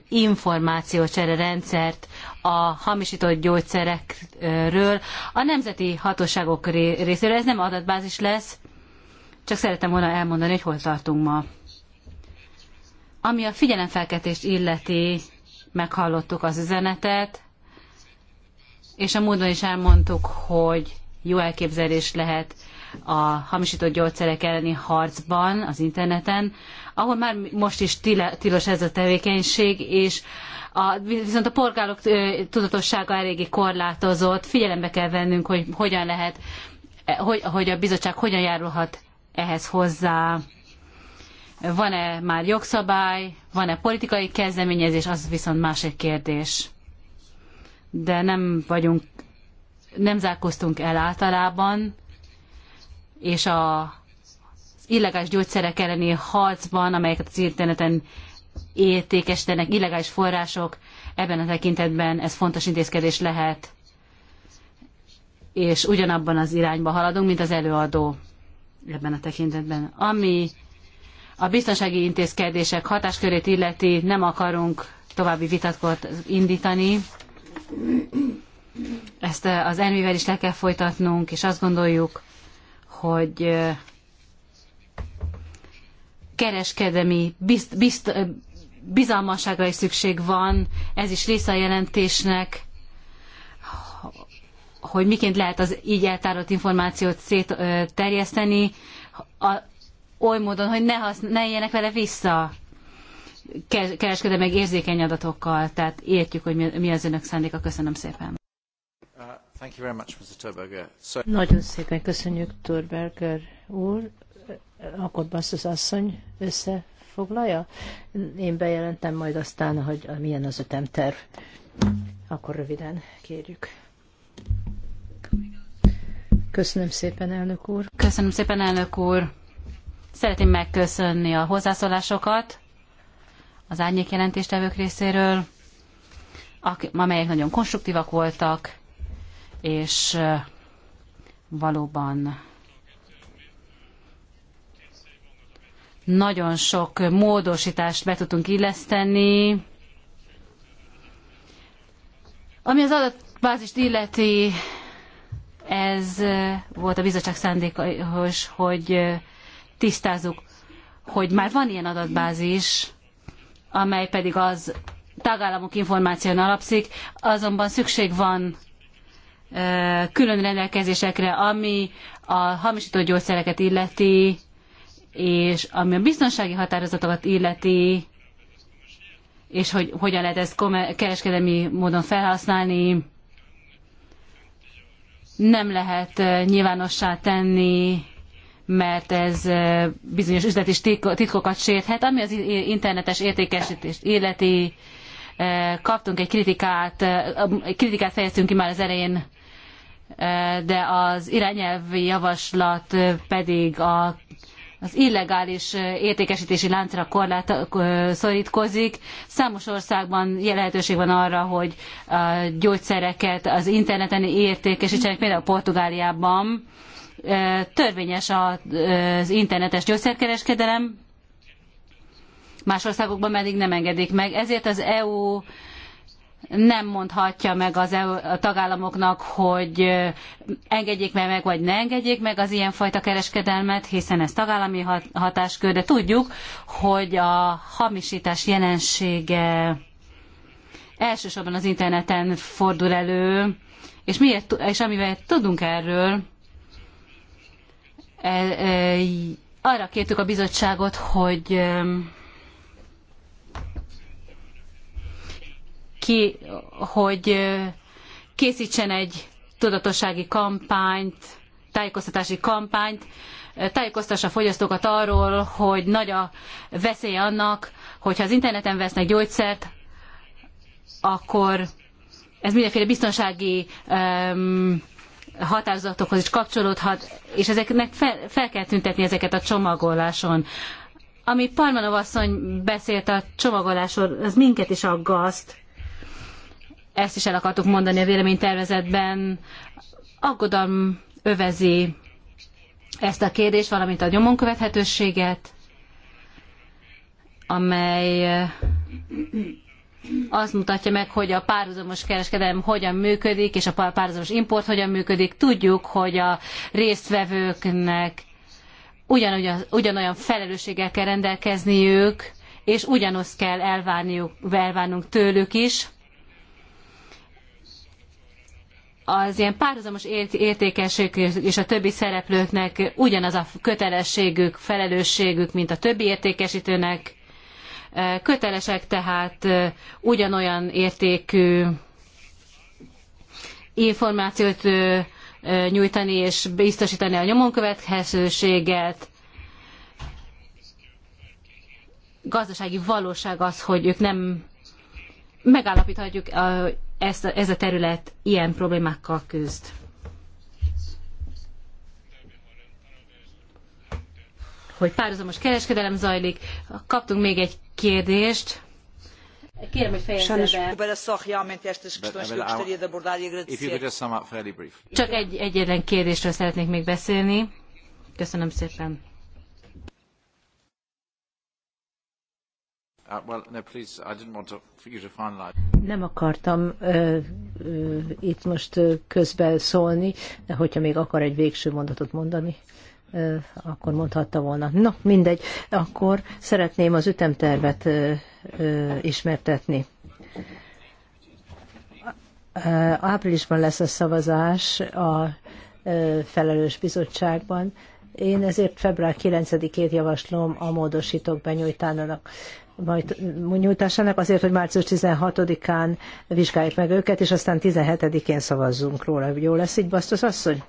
információcsere rendszert a hamisított gyógyszerekről a nemzeti hatóságok részéről. Ez nem adatbázis lesz, csak szerettem volna elmondani, hogy hol tartunk ma. Ami a figyelemfelkeltést illeti, meghallottuk az üzenetet, és a módon is elmondtuk, hogy jó elképzelés lehet a hamisított gyógyszerek elleni harcban az interneten, ahol már most is tilos ez a tevékenység, és a, viszont a polgárok tudatossága eléggé korlátozott, figyelembe kell vennünk, hogy hogyan lehet, hogy, hogy a bizottság hogyan járulhat ehhez hozzá, van-e már jogszabály, van-e politikai kezdeményezés, az viszont másik kérdés. De nem vagyunk, nem zárkoztunk el általában, és a, az illegális gyógyszerek elleni harcban, amelyeket az interneten értékesítenek illegális források, ebben a tekintetben ez fontos intézkedés lehet, és ugyanabban az irányba haladunk, mint az előadó ebben a tekintetben. Ami a biztonsági intézkedések hatáskörét illeti nem akarunk további vitatkozást indítani. Ezt eh, az elmivel is le kell folytatnunk, és azt gondoljuk, hogy eh, kereskedemi bizt, bizt, eh, bizalmasságra is szükség van, ez is része a jelentésnek, hogy miként lehet az így eltárolt információt szétterjeszteni, oly módon, hogy ne, hasz, ne éljenek vele vissza kereskedelmi érzékeny adatokkal. Tehát értjük, hogy mi az önök szándéka. Köszönöm szépen. Uh, much, so... Nagyon szépen köszönjük, Turberger úr. Akkor az asszony összefoglalja. Én bejelentem majd aztán, hogy milyen az ötemterv. Akkor röviden kérjük. Köszönöm szépen, elnök úr. Köszönöm szépen, elnök úr. Szeretném megköszönni a hozzászólásokat az árnyék jelentéstevők részéről, amelyek nagyon konstruktívak voltak, és valóban nagyon sok módosítást be tudtunk illeszteni. Ami az adatbázist illeti, ez volt a bizottság szándéka is, hogy tisztázzuk, hogy már van ilyen adatbázis, amely pedig az tagállamok információn alapszik, azonban szükség van külön rendelkezésekre, ami a hamisított gyógyszereket illeti, és ami a biztonsági határozatokat illeti, és hogy hogyan lehet ezt kereskedelmi módon felhasználni, nem lehet nyilvánossá tenni mert ez bizonyos üzleti titkokat sérthet, ami az internetes értékesítést illeti. Kaptunk egy kritikát, kritikát fejeztünk ki már az elején, de az irányelvi javaslat pedig a az illegális értékesítési láncra korlát, szorítkozik. Számos országban lehetőség van arra, hogy gyógyszereket az interneten értékesítsenek, például Portugáliában törvényes az internetes gyógyszerkereskedelem, más országokban pedig nem engedik meg. Ezért az EU nem mondhatja meg az EU, a tagállamoknak, hogy engedjék meg, meg, vagy ne engedjék meg az ilyenfajta kereskedelmet, hiszen ez tagállami hatáskör, de tudjuk, hogy a hamisítás jelensége elsősorban az interneten fordul elő, és, miért, és amivel tudunk erről, arra kértük a bizottságot, hogy ki, hogy készítsen egy tudatossági kampányt, tájékoztatási kampányt, tájékoztassa a fogyasztókat arról, hogy nagy a veszély annak, hogyha az interneten vesznek gyógyszert, akkor ez mindenféle biztonsági um, határozatokhoz is kapcsolódhat, és ezeknek fel, fel kell tüntetni ezeket a csomagoláson. Ami Parmanov asszony beszélt a csomagolásról, az minket is aggaszt. Ezt is el akartuk mondani a véleménytervezetben. Aggodalom övezi ezt a kérdést, valamint a nyomon követhetőséget, amely azt mutatja meg, hogy a párhuzamos kereskedelem hogyan működik, és a párhuzamos import hogyan működik. Tudjuk, hogy a résztvevőknek ugyanolyan, ugyanolyan felelősséggel kell rendelkezniük, és ugyanazt kell elvárniuk, elvárnunk tőlük is. Az ilyen párhuzamos értékesek és a többi szereplőknek ugyanaz a kötelességük, felelősségük, mint a többi értékesítőnek, Eh, kötelesek tehát eh, ugyanolyan értékű információt eh, nyújtani és biztosítani a nyomonkövethetőséget. Gazdasági valóság az, hogy ők nem megállapíthatjuk, ezt, ez a terület ilyen problémákkal küzd. hogy párhuzamos kereskedelem zajlik. Kaptunk még egy kérdést. Kérem, hogy fejezze be. Csak egy egyetlen kérdésről szeretnék még beszélni. Köszönöm szépen. Nem akartam uh, uh, itt most közben szólni, de hogyha még akar egy végső mondatot mondani akkor mondhatta volna. Na, mindegy, akkor szeretném az ütemtervet ismertetni. Áprilisban lesz a szavazás a felelős bizottságban. Én ezért február 9-ét javaslom a módosítók benyújtának majd nyújtásának azért, hogy március 16-án vizsgáljuk meg őket, és aztán 17-én szavazzunk róla. Jó lesz így, Basztos asszony?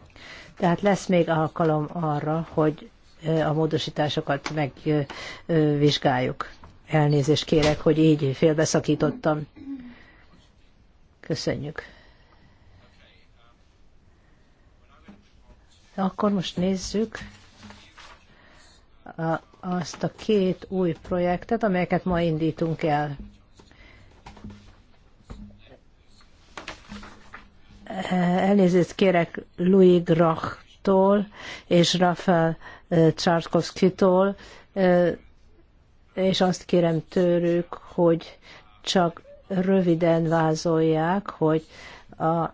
Tehát lesz még alkalom arra, hogy a módosításokat megvizsgáljuk. Elnézést kérek, hogy így félbeszakítottam. Köszönjük. Akkor most nézzük azt a két új projektet, amelyeket ma indítunk el. elnézést kérek Louis Grachtól és Rafael Csarkovszkitól, és azt kérem tőlük, hogy csak röviden vázolják, hogy a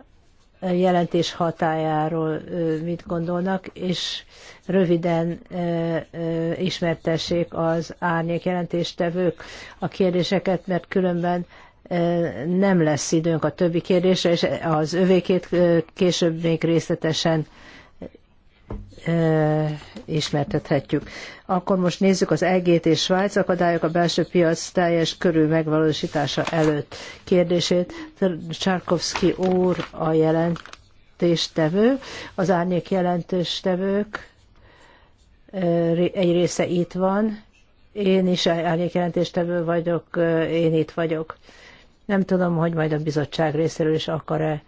jelentés hatájáról mit gondolnak, és röviden ismertessék az árnyék jelentéstevők a kérdéseket, mert különben nem lesz időnk a többi kérdésre, és az övékét később még részletesen ismertethetjük. Akkor most nézzük az EG-t és Svájc akadályok a belső piac teljes körű megvalósítása előtt kérdését. Csárkovszki úr a jelentéstevő, az árnyék jelentéstevők egy része itt van, én is árnyék jelentéstevő vagyok, én itt vagyok. Nem tudom, hogy majd a bizottság részéről is akar-e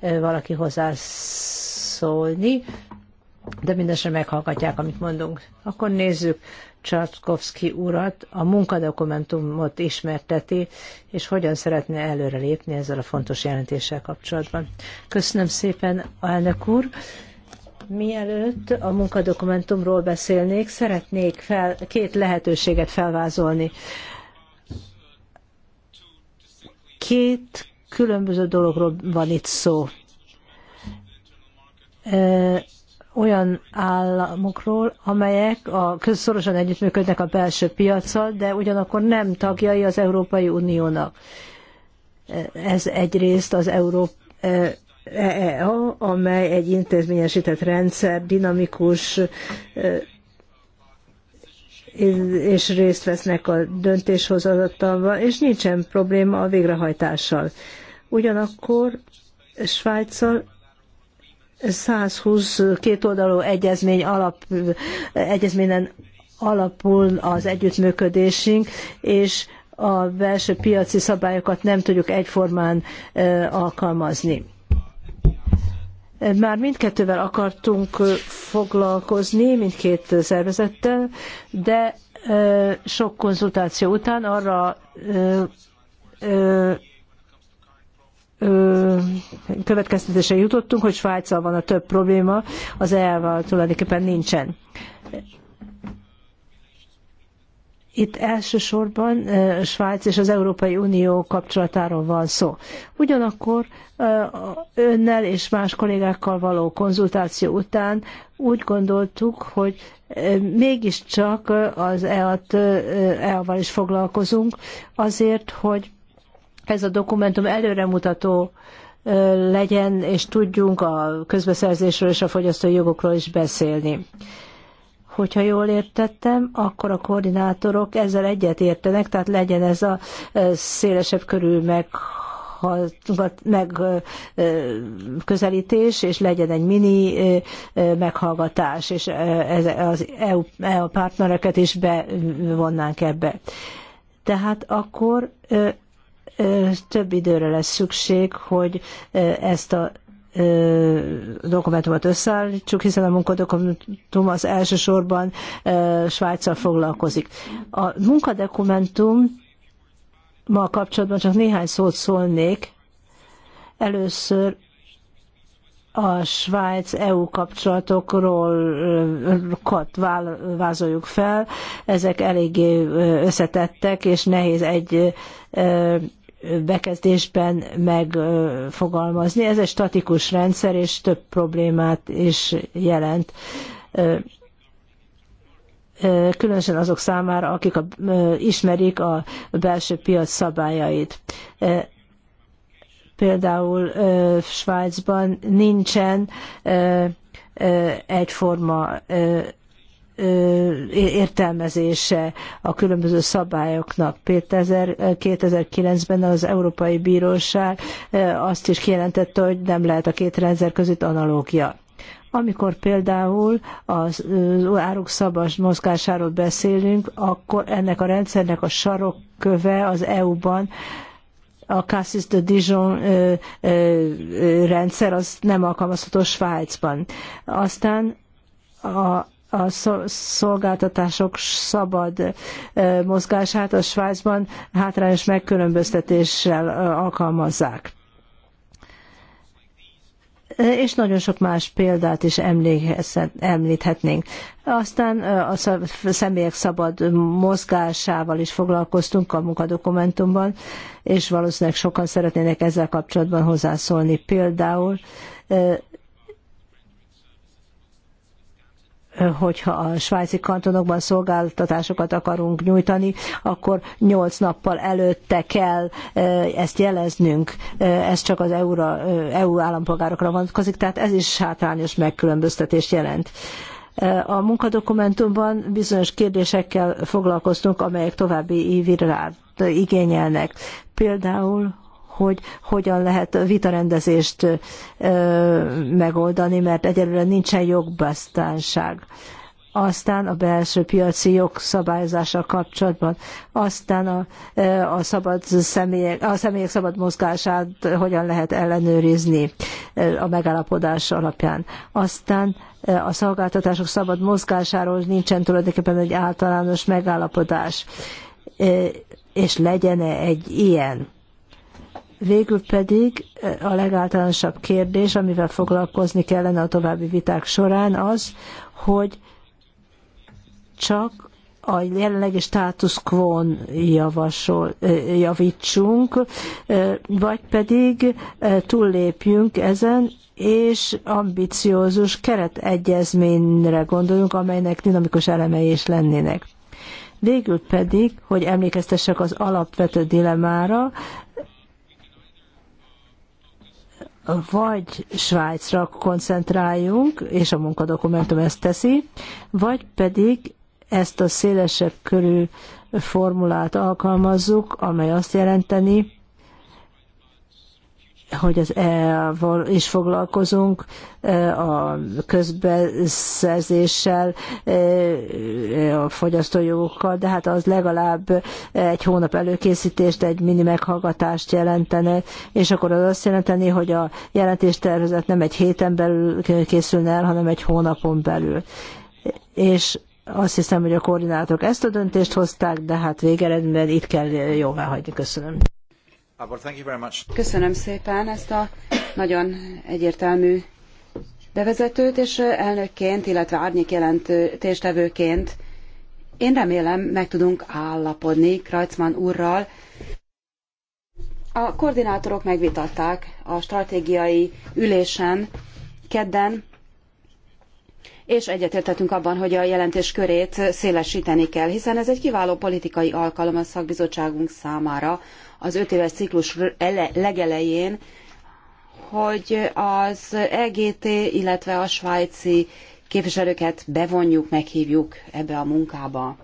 e, valaki hozzászólni, de mindesre meghallgatják, amit mondunk. Akkor nézzük Csatskovszki urat, a munkadokumentumot ismerteti, és hogyan szeretne lépni ezzel a fontos jelentéssel kapcsolatban. Köszönöm szépen, elnök úr! Mielőtt a munkadokumentumról beszélnék, szeretnék fel, két lehetőséget felvázolni. Két különböző dologról van itt szó. Olyan államokról, amelyek a közszorosan együttműködnek a belső piacsal, de ugyanakkor nem tagjai az Európai Uniónak. Ez egyrészt az Európa e e EEA, amely egy intézményesített rendszer, dinamikus és részt vesznek a döntéshozatalban, és nincsen probléma a végrehajtással. Ugyanakkor Svájccal 120 kétoldalú egyezmény alap, egyezményen alapul az együttműködésünk, és a belső piaci szabályokat nem tudjuk egyformán alkalmazni. Már mindkettővel akartunk foglalkozni, mindkét szervezettel, de sok konzultáció után arra következtetésre jutottunk, hogy Svájccal van a több probléma, az EL-val tulajdonképpen nincsen. Itt elsősorban Svájc és az Európai Unió kapcsolatáról van szó. Ugyanakkor önnel és más kollégákkal való konzultáció után úgy gondoltuk, hogy mégiscsak az EA-val e is foglalkozunk, azért, hogy ez a dokumentum előremutató legyen, és tudjunk a közbeszerzésről és a fogyasztói jogokról is beszélni. Hogyha jól értettem, akkor a koordinátorok ezzel egyet értenek, tehát legyen ez a szélesebb körül meg megközelítés, és legyen egy mini meghallgatás, és az EU, EU partnereket is bevonnánk ebbe. Tehát akkor több időre lesz szükség, hogy ezt a dokumentumot összeállítsuk, hiszen a munkadokumentum az elsősorban Svájccal foglalkozik. A munkadokumentum ma kapcsolatban csak néhány szót szólnék. Először a Svájc-EU kapcsolatokról kat vázoljuk fel. Ezek eléggé összetettek, és nehéz egy bekezdésben megfogalmazni. Ez egy statikus rendszer, és több problémát is jelent különösen azok számára, akik a, ismerik a belső piac szabályait. Például Svájcban nincsen egyforma értelmezése a különböző szabályoknak. 2009-ben az Európai Bíróság azt is kijelentette, hogy nem lehet a két rendszer között analógia. Amikor például az áruk szabad mozgásáról beszélünk, akkor ennek a rendszernek a sarokköve az EU-ban a Cassis de Dijon rendszer az nem alkalmazható Svájcban. Aztán a a szolgáltatások szabad e, mozgását a Svájcban hátrányos megkülönböztetéssel e, alkalmazzák. E, és nagyon sok más példát is említhetnénk. Aztán a személyek szabad mozgásával is foglalkoztunk a munkadokumentumban, és valószínűleg sokan szeretnének ezzel kapcsolatban hozzászólni. Például hogyha a svájci kantonokban szolgáltatásokat akarunk nyújtani, akkor nyolc nappal előtte kell e, ezt jeleznünk. E, ez csak az EU, e, EU állampolgárokra vonatkozik, tehát ez is hátrányos megkülönböztetést jelent. A munkadokumentumban bizonyos kérdésekkel foglalkoztunk, amelyek további ívirást igényelnek. Például, hogy hogyan lehet vitarendezést megoldani, mert egyelőre nincsen jogbasztánság aztán a belső piaci jogszabályozással kapcsolatban, aztán a, a, szabad személyek, a személyek szabad mozgását hogyan lehet ellenőrizni a megállapodás alapján. Aztán a szolgáltatások szabad mozgásáról nincsen tulajdonképpen egy általános megállapodás, és legyen -e egy ilyen. Végül pedig eh, a legáltalánosabb kérdés, amivel foglalkozni kellene a további viták során az, hogy csak a jelenlegi status quo-n javasol, eh, javítsunk, eh, vagy pedig túllépjünk ezen, és ambiciózus keretegyezményre gondoljunk, amelynek dinamikus elemei is lennének. Végül pedig, hogy emlékeztessek az alapvető dilemára, vagy Svájcra koncentráljunk, és a munkadokumentum ezt teszi, vagy pedig ezt a szélesebb körű formulát alkalmazzuk, amely azt jelenteni, hogy az EA-val is foglalkozunk, e, a közbeszerzéssel, e, a fogyasztójogokkal, de hát az legalább egy hónap előkészítést, egy mini meghallgatást jelentene, és akkor az azt jelenteni, hogy a jelentéstervezet nem egy héten belül készülne el, hanem egy hónapon belül. És azt hiszem, hogy a koordinátorok ezt a döntést hozták, de hát végeredményben itt kell jóvá hagyni. Köszönöm. Köszönöm szépen ezt a nagyon egyértelmű bevezetőt, és elnökként, illetve árnyék jelentéstevőként én remélem meg tudunk állapodni Krajcman úrral. A koordinátorok megvitatták a stratégiai ülésen kedden, és egyetértettünk abban, hogy a jelentés körét szélesíteni kell, hiszen ez egy kiváló politikai alkalom a szakbizottságunk számára az öt éves ciklus ele, legelején, hogy az EGT, illetve a svájci képviselőket bevonjuk, meghívjuk ebbe a munkába.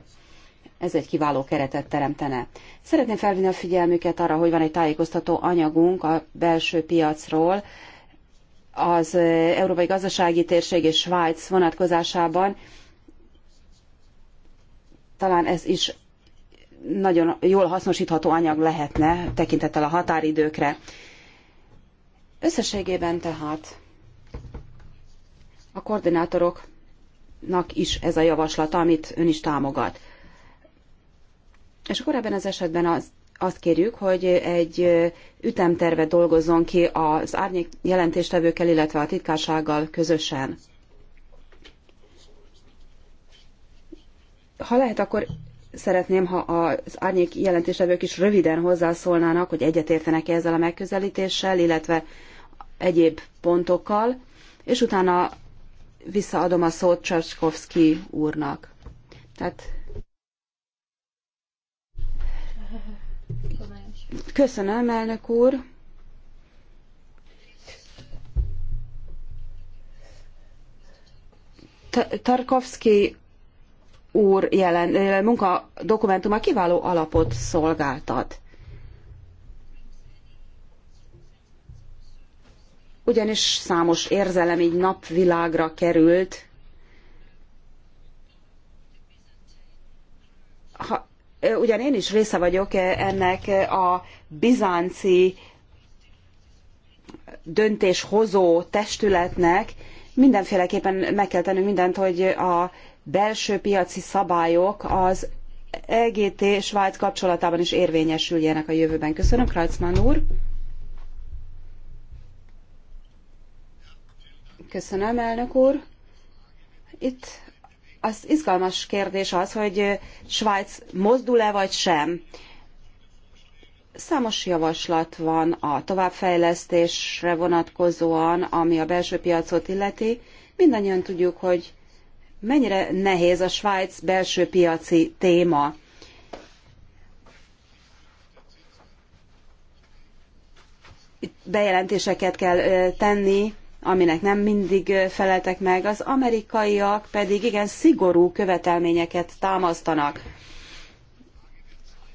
Ez egy kiváló keretet teremtene. Szeretném felvinni a figyelmüket arra, hogy van egy tájékoztató anyagunk a belső piacról, az Európai Gazdasági Térség és Svájc vonatkozásában. Talán ez is nagyon jól hasznosítható anyag lehetne tekintettel a határidőkre. Összességében tehát a koordinátoroknak is ez a javaslata, amit ön is támogat. És akkor ebben az esetben az, azt kérjük, hogy egy ütemtervet dolgozzon ki az árnyék jelentéstevőkkel, illetve a titkársággal közösen. Ha lehet, akkor szeretném, ha az árnyék jelentéstevők is röviden hozzászólnának, hogy egyetértenek -e ezzel a megközelítéssel, illetve egyéb pontokkal, és utána visszaadom a szót Csarskovszki úrnak. Tehát Köszönöm, elnök úr. Tarkovsky úr jelen munka dokumentuma kiváló alapot szolgáltat. Ugyanis számos érzelem így napvilágra került. Ha, ugyan én is része vagyok ennek a bizánci döntéshozó testületnek, mindenféleképpen meg kell tennünk mindent, hogy a belső piaci szabályok az EGT Svájc kapcsolatában is érvényesüljenek a jövőben. Köszönöm, Krajcman úr. Köszönöm, elnök úr. Itt az izgalmas kérdés az, hogy Svájc mozdul-e vagy sem. Számos javaslat van a továbbfejlesztésre vonatkozóan, ami a belső piacot illeti. Mindannyian tudjuk, hogy mennyire nehéz a Svájc belső piaci téma. Itt bejelentéseket kell tenni, aminek nem mindig feleltek meg, az amerikaiak pedig igen szigorú követelményeket támasztanak.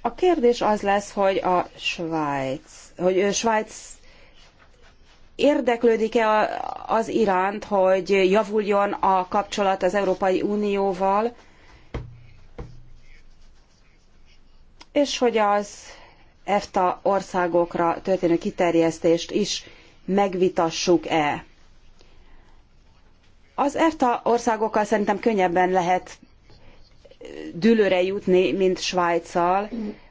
A kérdés az lesz, hogy a Svájc, hogy Svájc érdeklődik-e az iránt, hogy javuljon a kapcsolat az Európai Unióval, és hogy az EFTA országokra történő kiterjesztést is megvitassuk-e. Az EFTA országokkal szerintem könnyebben lehet dűlőre jutni, mint Svájccal.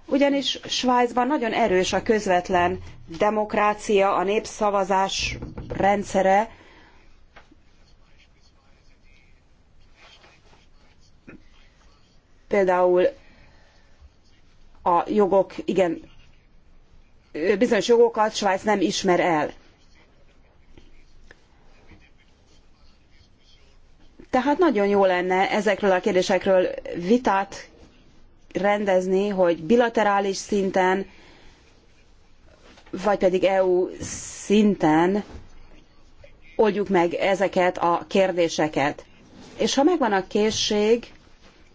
Ugyanis Svájcban nagyon erős a közvetlen demokrácia, a népszavazás rendszere, például a jogok, igen, bizonyos jogokat Svájc nem ismer el. Tehát nagyon jó lenne ezekről a kérdésekről vitát rendezni, hogy bilaterális szinten, vagy pedig EU szinten oldjuk meg ezeket a kérdéseket. És ha megvan a készség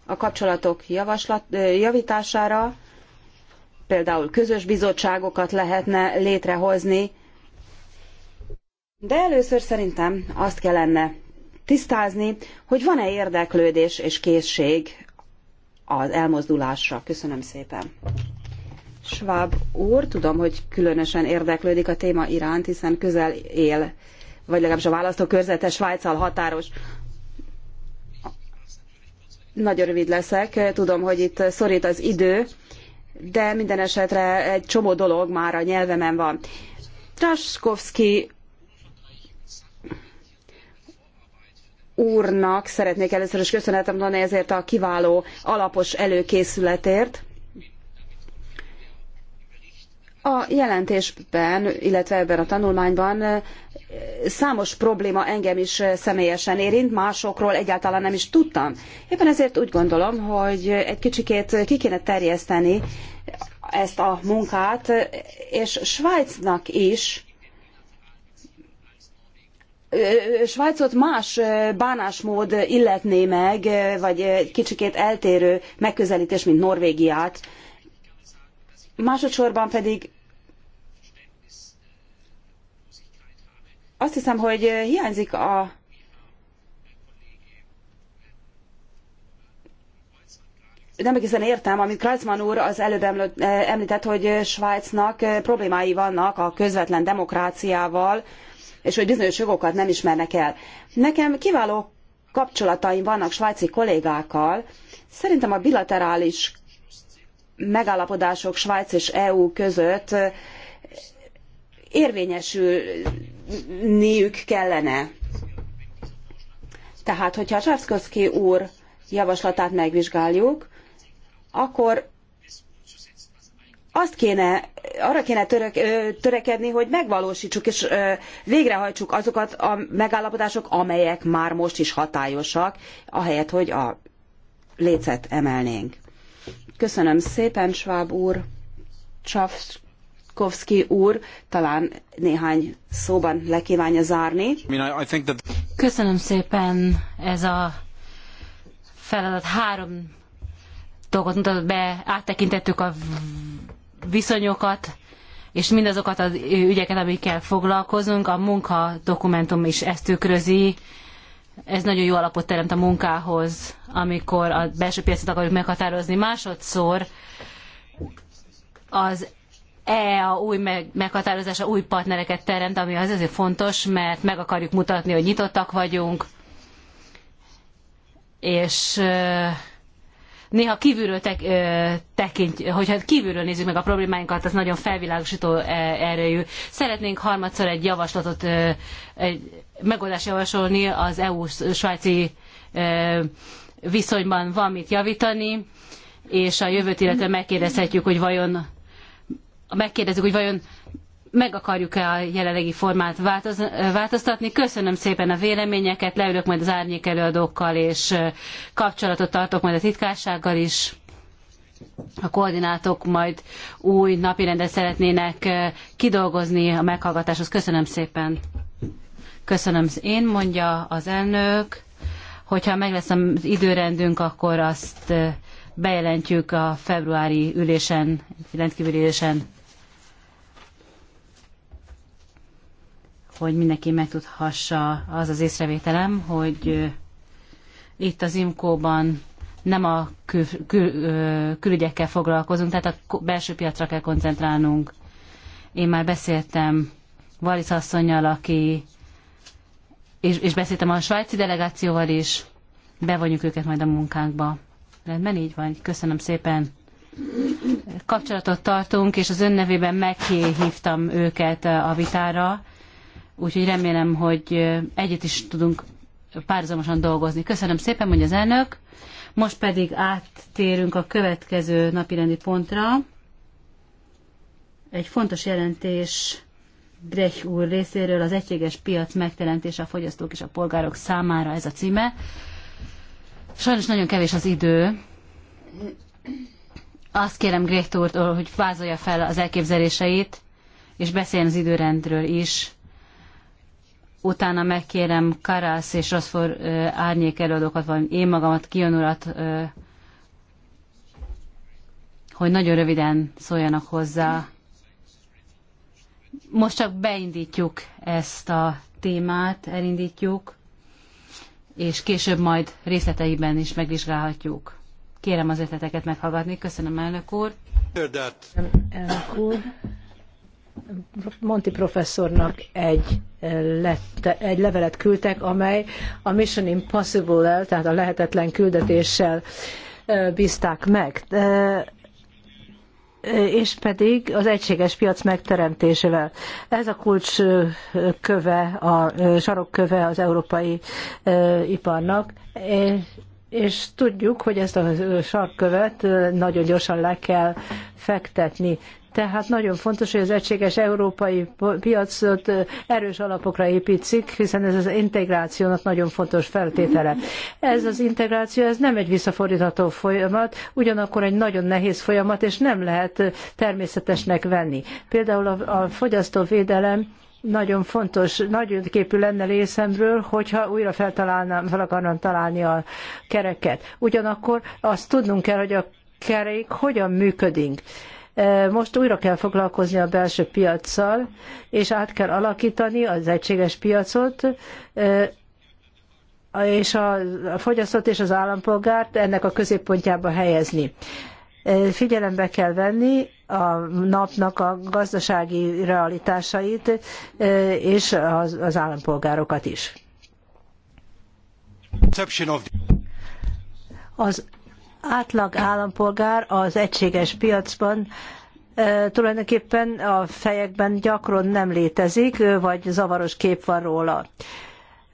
a kapcsolatok javaslat, javítására, például közös bizottságokat lehetne létrehozni, de először szerintem azt kellene tisztázni, hogy van-e érdeklődés és készség az elmozdulásra. Köszönöm szépen. Schwab úr, tudom, hogy különösen érdeklődik a téma iránt, hiszen közel él, vagy legalábbis a választókörzete Svájccal határos. Nagyon rövid leszek, tudom, hogy itt szorít az idő, de minden esetre egy csomó dolog már a nyelvemen van. Traskovski úrnak szeretnék először is köszönetem mondani ezért a kiváló alapos előkészületért. A jelentésben, illetve ebben a tanulmányban eh, számos probléma engem is eh, személyesen érint, másokról egyáltalán nem is tudtam. Éppen ezért úgy gondolom, hogy egy kicsikét ki kéne terjeszteni ezt a munkát, eh, és Svájcnak is Svájcot más bánásmód illetné meg, vagy kicsikét eltérő megközelítés, mint Norvégiát. Másodszorban pedig azt hiszem, hogy hiányzik a nem egészen értem, amit Kreuzmann úr az előbb említett, hogy Svájcnak problémái vannak a közvetlen demokráciával, és hogy bizonyos jogokat nem ismernek el. Nekem kiváló kapcsolataim vannak svájci kollégákkal. Szerintem a bilaterális megállapodások Svájc és EU között érvényesülniük kellene. Tehát, hogyha Csavszkoszki úr javaslatát megvizsgáljuk, akkor azt kéne, arra kéne török, törekedni, hogy megvalósítsuk és végrehajtsuk azokat a megállapodások, amelyek már most is hatályosak, ahelyett, hogy a lécet emelnénk. Köszönöm szépen, Schwab úr, Csavkovszki úr, talán néhány szóban le zárni. Köszönöm szépen, ez a feladat három dolgot mutatott be, áttekintettük a viszonyokat, és mindazokat az ügyeket, amikkel foglalkozunk, a munka dokumentum is ezt tükrözi. Ez nagyon jó alapot teremt a munkához, amikor a belső piacot akarjuk meghatározni. Másodszor az e a új meg, meghatározása új partnereket teremt, ami az azért fontos, mert meg akarjuk mutatni, hogy nyitottak vagyunk, és néha kívülről tek, ö, tekint, hogyha kívülről nézzük meg a problémáinkat, az nagyon felvilágosító erőjű. Szeretnénk harmadszor egy javaslatot, ö, egy megoldást javasolni az EU-svájci viszonyban van mit javítani, és a jövőt illetve megkérdezhetjük, hogy vajon megkérdezzük, hogy vajon meg akarjuk-e a jelenlegi formát változtatni. Köszönöm szépen a véleményeket, leülök majd az árnyék előadókkal, és kapcsolatot tartok majd a titkársággal is. A koordinátok majd új napirendet szeretnének kidolgozni a meghallgatáshoz. Köszönöm szépen. Köszönöm én, mondja az elnök. Hogyha meg lesz az időrendünk, akkor azt bejelentjük a februári ülésen, rendkívüli ülésen. hogy mindenki megtudhassa az az észrevételem, hogy itt az IMCO-ban nem a kül, kül, külügyekkel foglalkozunk, tehát a belső piacra kell koncentrálnunk. Én már beszéltem Valis asszonynal, aki, és, és beszéltem a svájci delegációval is, bevonjuk őket majd a munkánkba. Rendben így van, köszönöm szépen. Kapcsolatot tartunk, és az ön nevében meghívtam őket a vitára, úgyhogy remélem, hogy egyet is tudunk párzamosan dolgozni. Köszönöm szépen, mondja az elnök. Most pedig áttérünk a következő napirendi pontra. Egy fontos jelentés Grech úr részéről az egységes piac megteremtése a fogyasztók és a polgárok számára ez a címe. Sajnos nagyon kevés az idő. Azt kérem Grech úrtól, hogy vázolja fel az elképzeléseit, és beszéljen az időrendről is utána megkérem Karász és Rosszfor árnyék előadókat, vagy én magamat, Kion urat, hogy nagyon röviden szóljanak hozzá. Most csak beindítjuk ezt a témát, elindítjuk, és később majd részleteiben is megvizsgálhatjuk. Kérem az ötleteket meghallgatni. Köszönöm, elnök úr. Elnök úr. Monti professzornak egy, eh, lette, egy levelet küldtek, amely a Mission Impossible-el, tehát a lehetetlen küldetéssel eh, bízták meg eh, és pedig az egységes piac megteremtésével. Ez a kulcs köve, a sarokköve az európai iparnak, és tudjuk, hogy ezt a sarkkövet nagyon gyorsan le kell fektetni. Tehát nagyon fontos, hogy az egységes európai piacot erős alapokra építszik, hiszen ez az integrációnak nagyon fontos feltétele. Ez az integráció, ez nem egy visszafordítható folyamat, ugyanakkor egy nagyon nehéz folyamat, és nem lehet természetesnek venni. Például a, a fogyasztóvédelem nagyon fontos, nagy képű lenne részemről, hogyha újra feltalálnám, fel akarnám találni a kereket. Ugyanakkor azt tudnunk kell, hogy a kerék hogyan működik most újra kell foglalkozni a belső piaccal, és át kell alakítani az egységes piacot, és a fogyasztót és az állampolgárt ennek a középpontjába helyezni. Figyelembe kell venni a napnak a gazdasági realitásait és az állampolgárokat is. Az átlag állampolgár az egységes piacban tulajdonképpen a fejekben gyakran nem létezik, vagy zavaros kép van róla,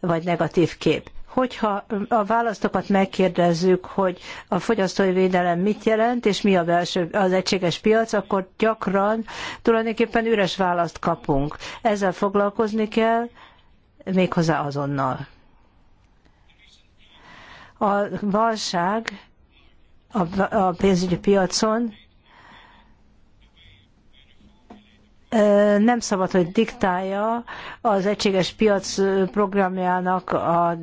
vagy negatív kép. Hogyha a választókat megkérdezzük, hogy a fogyasztói védelem mit jelent, és mi a belső, az egységes piac, akkor gyakran tulajdonképpen üres választ kapunk. Ezzel foglalkozni kell, méghozzá azonnal. A válság a pénzügyi piacon, nem szabad, hogy diktálja az egységes piac programjának a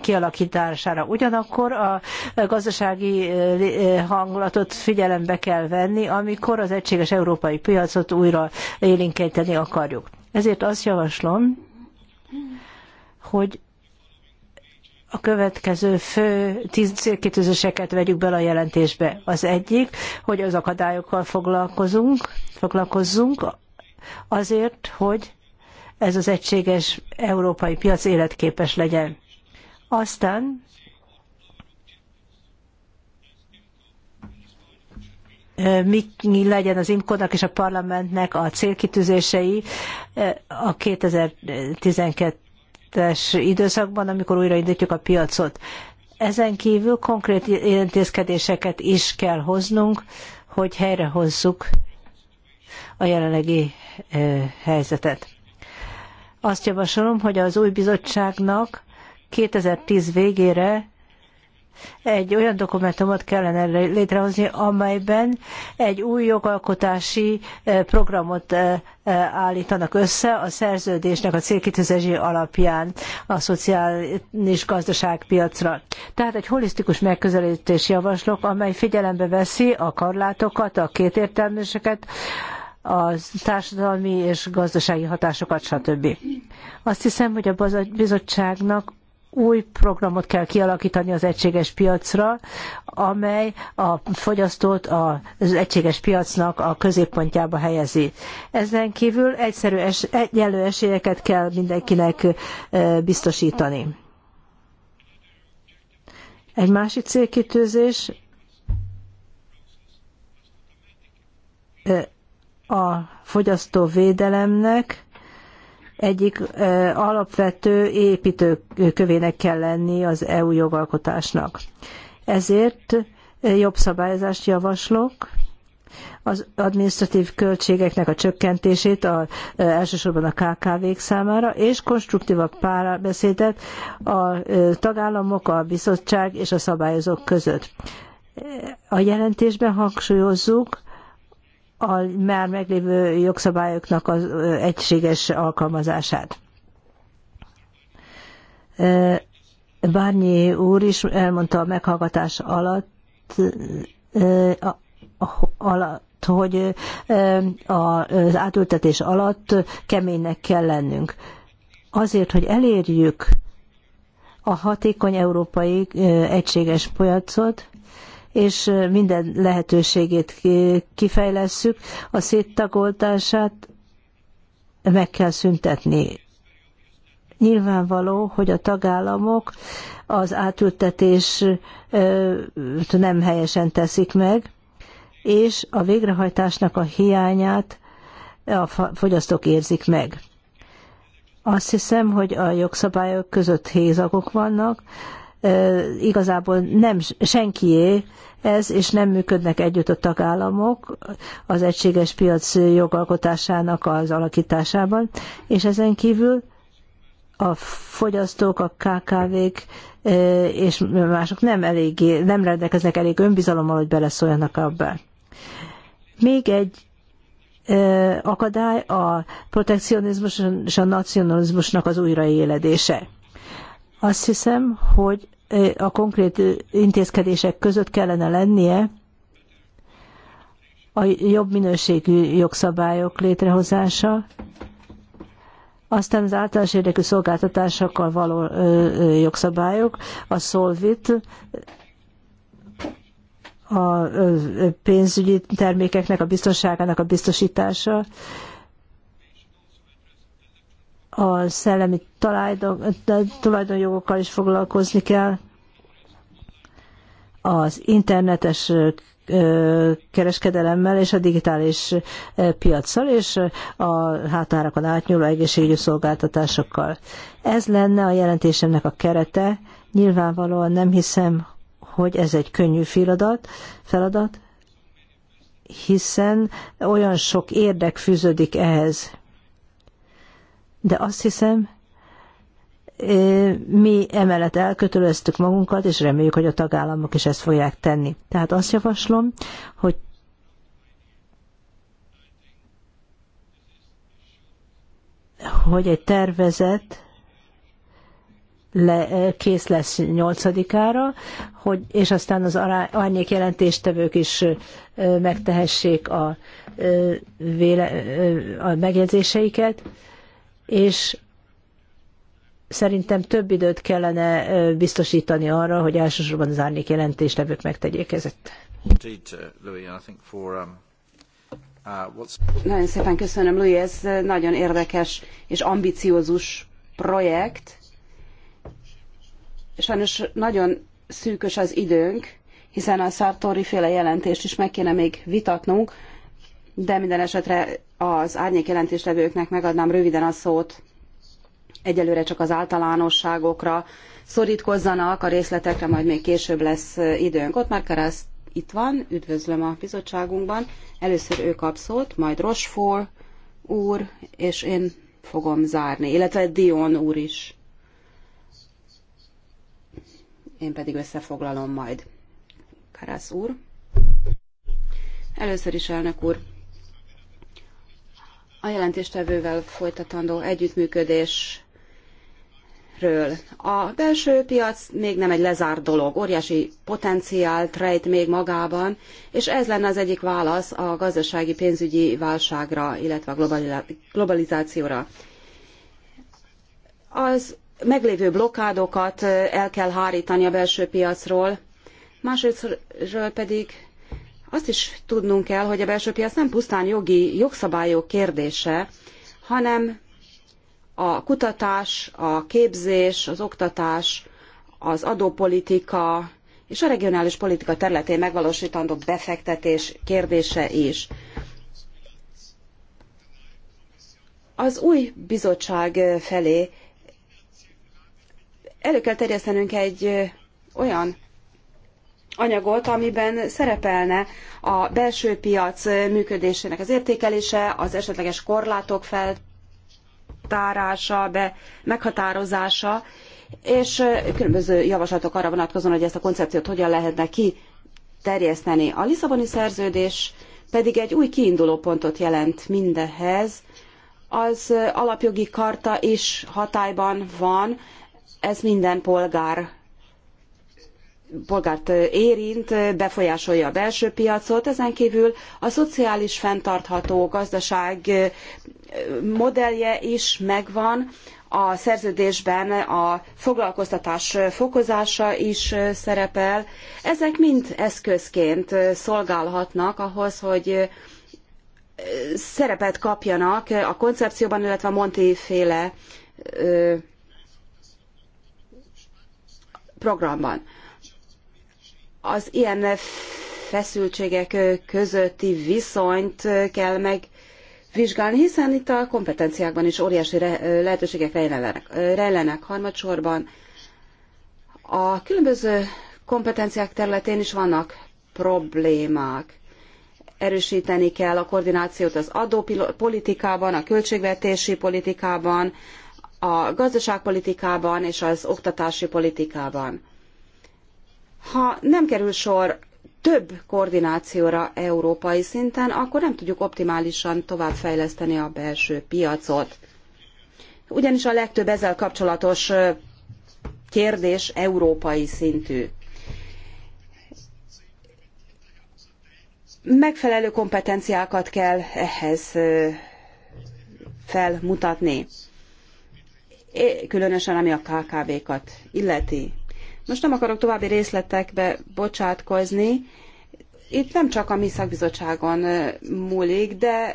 kialakítására. Ugyanakkor a gazdasági hangulatot figyelembe kell venni, amikor az egységes európai piacot újra élénkíteni akarjuk. Ezért azt javaslom, hogy a következő fő célkitűzéseket vegyük bele a jelentésbe. Az egyik, hogy az akadályokkal foglalkozunk, foglalkozzunk azért, hogy ez az egységes európai piac életképes legyen. Aztán mi legyen az IMCO-nak és a parlamentnek a célkitűzései a 2012 2017-es időszakban, amikor újraindítjuk a piacot. Ezen kívül konkrét intézkedéseket is kell hoznunk, hogy helyrehozzuk a jelenlegi helyzetet. Azt javasolom, hogy az új bizottságnak 2010 végére egy olyan dokumentumot kellene létrehozni, amelyben egy új jogalkotási eh, programot eh, eh, állítanak össze a szerződésnek a célkitűzési alapján a szociális gazdaságpiacra. Tehát egy holisztikus megközelítés javaslok, amely figyelembe veszi a karlátokat, a kétértelműseket, a társadalmi és gazdasági hatásokat, stb. Azt hiszem, hogy a bizottságnak új programot kell kialakítani az egységes piacra, amely a fogyasztót az egységes piacnak a középpontjába helyezi. Ezen kívül egyszerű es, egyenlő esélyeket kell mindenkinek biztosítani. Egy másik célkitűzés a fogyasztóvédelemnek egyik alapvető építőkövének kell lenni az EU jogalkotásnak. Ezért jobb szabályozást javaslok, az adminisztratív költségeknek a csökkentését a, elsősorban a KKV-k számára, és konstruktívabb párbeszédet a tagállamok, a bizottság és a szabályozók között. A jelentésben hangsúlyozzuk, a már meglévő jogszabályoknak az egységes alkalmazását. Bárnyi úr is elmondta a meghallgatás alatt, alatt hogy az átültetés alatt keménynek kell lennünk. Azért, hogy elérjük a hatékony európai egységes piacot, és minden lehetőségét kifejlesszük, a széttagoltását meg kell szüntetni. Nyilvánvaló, hogy a tagállamok az átültetés nem helyesen teszik meg, és a végrehajtásnak a hiányát a fogyasztók érzik meg. Azt hiszem, hogy a jogszabályok között hézagok vannak, igazából nem senkié ez, és nem működnek együtt a tagállamok az egységes piac jogalkotásának az alakításában, és ezen kívül a fogyasztók, a KKV-k és mások nem, elég, nem rendelkeznek elég önbizalommal, hogy beleszóljanak abba. Még egy akadály a protekcionizmus és a nacionalizmusnak az újraéledése. Azt hiszem, hogy a konkrét intézkedések között kellene lennie a jobb minőségű jogszabályok létrehozása, aztán az általános érdekű szolgáltatásokkal való jogszabályok, a szolvit, a pénzügyi termékeknek a biztonságának a biztosítása, a szellemi tulajdonjogokkal is foglalkozni kell, az internetes kereskedelemmel és a digitális piaccal és a hátárakon átnyúló egészségügyi szolgáltatásokkal. Ez lenne a jelentésemnek a kerete. Nyilvánvalóan nem hiszem, hogy ez egy könnyű feladat, feladat hiszen olyan sok érdek fűződik ehhez de azt hiszem, mi emellett elköteleztük magunkat, és reméljük, hogy a tagállamok is ezt fogják tenni. Tehát azt javaslom, hogy hogy egy tervezet le, kész lesz 8-ára, hogy, és aztán az árnyék jelentéstevők is megtehessék a, véle, a megjegyzéseiket és szerintem több időt kellene biztosítani arra, hogy elsősorban az árnyék jelentéstevők megtegyék ezt. Uh, um, uh, nagyon szépen köszönöm, Louis, ez uh, nagyon érdekes és ambiciózus projekt. Sajnos nagyon szűkös az időnk, hiszen a Sartori féle jelentést is meg kéne még vitatnunk de minden esetre az árnyék jelentéstevőknek megadnám röviden a szót. Egyelőre csak az általánosságokra szorítkozzanak, a részletekre majd még később lesz időnk. Ott már kereszt itt van, üdvözlöm a bizottságunkban. Először ő kap szót, majd Rosfor úr, és én fogom zárni, illetve Dion úr is. Én pedig összefoglalom majd. Karász úr. Először is, elnök úr, a jelentéstevővel folytatandó együttműködésről. A belső piac még nem egy lezárt dolog, óriási potenciált rejt még magában, és ez lenne az egyik válasz a gazdasági pénzügyi válságra, illetve a globalizációra. Az meglévő blokkádokat el kell hárítani a belső piacról, másrésztről pedig azt is tudnunk kell, hogy a belső piac nem pusztán jogi, jogszabályok kérdése, hanem a kutatás, a képzés, az oktatás, az adópolitika és a regionális politika területén megvalósítandó befektetés kérdése is. Az új bizottság felé elő kell terjesztenünk egy olyan anyagot, amiben szerepelne a belső piac működésének az értékelése, az esetleges korlátok feltárása, be, meghatározása, és különböző javaslatok arra vonatkozóan, hogy ezt a koncepciót hogyan lehetne kiterjeszteni. A Lisszaboni szerződés pedig egy új kiindulópontot jelent mindehez. Az alapjogi karta is hatályban van, ez minden polgár polgárt érint, befolyásolja a belső piacot, ezen kívül a szociális fenntartható gazdaság modellje is megvan, a szerződésben a foglalkoztatás fokozása is szerepel. Ezek mind eszközként szolgálhatnak ahhoz, hogy szerepet kapjanak a koncepcióban, illetve a Monti féle programban az ilyen feszültségek közötti viszonyt kell megvizsgálni, hiszen itt a kompetenciákban is óriási lehetőségek rejlenek, rejlenek harmadsorban. A különböző kompetenciák területén is vannak problémák. Erősíteni kell a koordinációt az adópolitikában, a költségvetési politikában, a gazdaságpolitikában és az oktatási politikában ha nem kerül sor több koordinációra európai szinten, akkor nem tudjuk optimálisan továbbfejleszteni a belső piacot. Ugyanis a legtöbb ezzel kapcsolatos kérdés európai szintű. Megfelelő kompetenciákat kell ehhez felmutatni, különösen ami a KKV-kat illeti. Most nem akarok további részletekbe bocsátkozni. Itt nem csak a mi szakbizottságon múlik, de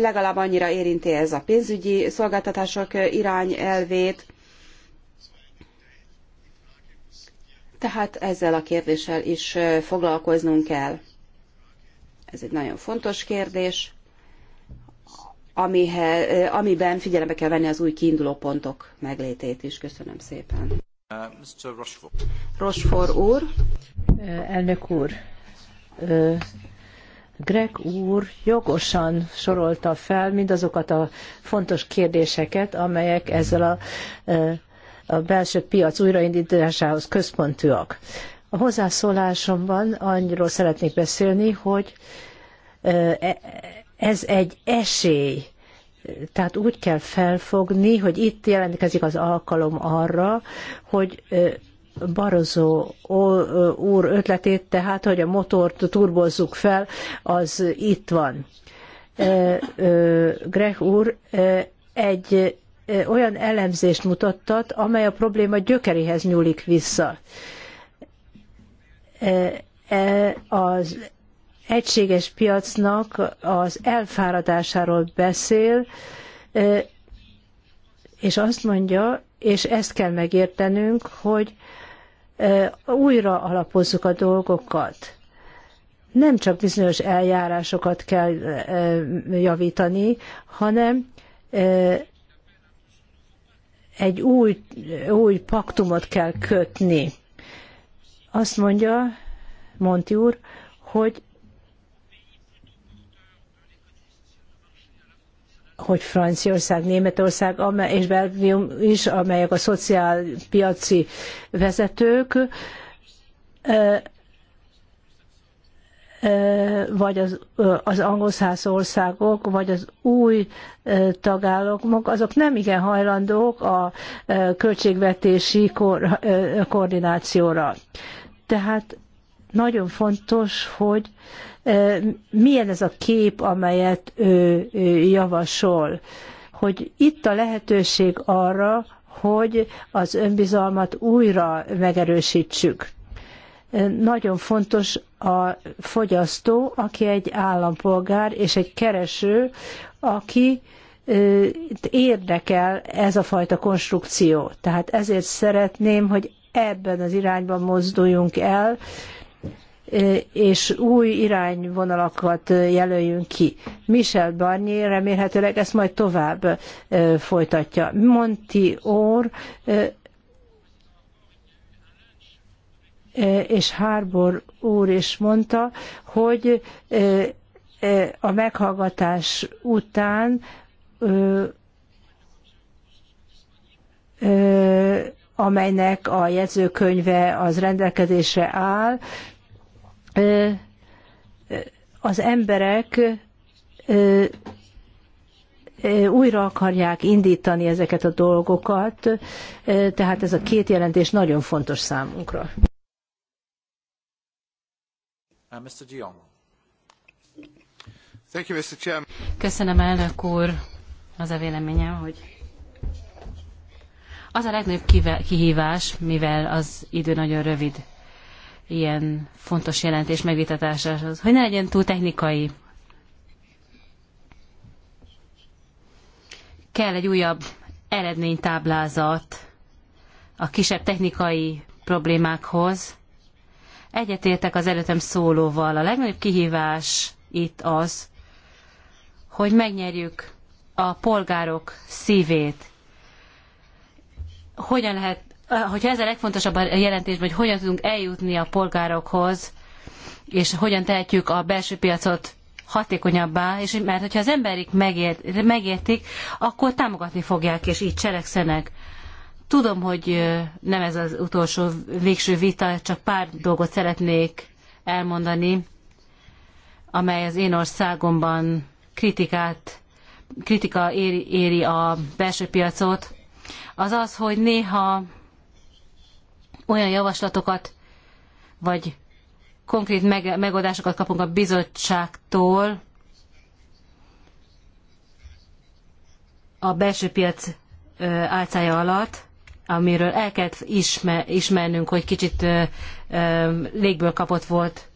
legalább annyira érinti ez a pénzügyi szolgáltatások irányelvét. Tehát ezzel a kérdéssel is foglalkoznunk kell. Ez egy nagyon fontos kérdés, amiben figyelembe kell venni az új kiinduló pontok meglétét is. Köszönöm szépen. Rochefort úr. Eh, elnök úr. Eh, Greg úr jogosan sorolta fel mindazokat a fontos kérdéseket, amelyek ezzel a, eh, a belső piac újraindításához központúak. A hozzászólásomban annyiról szeretnék beszélni, hogy e, ez egy esély tehát úgy kell felfogni, hogy itt jelentkezik az alkalom arra, hogy Barozó úr ötletét, tehát, hogy a motort turbozzuk fel, az itt van. Greg úr egy olyan elemzést mutattat, amely a probléma gyökeréhez nyúlik vissza. E, az egységes piacnak az elfáradásáról beszél, és azt mondja, és ezt kell megértenünk, hogy újra alapozzuk a dolgokat. Nem csak bizonyos eljárásokat kell javítani, hanem egy új, új paktumot kell kötni. Azt mondja Monti úr, hogy hogy Franciaország, Németország és Belgium is, amelyek a szociálpiaci vezetők, vagy az, az angol száz országok, vagy az új tagállamok, azok nem igen hajlandók a költségvetési koordinációra. Tehát nagyon fontos, hogy milyen ez a kép, amelyet ő, ő javasol. Hogy itt a lehetőség arra, hogy az önbizalmat újra megerősítsük. Nagyon fontos a fogyasztó, aki egy állampolgár és egy kereső, aki érdekel ez a fajta konstrukció. Tehát ezért szeretném, hogy ebben az irányban mozduljunk el, és új irányvonalakat jelöljünk ki. Michel Barnier remélhetőleg ezt majd tovább folytatja. Monti Orr és Harbor úr is mondta, hogy a meghallgatás után amelynek a jegyzőkönyve az rendelkezésre áll, az emberek újra akarják indítani ezeket a dolgokat, tehát ez a két jelentés nagyon fontos számunkra. Uh, Köszönöm, elnök úr. Az a véleményem, hogy az a legnagyobb kihívás, mivel az idő nagyon rövid ilyen fontos jelentés megvitatásához, hogy ne legyen túl technikai. Kell egy újabb eredménytáblázat a kisebb technikai problémákhoz. Egyetértek az előttem szólóval. A legnagyobb kihívás itt az, hogy megnyerjük a polgárok szívét. Hogyan lehet hogyha ez a legfontosabb a jelentésben, hogy hogyan tudunk eljutni a polgárokhoz, és hogyan tehetjük a belső piacot hatékonyabbá, és mert hogyha az emberik megért, megértik, akkor támogatni fogják, és így cselekszenek. Tudom, hogy nem ez az utolsó végső vita, csak pár dolgot szeretnék elmondani, amely az én országomban kritikát, kritika éri, éri a belső piacot, az az, hogy néha olyan javaslatokat, vagy konkrét megoldásokat kapunk a bizottságtól a belső piac álcája alatt, amiről el kellett ismer, ismernünk, hogy kicsit ö, ö, légből kapott volt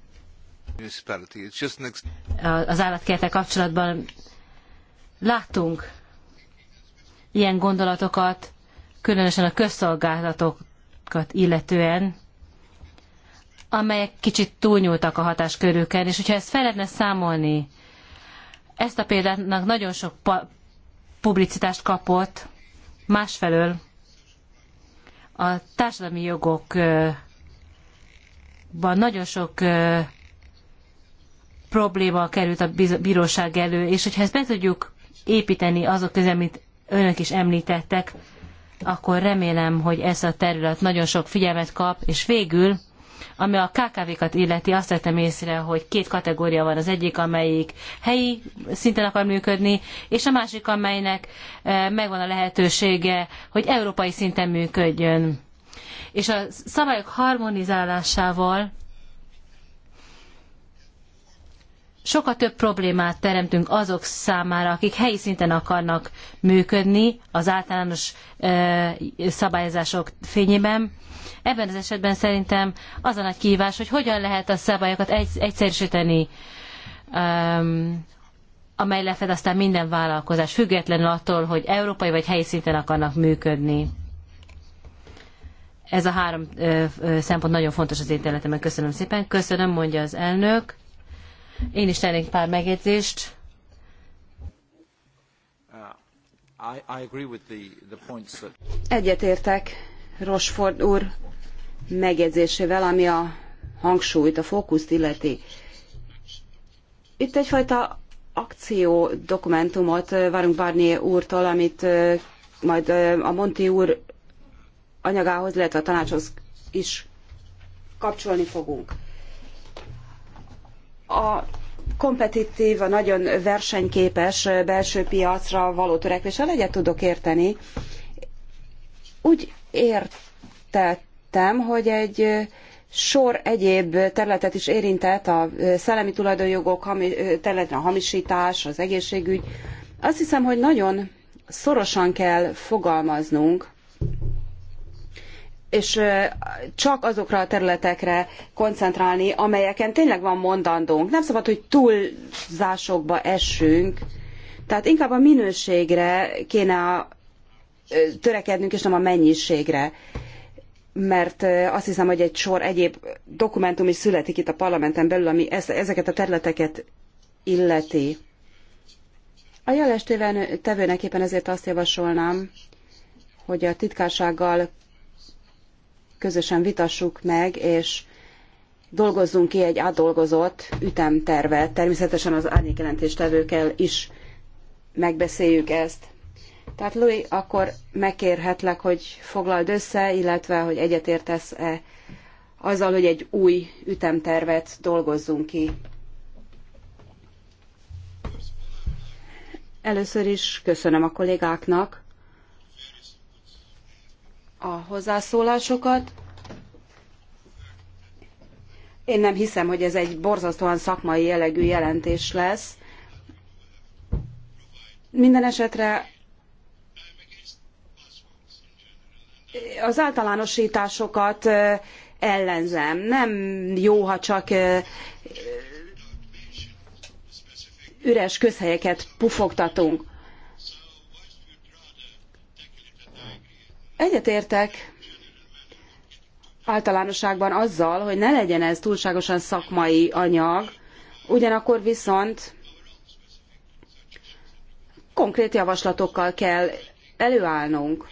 az állatkertek kapcsolatban. Láttunk ilyen gondolatokat, különösen a közszolgálatok illetően, amelyek kicsit túlnyúltak a hatáskörükön, és hogyha ezt fel lehetne számolni, ezt a példának nagyon sok publicitást kapott, másfelől a társadalmi jogokban nagyon sok probléma került a bíróság elő, és hogyha ezt be tudjuk építeni azok közé, amit önök is említettek, akkor remélem, hogy ez a terület nagyon sok figyelmet kap, és végül, ami a KKV-kat illeti, azt vettem észre, hogy két kategória van. Az egyik, amelyik helyi szinten akar működni, és a másik, amelynek eh, megvan a lehetősége, hogy európai szinten működjön. És a szabályok harmonizálásával sokkal több problémát teremtünk azok számára, akik helyi szinten akarnak működni az általános szabályozások fényében. Ebben az esetben szerintem az a nagy kihívás, hogy hogyan lehet a szabályokat egy, egyszerűsíteni, amely lefed aztán minden vállalkozás, függetlenül attól, hogy európai vagy helyi szinten akarnak működni. Ez a három szempont nagyon fontos az én területemben. Köszönöm szépen. Köszönöm, mondja az elnök. Én is tennék pár megjegyzést. Uh, Egyetértek Rosford úr megjegyzésével, ami a hangsúlyt, a fókuszt illeti. Itt egyfajta akció dokumentumot várunk Barnier úrtól, amit uh, majd uh, a Monti úr anyagához, illetve a tanácshoz is kapcsolni fogunk a kompetitív, a nagyon versenyképes belső piacra való törekvéssel egyet tudok érteni. Úgy értettem, hogy egy sor egyéb területet is érintett, a szellemi tulajdonjogok területen a hamisítás, az egészségügy. Azt hiszem, hogy nagyon szorosan kell fogalmaznunk, és csak azokra a területekre koncentrálni, amelyeken tényleg van mondandónk. Nem szabad, hogy túlzásokba essünk. Tehát inkább a minőségre kéne törekednünk, és nem a mennyiségre. Mert azt hiszem, hogy egy sor egyéb dokumentum is születik itt a parlamenten belül, ami ezeket a területeket illeti. A jeles tevőnek éppen ezért azt javasolnám, hogy a titkársággal közösen vitassuk meg, és dolgozzunk ki egy átdolgozott ütemtervet. Természetesen az árnyékjelentéstevőkkel is megbeszéljük ezt. Tehát Louis, akkor megkérhetlek, hogy foglald össze, illetve hogy egyetértesz-e azzal, hogy egy új ütemtervet dolgozzunk ki. Először is köszönöm a kollégáknak, a hozzászólásokat. Én nem hiszem, hogy ez egy borzasztóan szakmai jellegű jelentés lesz. Minden esetre az általánosításokat ellenzem. Nem jó, ha csak üres közhelyeket pufogtatunk. Egyetértek általánosságban azzal, hogy ne legyen ez túlságosan szakmai anyag, ugyanakkor viszont konkrét javaslatokkal kell előállnunk.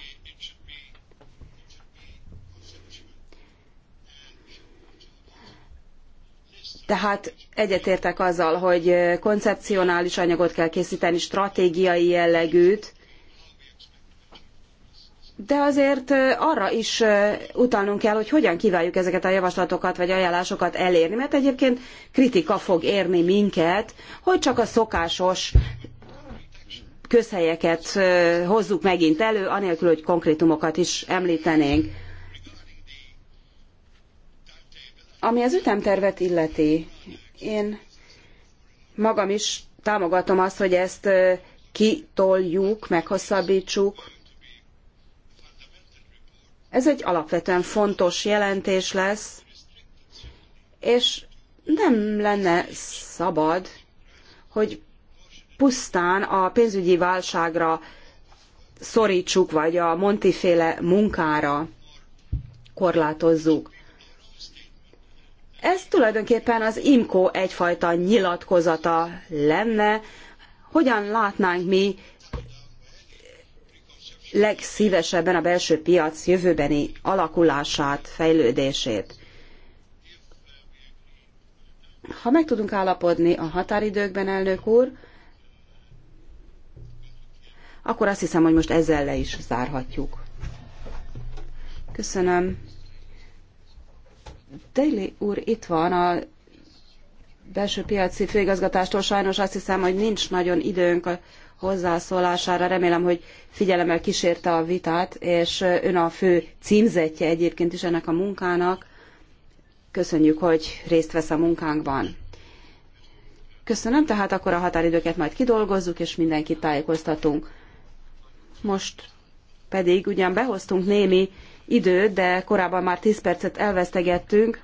Tehát egyetértek azzal, hogy koncepcionális anyagot kell készíteni, stratégiai jellegűt, de azért arra is utalnunk kell, hogy hogyan kívánjuk ezeket a javaslatokat vagy ajánlásokat elérni, mert egyébként kritika fog érni minket, hogy csak a szokásos közhelyeket hozzuk megint elő, anélkül, hogy konkrétumokat is említenénk. Ami az ütemtervet illeti, én magam is támogatom azt, hogy ezt kitoljuk, meghosszabbítsuk, ez egy alapvetően fontos jelentés lesz, és nem lenne szabad, hogy pusztán a pénzügyi válságra szorítsuk, vagy a Montiféle munkára korlátozzuk. Ez tulajdonképpen az IMCO egyfajta nyilatkozata lenne, hogyan látnánk mi legszívesebben a belső piac jövőbeni alakulását, fejlődését. Ha meg tudunk állapodni a határidőkben, elnök úr, akkor azt hiszem, hogy most ezzel le is zárhatjuk. Köszönöm. Daly úr itt van a belső piaci főigazgatástól. Sajnos azt hiszem, hogy nincs nagyon időnk a hozzászólására. Remélem, hogy figyelemmel kísérte a vitát, és ön a fő címzetje egyébként is ennek a munkának. Köszönjük, hogy részt vesz a munkánkban. Köszönöm, tehát akkor a határidőket majd kidolgozzuk, és mindenkit tájékoztatunk. Most pedig ugyan behoztunk némi időt, de korábban már 10 percet elvesztegettünk.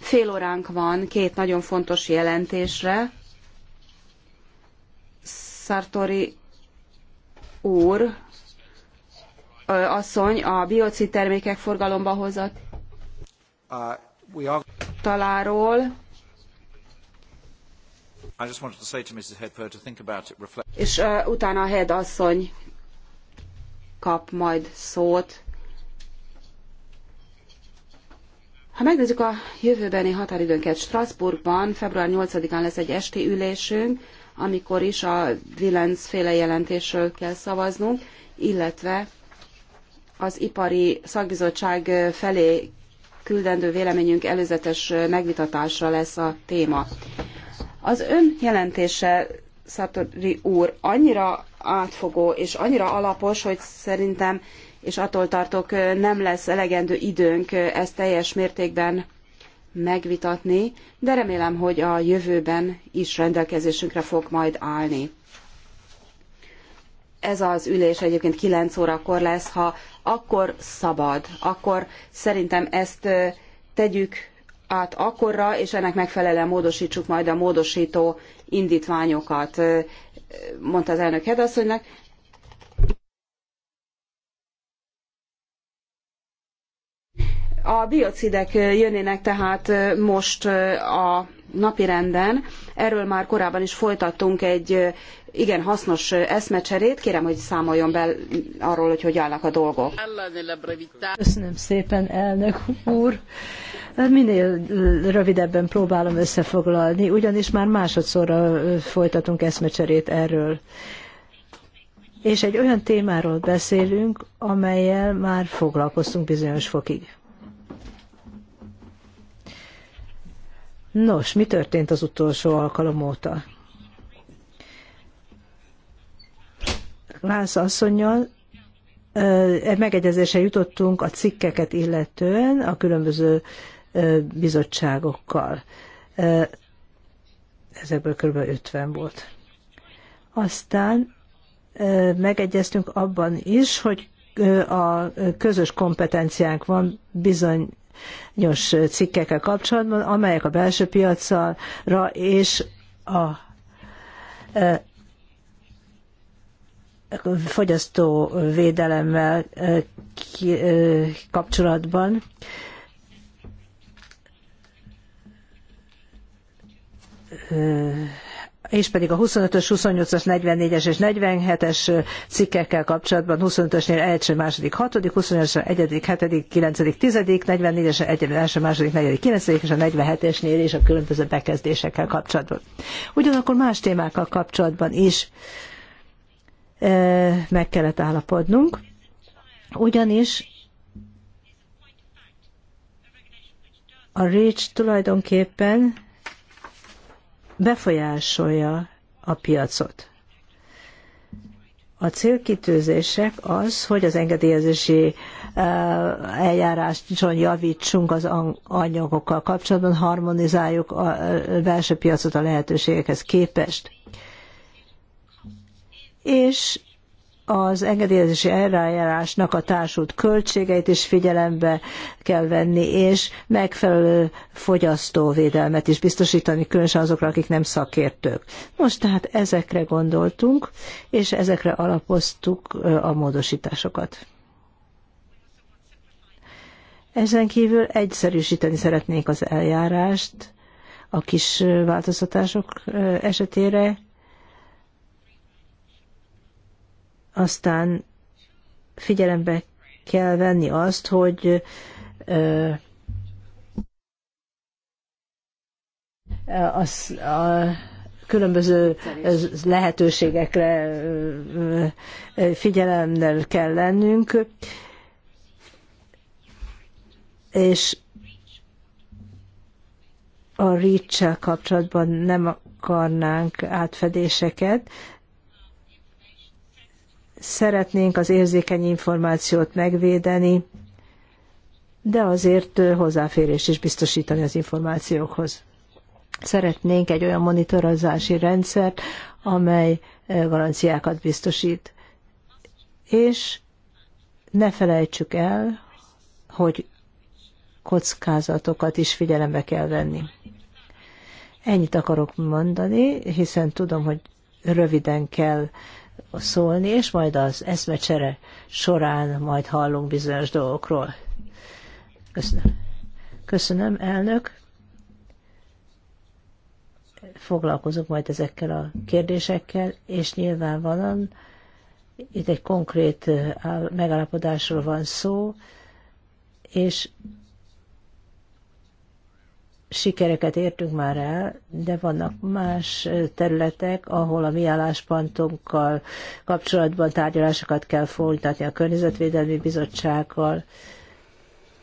Fél óránk van két nagyon fontos jelentésre. Sartori úr, asszony a biocid termékek forgalomba hozott uh, taláról. És utána a Head asszony kap majd szót. Ha megnézzük a jövőbeni határidőnket, Strasbourgban február 8-án lesz egy esti ülésünk, amikor is a Vilenc féle jelentésről kell szavaznunk, illetve az ipari szakbizottság felé küldendő véleményünk előzetes megvitatásra lesz a téma. Az ön jelentése, Szatori úr, annyira átfogó és annyira alapos, hogy szerintem, és attól tartok, nem lesz elegendő időnk ezt teljes mértékben megvitatni, de remélem, hogy a jövőben is rendelkezésünkre fog majd állni. Ez az ülés egyébként 9 órakor lesz, ha akkor szabad, akkor szerintem ezt tegyük át akkorra, és ennek megfelelően módosítsuk majd a módosító indítványokat, mondta az elnök hedasszonynak. A biocidek jönnének tehát most a napirenden. Erről már korábban is folytattunk egy igen hasznos eszmecserét. Kérem, hogy számoljon be arról, hogy hogy állnak a dolgok. Köszönöm szépen, elnök úr. Hát minél rövidebben próbálom összefoglalni, ugyanis már másodszorra folytatunk eszmecserét erről. És egy olyan témáról beszélünk, amelyel már foglalkoztunk bizonyos fokig. Nos, mi történt az utolsó alkalom óta? Lász asszonynal megegyezésre jutottunk a cikkeket illetően a különböző bizottságokkal. Ezekből kb. 50 volt. Aztán megegyeztünk abban is, hogy a közös kompetenciánk van bizony bizonyos cikkekkel kapcsolatban, amelyek a belső piacra és a e, fogyasztóvédelemmel e, e, kapcsolatban és pedig a 25-ös, 28-as, 44-es és 47-es cikkekkel kapcsolatban 25-ösnél első, második, hatodik, 25 as egyedik hetedik kilencedik 10., 44-es, egyedik első, második, negyedik, kilencedik és a 47-esnél és a különböző bekezdésekkel kapcsolatban. Ugyanakkor más témákkal kapcsolatban is e, meg kellett állapodnunk, ugyanis a REACH tulajdonképpen befolyásolja a piacot. A célkitűzések az, hogy az engedélyezési eh, eljáráson javítsunk az anyagokkal kapcsolatban, harmonizáljuk a eh, belső piacot a lehetőségekhez képest. És az engedélyezési eljárásnak a társult költségeit is figyelembe kell venni, és megfelelő fogyasztóvédelmet is biztosítani, különösen azokra, akik nem szakértők. Most tehát ezekre gondoltunk, és ezekre alapoztuk a módosításokat. Ezen kívül egyszerűsíteni szeretnénk az eljárást a kis változtatások esetére, Aztán figyelembe kell venni azt, hogy az, a különböző lehetőségekre figyelemmel kell lennünk, és a reach kapcsolatban nem akarnánk átfedéseket, szeretnénk az érzékeny információt megvédeni, de azért hozzáférést is biztosítani az információkhoz. Szeretnénk egy olyan monitorozási rendszert, amely garanciákat biztosít. És ne felejtsük el, hogy kockázatokat is figyelembe kell venni. Ennyit akarok mondani, hiszen tudom, hogy röviden kell szólni, és majd az eszmecsere során majd hallunk bizonyos dolgokról. Köszönöm. Köszönöm, elnök. Foglalkozok majd ezekkel a kérdésekkel, és nyilvánvalóan itt egy konkrét megállapodásról van szó, és sikereket értünk már el, de vannak más területek, ahol a mi álláspontunkkal kapcsolatban tárgyalásokat kell folytatni a Környezetvédelmi Bizottsággal,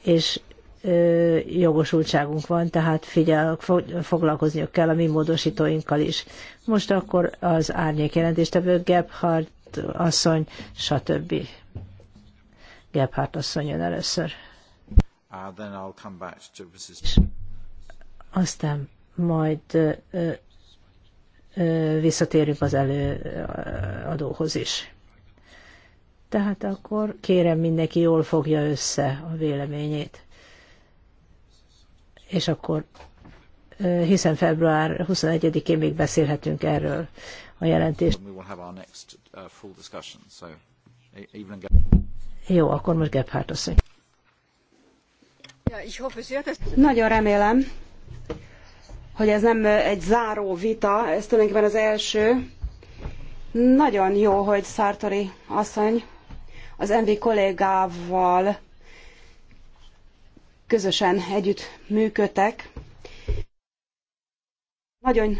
és ö, jogosultságunk van, tehát figyel, foglalkozniuk kell a mi módosítóinkkal is. Most akkor az árnyék jelentéstevő Gebhardt asszony, stb. Gebhardt asszony jön először. Uh, then I'll come back to aztán majd visszatérünk az előadóhoz is. Tehát akkor kérem mindenki jól fogja össze a véleményét. És akkor, hiszen február 21-én még beszélhetünk erről a jelentést. Uh, e, Jó, akkor most Gebhardt asszony. Nagyon remélem, hogy ez nem egy záró vita, ez tulajdonképpen az első. Nagyon jó, hogy Szártori asszony az MV kollégával közösen együtt működtek. Nagyon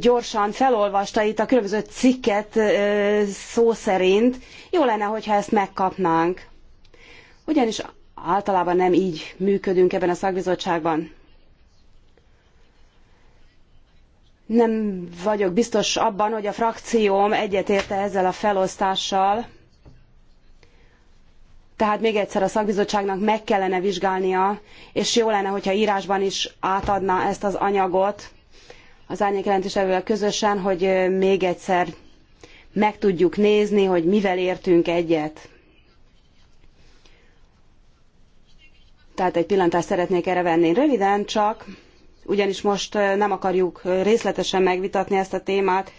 gyorsan felolvasta itt a különböző cikket szó szerint. Jó lenne, hogyha ezt megkapnánk. Ugyanis általában nem így működünk ebben a szakbizottságban. Nem vagyok biztos abban, hogy a frakcióm egyetérte ezzel a felosztással, tehát még egyszer a szakbizottságnak meg kellene vizsgálnia, és jó lenne, hogyha írásban is átadná ezt az anyagot az árnyékjelentéstevővel közösen, hogy még egyszer meg tudjuk nézni, hogy mivel értünk egyet. Tehát egy pillantást szeretnék erre venni. Röviden csak ugyanis most nem akarjuk részletesen megvitatni ezt a témát.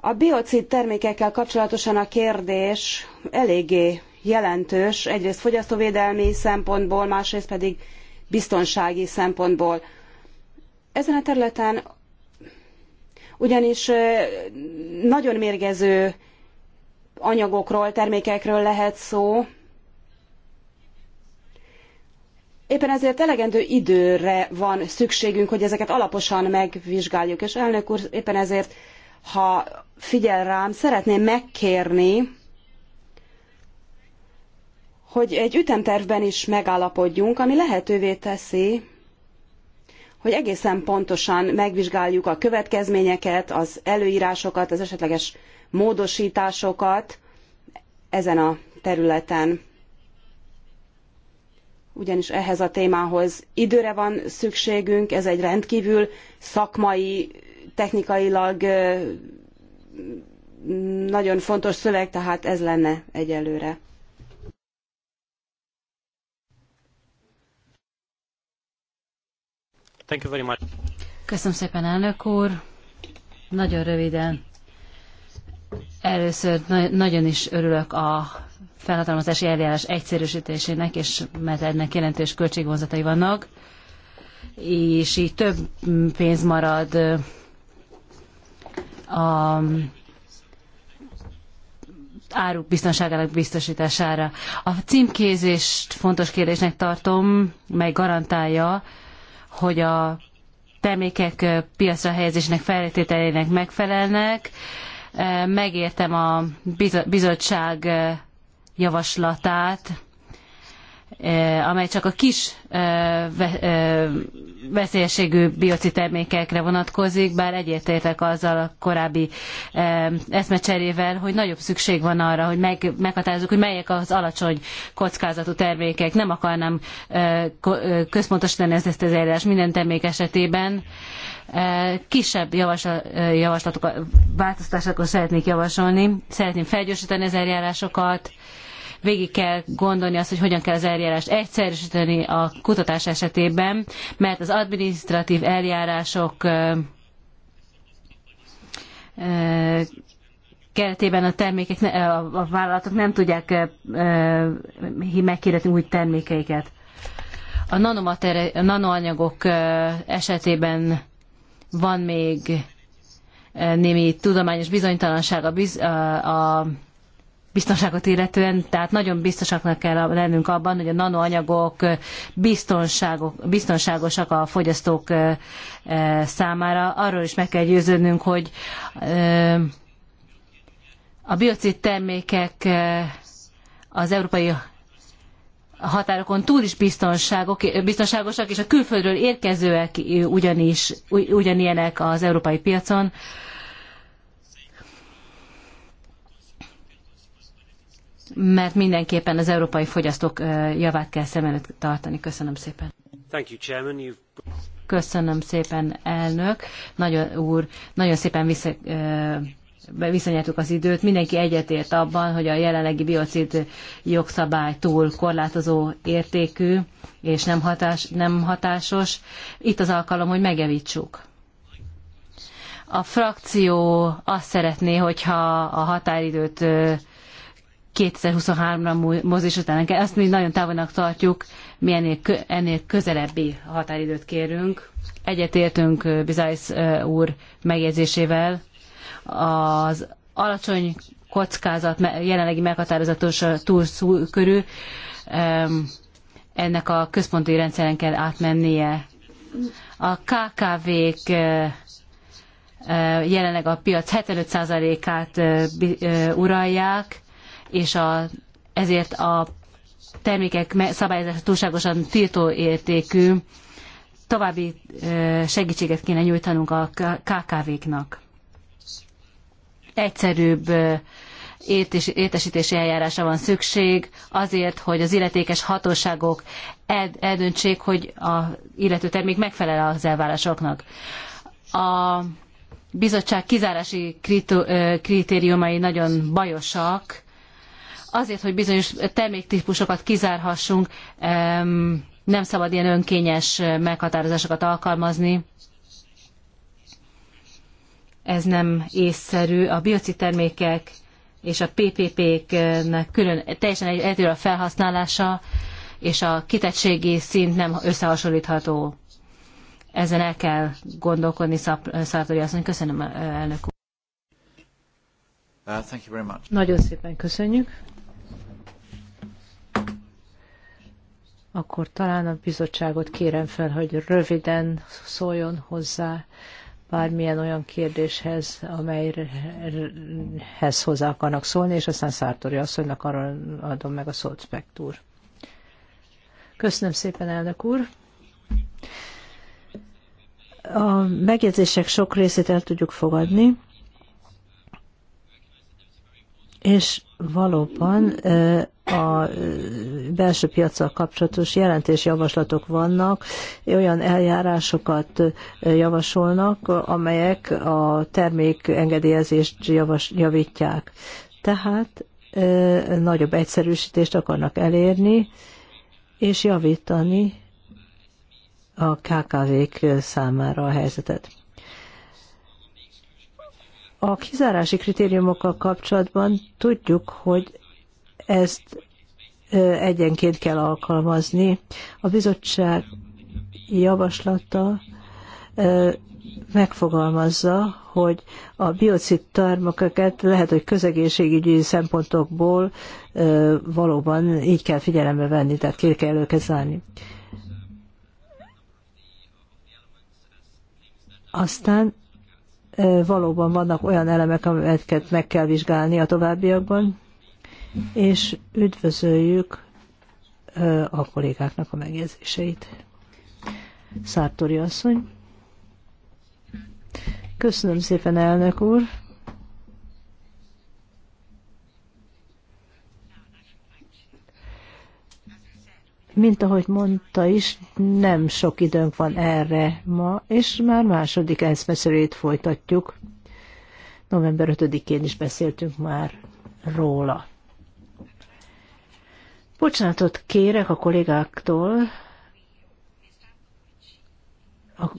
A biocid termékekkel kapcsolatosan a kérdés eléggé jelentős, egyrészt fogyasztóvédelmi szempontból, másrészt pedig biztonsági szempontból. Ezen a területen ugyanis nagyon mérgező anyagokról, termékekről lehet szó, Éppen ezért elegendő időre van szükségünk, hogy ezeket alaposan megvizsgáljuk. És elnök úr, éppen ezért, ha figyel rám, szeretném megkérni, hogy egy ütemtervben is megállapodjunk, ami lehetővé teszi, hogy egészen pontosan megvizsgáljuk a következményeket, az előírásokat, az esetleges módosításokat ezen a területen ugyanis ehhez a témához időre van szükségünk, ez egy rendkívül szakmai, technikailag nagyon fontos szöveg, tehát ez lenne egyelőre. Thank you very much. Köszönöm szépen, elnök úr. Nagyon röviden. Először na nagyon is örülök a felhatalmazási eljárás egyszerűsítésének és mert ennek jelentős költségvonzatai vannak, és így több pénz marad a áruk biztonságának biztosítására. A címkézést fontos kérdésnek tartom, mely garantálja, hogy a termékek piacra helyezésének feltételének megfelelnek. Megértem a bizottság javaslatát, e, amely csak a kis e, e, veszélyességű bioci termékekre vonatkozik, bár egyetértek azzal a korábbi eszmecserével, hogy nagyobb szükség van arra, hogy meg, meghatározzuk, hogy melyek az alacsony kockázatú termékek. Nem akarnám központosítani ezt az eljárás minden termék esetében. Kisebb javasla, javaslatok, szeretnék javasolni. Szeretném felgyorsítani az eljárásokat, végig kell gondolni azt, hogy hogyan kell az eljárást egyszerűsíteni a kutatás esetében, mert az administratív eljárások keretében a termékek, a vállalatok nem tudják meghirdetni új termékeiket. A, a nanoanyagok esetében van még némi tudományos bizonytalanság a, biz, a, a biztonságot illetően, tehát nagyon biztosaknak kell lennünk abban, hogy a nanoanyagok biztonságosak a fogyasztók számára. Arról is meg kell győződnünk, hogy a biocid termékek az európai határokon túl is biztonságosak, és a külföldről érkezőek ugyanis, ugyanilyenek az európai piacon. mert mindenképpen az európai fogyasztók javát kell szem előtt tartani. Köszönöm szépen. Köszönöm szépen, elnök. Nagyon úr, nagyon szépen vissza, visszanyertük az időt. Mindenki egyetért abban, hogy a jelenlegi biocid jogszabály túl korlátozó értékű és nem, hatás, nem hatásos. Itt az alkalom, hogy megjavítsuk. A frakció azt szeretné, hogyha a határidőt 2023-ra mozis után. Ezt mi nagyon távolnak tartjuk, mi ennél, ennél közelebbi határidőt kérünk. Egyetértünk Bizajsz úr megjegyzésével. Az alacsony kockázat jelenlegi meghatározatos túl körül ennek a központi rendszeren kell átmennie. A KKV-k jelenleg a piac 75%-át uralják, és a, ezért a termékek szabályozása túlságosan tiltó értékű, további segítséget kéne nyújtanunk a KKV-knak. Egyszerűbb értesítési eljárásra van szükség azért, hogy az illetékes hatóságok eldöntsék, hogy a illető termék megfelel az elvárásoknak. A bizottság kizárási kritériumai nagyon bajosak, azért, hogy bizonyos terméktípusokat kizárhassunk, nem szabad ilyen önkényes meghatározásokat alkalmazni. Ez nem észszerű. A biocid termékek és a PPP-knek külön, teljesen eltérő a felhasználása, és a kitettségi szint nem összehasonlítható. Ezen el kell gondolkodni, Szartori asszony. Köszönöm, elnök úr. Uh, Nagyon szépen köszönjük. akkor talán a bizottságot kérem fel, hogy röviden szóljon hozzá bármilyen olyan kérdéshez, amelyhez hozzá akarnak szólni, és aztán Szártori asszonynak arra adom meg a szót, Spektúr. Köszönöm szépen, elnök úr! A megjegyzések sok részét el tudjuk fogadni, és valóban a belső piacsal kapcsolatos jelentés javaslatok vannak, olyan eljárásokat javasolnak, amelyek a termék engedélyezést javas, javítják. Tehát nagyobb egyszerűsítést akarnak elérni, és javítani a KKV-k számára a helyzetet. A kizárási kritériumokkal kapcsolatban tudjuk, hogy ezt egyenként kell alkalmazni. A bizottság javaslata megfogalmazza, hogy a biocid termékeket lehet, hogy közegészségügyi szempontokból valóban így kell figyelembe venni, tehát ki kell őket zárni. Aztán valóban vannak olyan elemek, amelyeket meg kell vizsgálni a továbbiakban, és üdvözöljük a kollégáknak a megjegyzéseit. Szártori asszony. Köszönöm szépen, elnök úr. mint ahogy mondta is, nem sok időnk van erre ma, és már második eszmeszerét folytatjuk. November 5-én is beszéltünk már róla. Bocsánatot kérek a kollégáktól,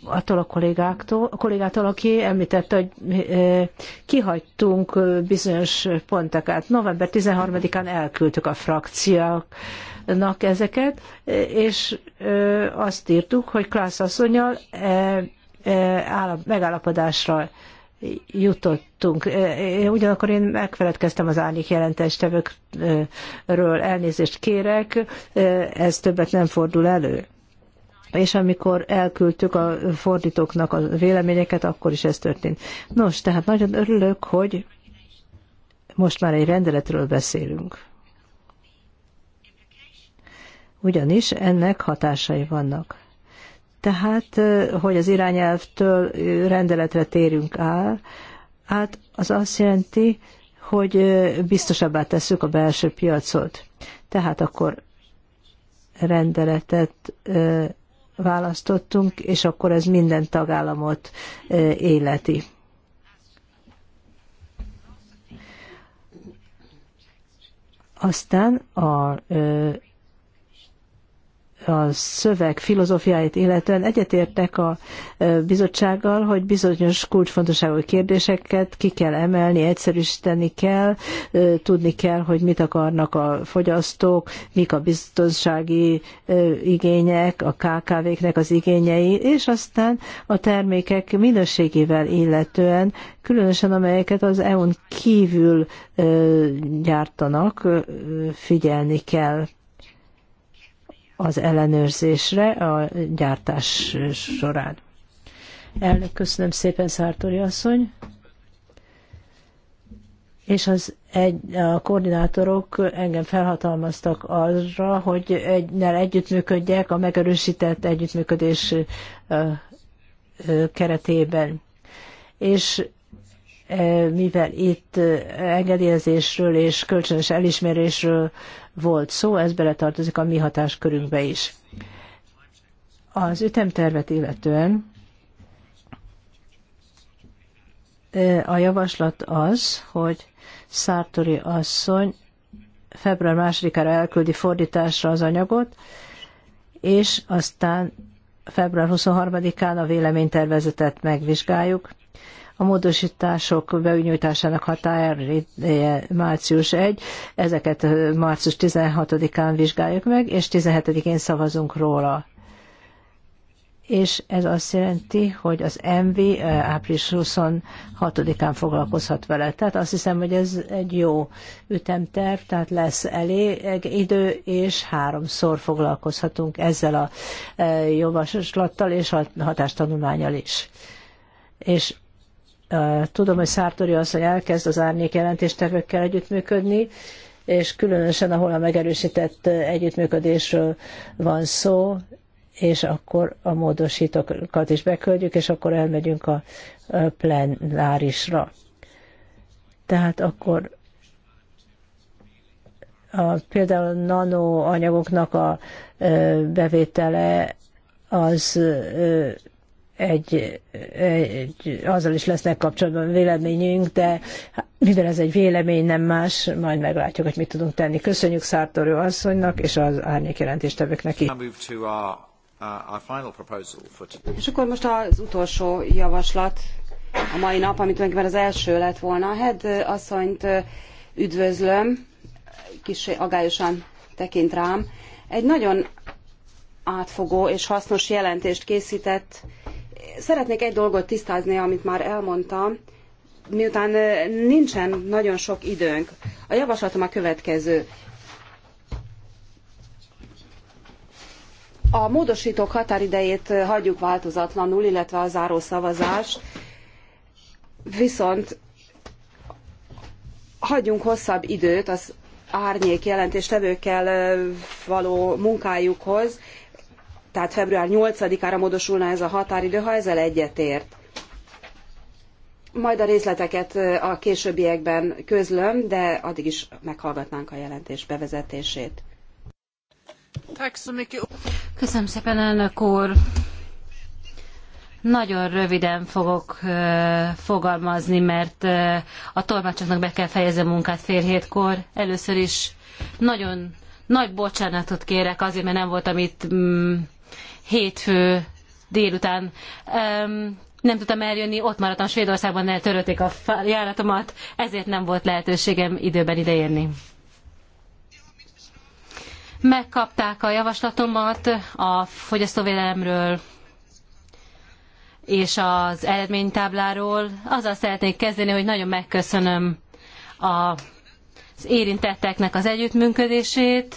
attól a kollégáktól, a kollégától, aki említette, hogy eh, kihagytunk eh, bizonyos pontokat. November 13-án elküldtük a frakciák, nak ezeket, és azt írtuk, hogy Klász asszonyal e, e, megállapodásra jutottunk. E, ugyanakkor én megfeledkeztem az árnyék jelentéstevőkről, elnézést kérek, ez többet nem fordul elő. És amikor elküldtük a fordítóknak a véleményeket, akkor is ez történt. Nos, tehát nagyon örülök, hogy most már egy rendeletről beszélünk ugyanis ennek hatásai vannak. Tehát, hogy az irányelvtől rendeletre térünk át, hát az azt jelenti, hogy biztosabbá tesszük a belső piacot. Tehát akkor rendeletet választottunk, és akkor ez minden tagállamot életi. Aztán a a szöveg filozófiáit illetően egyetértek a e, bizottsággal, hogy bizonyos kulcsfontosságú kérdéseket ki kell emelni, egyszerűsíteni kell, e, tudni kell, hogy mit akarnak a fogyasztók, mik a biztonsági e, igények, a KKV-knek az igényei, és aztán a termékek minőségével illetően, különösen amelyeket az EU-n kívül gyártanak, figyelni kell az ellenőrzésre a gyártás során. Elnök, köszönöm szépen, Szártori asszony. És az egy, a koordinátorok engem felhatalmaztak arra, hogy egynel együttműködjek a megerősített együttműködés keretében. És mivel itt engedélyezésről és kölcsönös elismerésről volt szó, ez beletartozik a mi hatáskörünkbe is. Az ütemtervet illetően a javaslat az, hogy Szártori asszony február másodikára elküldi fordításra az anyagot, és aztán február 23-án a véleménytervezetet megvizsgáljuk, a módosítások benyújtásának határideje március 1, ezeket március 16-án vizsgáljuk meg, és 17-én szavazunk róla. És ez azt jelenti, hogy az MV április 26-án foglalkozhat vele. Tehát azt hiszem, hogy ez egy jó ütemterv, tehát lesz elég idő, és háromszor foglalkozhatunk ezzel a javaslattal és hatástanulmányal is. És Tudom, hogy Szártori asszony elkezd az árnyék jelentéstevőkkel együttműködni, és különösen, ahol a megerősített együttműködésről van szó, és akkor a módosítókat is beküldjük, és akkor elmegyünk a plenárisra. Tehát akkor a, például nanoanyagoknak a bevétele az egy, egy, azzal is lesznek kapcsolatban véleményünk, de mivel ez egy vélemény, nem más, majd meglátjuk, hogy mit tudunk tenni. Köszönjük Szártorő asszonynak és az árnyék jelentéstevőknek is. Uh, és akkor most az utolsó javaslat a mai nap, amit tulajdonképpen az első lett volna. Hed asszonyt uh, üdvözlöm, kis agályosan tekint rám. Egy nagyon átfogó és hasznos jelentést készített Szeretnék egy dolgot tisztázni, amit már elmondtam. Miután nincsen nagyon sok időnk, a javaslatom a következő. A módosítók határidejét hagyjuk változatlanul, illetve a záró szavazást, viszont hagyjunk hosszabb időt az árnyék jelentéstevőkkel való munkájukhoz, tehát február 8-ára módosulna ez a határidő, ha ezzel egyetért. Majd a részleteket a későbbiekben közlöm, de addig is meghallgatnánk a jelentés bevezetését. Köszönöm szépen, elnök úr! Nagyon röviden fogok fogalmazni, mert a tolmácsoknak be kell a munkát fél hétkor. Először is nagyon nagy bocsánatot kérek azért, mert nem voltam itt mm, hétfő délután nem tudtam eljönni, ott maradtam Svédországban, el törölték a járatomat, ezért nem volt lehetőségem időben ideérni. Megkapták a javaslatomat a fogyasztóvédelemről és az eredménytábláról. Azzal szeretnék kezdeni, hogy nagyon megköszönöm az érintetteknek az együttműködését,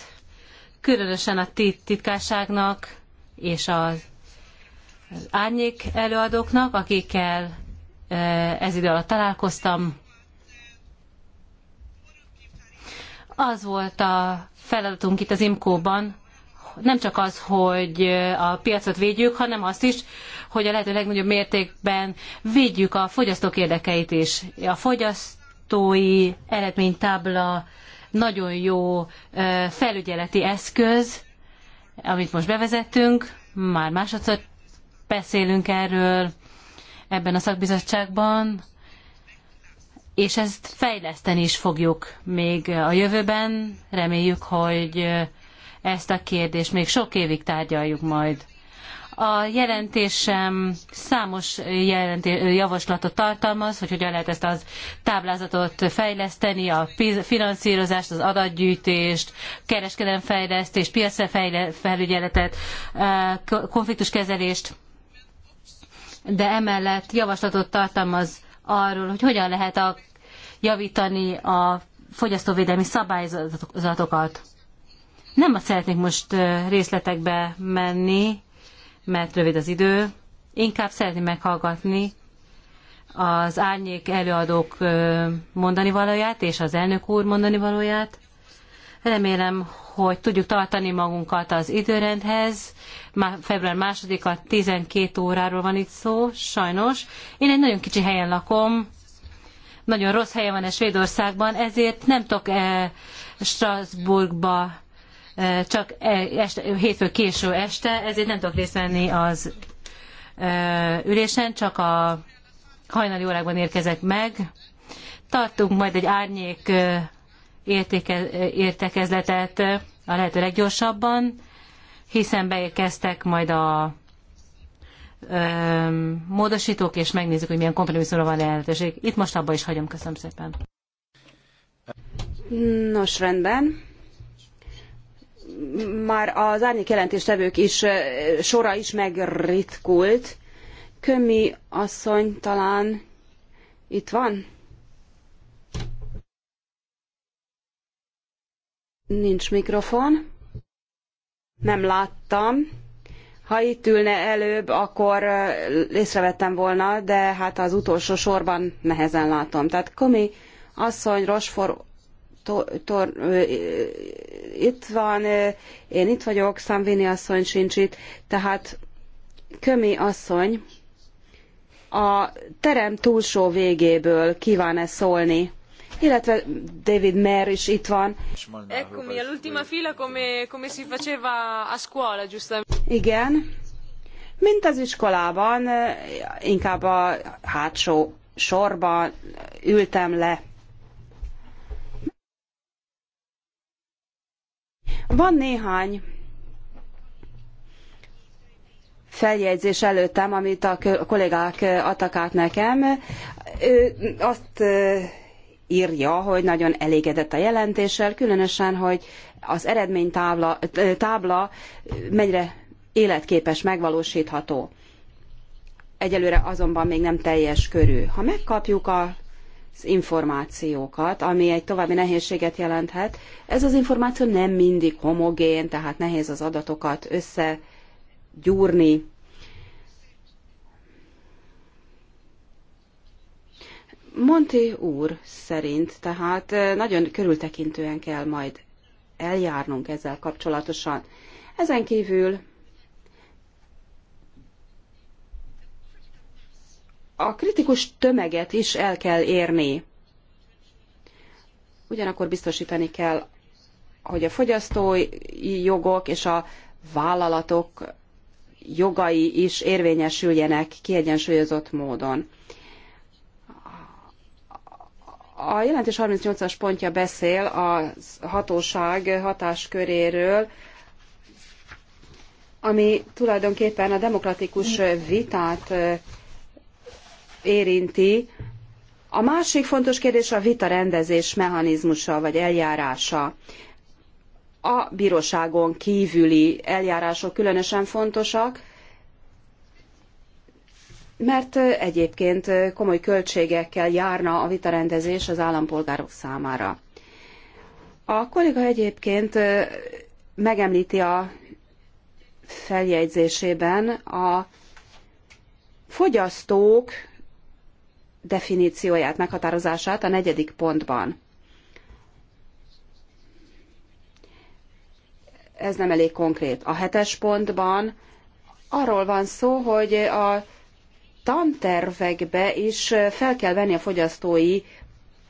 különösen a titkárságnak, és az, az árnyék előadóknak, akikkel e, ez idő alatt találkoztam. Az volt a feladatunk itt az IMCO-ban, nem csak az, hogy a piacot védjük, hanem azt is, hogy a lehető legnagyobb mértékben védjük a fogyasztók érdekeit is. A fogyasztói eredménytábla nagyon jó e, felügyeleti eszköz, amit most bevezettünk, már másodszor beszélünk erről ebben a szakbizottságban, és ezt fejleszteni is fogjuk még a jövőben. Reméljük, hogy ezt a kérdést még sok évig tárgyaljuk majd. A jelentésem számos javaslatot tartalmaz, hogy hogyan lehet ezt az táblázatot fejleszteni, a finanszírozást, az adatgyűjtést, kereskedelemfejlesztést, felügyeletet, eh, konfliktuskezelést, de emellett javaslatot tartalmaz arról, hogy hogyan lehet a, javítani a fogyasztóvédelmi szabályzatokat. Nem azt szeretnék most eh, részletekbe menni, mert rövid az idő. Inkább szeretném meghallgatni az árnyék előadók mondani valóját és az elnök úr mondani valóját. Remélem, hogy tudjuk tartani magunkat az időrendhez. Már február a 12 óráról van itt szó, sajnos. Én egy nagyon kicsi helyen lakom, nagyon rossz helye van a Svédországban, ezért nem tudok e Strasbourgba csak e, este, hétfő késő este, ezért nem tudok részt venni az ülésen, csak a hajnali órákban érkezek meg. Tartunk majd egy árnyék értéke, értekezletet a lehető leggyorsabban, hiszen beérkeztek majd a módosítók, és megnézzük, hogy milyen kompromisszumra van lehetőség. Itt most abba is hagyom, köszönöm szépen. Nos, rendben már az árnyék jelentéstevők is sora is megritkult. Kömi asszony talán itt van? Nincs mikrofon. Nem láttam. Ha itt ülne előbb, akkor észrevettem volna, de hát az utolsó sorban nehezen látom. Tehát Komi asszony, Rosfor tor, itt van, én itt vagyok, Szamvini asszony sincs itt, tehát Kömi asszony a terem túlsó végéből kíván-e szólni, illetve David Mer is itt van. Eccomi, all'ultima fila come, come si faceva a scuola, Igen, mint az iskolában, inkább a hátsó sorban ültem le. Van néhány feljegyzés előttem, amit a kollégák adtak át nekem. Ő azt írja, hogy nagyon elégedett a jelentéssel, különösen, hogy az eredménytábla tábla mennyire életképes, megvalósítható. Egyelőre azonban még nem teljes körű. Ha megkapjuk a az információkat, ami egy további nehézséget jelenthet. Ez az információ nem mindig homogén, tehát nehéz az adatokat összegyúrni. Monti úr szerint, tehát eh, nagyon körültekintően kell majd eljárnunk ezzel kapcsolatosan. Ezen kívül a kritikus tömeget is el kell érni. Ugyanakkor biztosítani kell, hogy a fogyasztói jogok és a vállalatok jogai is érvényesüljenek kiegyensúlyozott módon. A jelentés 38-as pontja beszél a hatóság hatásköréről, ami tulajdonképpen a demokratikus vitát érinti. A másik fontos kérdés a vitarendezés mechanizmusa vagy eljárása. A bíróságon kívüli eljárások különösen fontosak, mert egyébként komoly költségekkel járna a vitarendezés az állampolgárok számára. A kolléga egyébként megemlíti a feljegyzésében a fogyasztók definícióját, meghatározását a negyedik pontban. Ez nem elég konkrét. A hetes pontban arról van szó, hogy a tantervekbe is fel kell venni a fogyasztói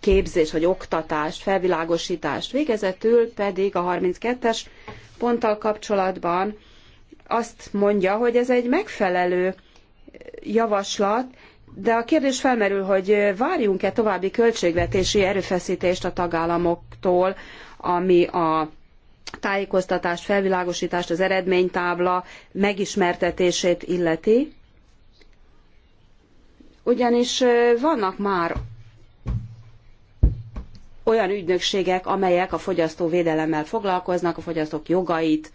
képzés vagy oktatást, felvilágosítást. Végezetül pedig a 32-es ponttal kapcsolatban azt mondja, hogy ez egy megfelelő javaslat, de a kérdés felmerül, hogy várjunk-e további költségvetési erőfeszítést a tagállamoktól, ami a tájékoztatást, felvilágosítást, az eredménytábla megismertetését illeti. Ugyanis vannak már olyan ügynökségek, amelyek a fogyasztóvédelemmel foglalkoznak, a fogyasztók jogait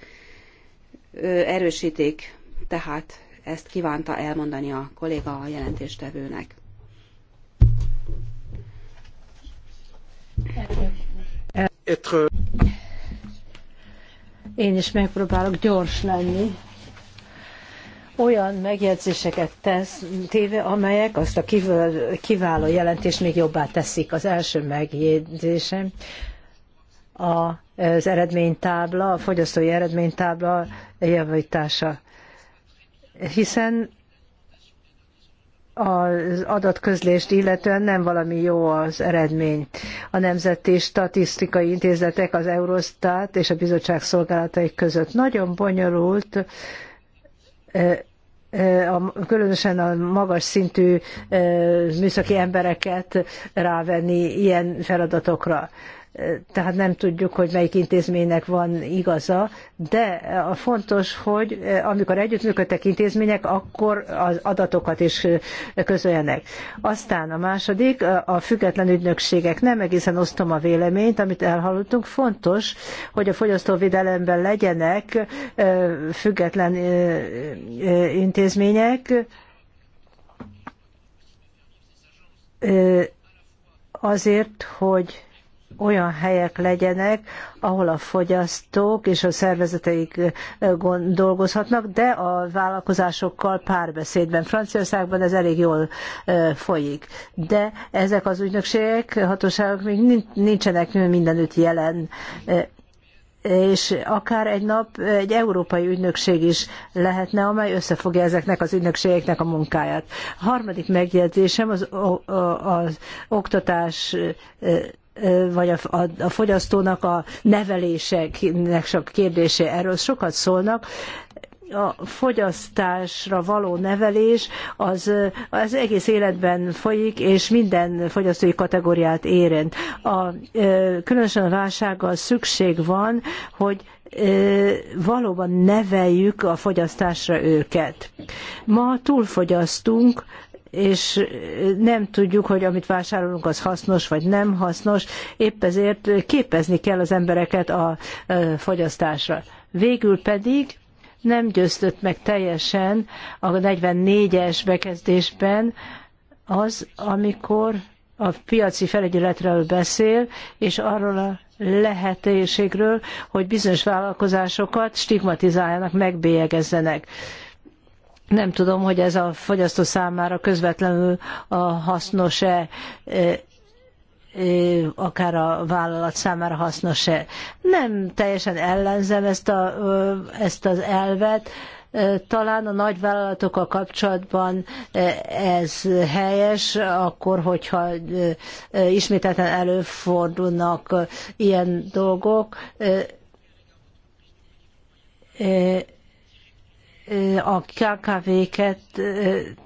erősítik. Tehát ezt kívánta elmondani a kolléga a jelentéstevőnek. Én is megpróbálok gyors lenni. Olyan megjegyzéseket tesz, téve, amelyek azt a kiváló jelentést még jobbá teszik. Az első megjegyzésem az eredménytábla, a fogyasztói eredménytábla javítása hiszen az adatközlést illetően nem valami jó az eredmény. A Nemzeti Statisztikai Intézetek, az Eurostat és a bizottság szolgálatai között nagyon bonyolult, e, e, különösen a magas szintű e, műszaki embereket rávenni ilyen feladatokra tehát nem tudjuk, hogy melyik intézménynek van igaza, de a fontos, hogy eh, amikor együttműködtek intézmények, akkor az adatokat is eh, közöljenek. Aztán a második, a független ügynökségek. Nem egészen osztom a véleményt, amit elhallottunk. Fontos, hogy a fogyasztóvédelemben legyenek eh, független intézmények, azért, hogy olyan helyek legyenek, ahol a fogyasztók és a szervezeteik dolgozhatnak, de a vállalkozásokkal párbeszédben. Franciaországban ez elég jól folyik. De ezek az ügynökségek, hatóságok még nincsenek mindenütt jelen és akár egy nap egy európai ügynökség is lehetne, amely összefogja ezeknek az ügynökségeknek a munkáját. A harmadik megjegyzésem az, az, az oktatás vagy a, a, a fogyasztónak a neveléseknek sok kérdése, erről sokat szólnak, a fogyasztásra való nevelés az, az egész életben folyik, és minden fogyasztói kategóriát érint. A, különösen a válsággal szükség van, hogy valóban neveljük a fogyasztásra őket. Ma túlfogyasztunk, és nem tudjuk, hogy amit vásárolunk, az hasznos vagy nem hasznos. Épp ezért képezni kell az embereket a fogyasztásra. Végül pedig nem győztött meg teljesen a 44-es bekezdésben az, amikor a piaci felügyeletről beszél, és arról a lehetőségről, hogy bizonyos vállalkozásokat stigmatizáljanak, megbélyegezzenek nem tudom, hogy ez a fogyasztó számára közvetlenül hasznos-e, e, e, akár a vállalat számára hasznos-e. Nem teljesen ellenzem ezt, a, ezt az elvet, e, talán a nagyvállalatokkal kapcsolatban ez helyes, akkor, hogyha ismételten előfordulnak ilyen dolgok, a KKV-ket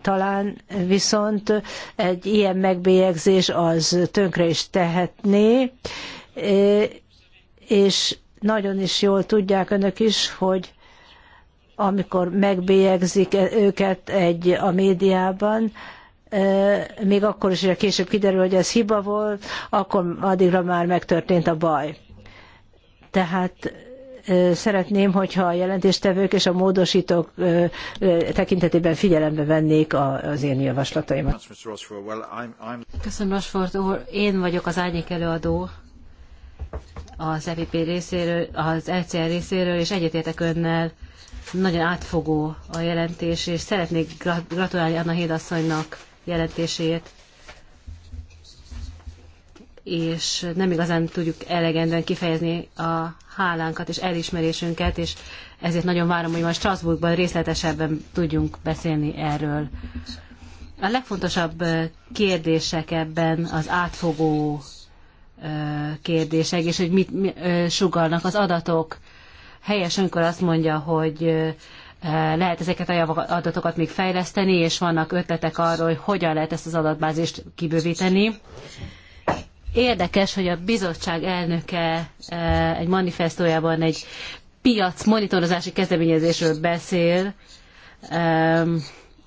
talán viszont egy ilyen megbélyegzés az tönkre is tehetné, és nagyon is jól tudják önök is, hogy amikor megbélyegzik őket egy a médiában, még akkor is, hogy később kiderül, hogy ez hiba volt, akkor addigra már megtörtént a baj. Tehát szeretném, hogyha a jelentéstevők és a módosítók tekintetében figyelembe vennék az én javaslataimat. Köszönöm, Rosford úr. Én vagyok az árnyék előadó az EPP részéről, az ECR részéről, és egyetértek önnel, nagyon átfogó a jelentés, és szeretnék gratulálni Anna Hédasszonynak jelentéséért és nem igazán tudjuk elegendően kifejezni a hálánkat és elismerésünket, és ezért nagyon várom, hogy majd Strasbourgban részletesebben tudjunk beszélni erről. A legfontosabb kérdések ebben az átfogó kérdések, és hogy mit, mit sugalnak az adatok. Helyes, amikor azt mondja, hogy lehet ezeket a adatokat még fejleszteni, és vannak ötletek arról, hogy hogyan lehet ezt az adatbázist kibővíteni. Érdekes, hogy a bizottság elnöke eh, egy manifestójában egy piac monitorozási kezdeményezésről beszél,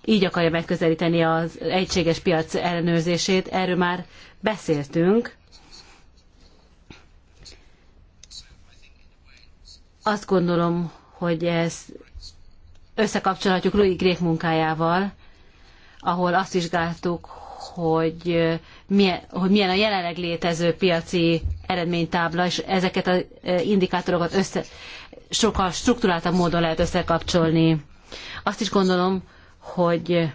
így akarja megközelíteni az egységes piac ellenőrzését. Erről már beszéltünk. Azt gondolom, hogy ezt összekapcsolhatjuk Louis Grék munkájával, ahol azt vizsgáltuk, hogy milyen, hogy milyen a jelenleg létező piaci eredménytábla, és ezeket az indikátorokat össze, sokkal struktúráltabb módon lehet összekapcsolni. Azt is gondolom, hogy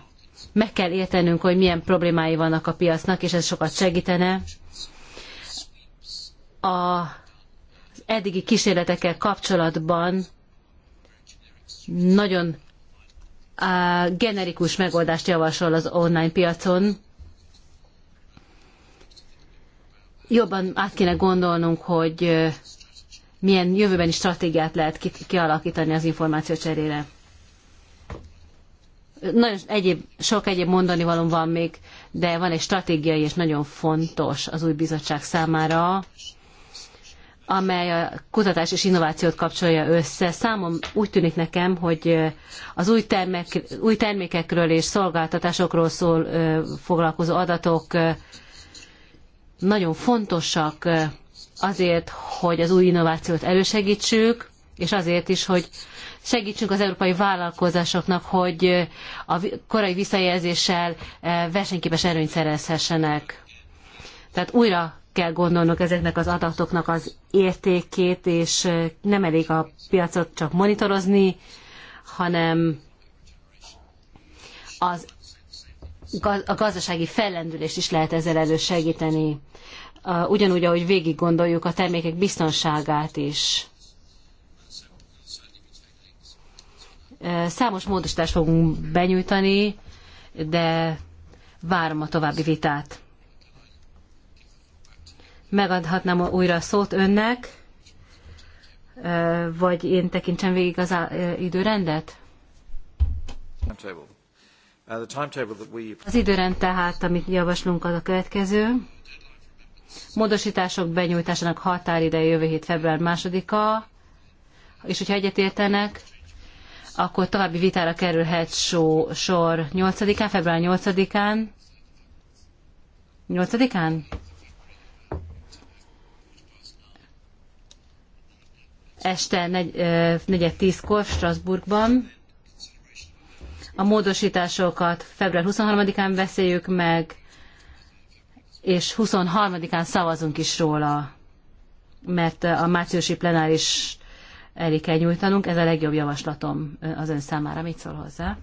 meg kell értenünk, hogy milyen problémái vannak a piacnak, és ez sokat segítene. A eddigi kísérletekkel kapcsolatban nagyon generikus megoldást javasol az online piacon, jobban át kéne gondolnunk, hogy milyen jövőbeni stratégiát lehet kialakítani az információ cserére. Nagyon egyéb, sok egyéb mondani valom van még, de van egy stratégiai, és nagyon fontos az új bizottság számára, amely a kutatás és innovációt kapcsolja össze. Számom úgy tűnik nekem, hogy az új, termék, új termékekről és szolgáltatásokról szól foglalkozó adatok nagyon fontosak azért, hogy az új innovációt elősegítsük, és azért is, hogy segítsünk az európai vállalkozásoknak, hogy a korai visszajelzéssel versenyképes előnyt szerezhessenek. Tehát újra kell gondolnunk ezeknek az adatoknak az értékét, és nem elég a piacot csak monitorozni, hanem az a gazdasági fellendülést is lehet ezzel elősegíteni. Ugyanúgy, ahogy végig gondoljuk a termékek biztonságát is. Számos módosítást fogunk benyújtani, de várom a további vitát. Megadhatnám újra a szót önnek, vagy én tekintsem végig az időrendet? Uh, az időrend tehát, amit javaslunk, az a következő. Módosítások benyújtásának határideje jövő hét február 2-a, és hogyha egyetértenek, akkor további vitára kerülhet só, sor 8-án, február 8-án. 8-án? Este 10 kor Strasbourgban a módosításokat február 23-án beszéljük meg, és 23-án szavazunk is róla, mert a márciusi plenáris elé kell nyújtanunk. Ez a legjobb javaslatom az ön számára. Mit szól hozzá?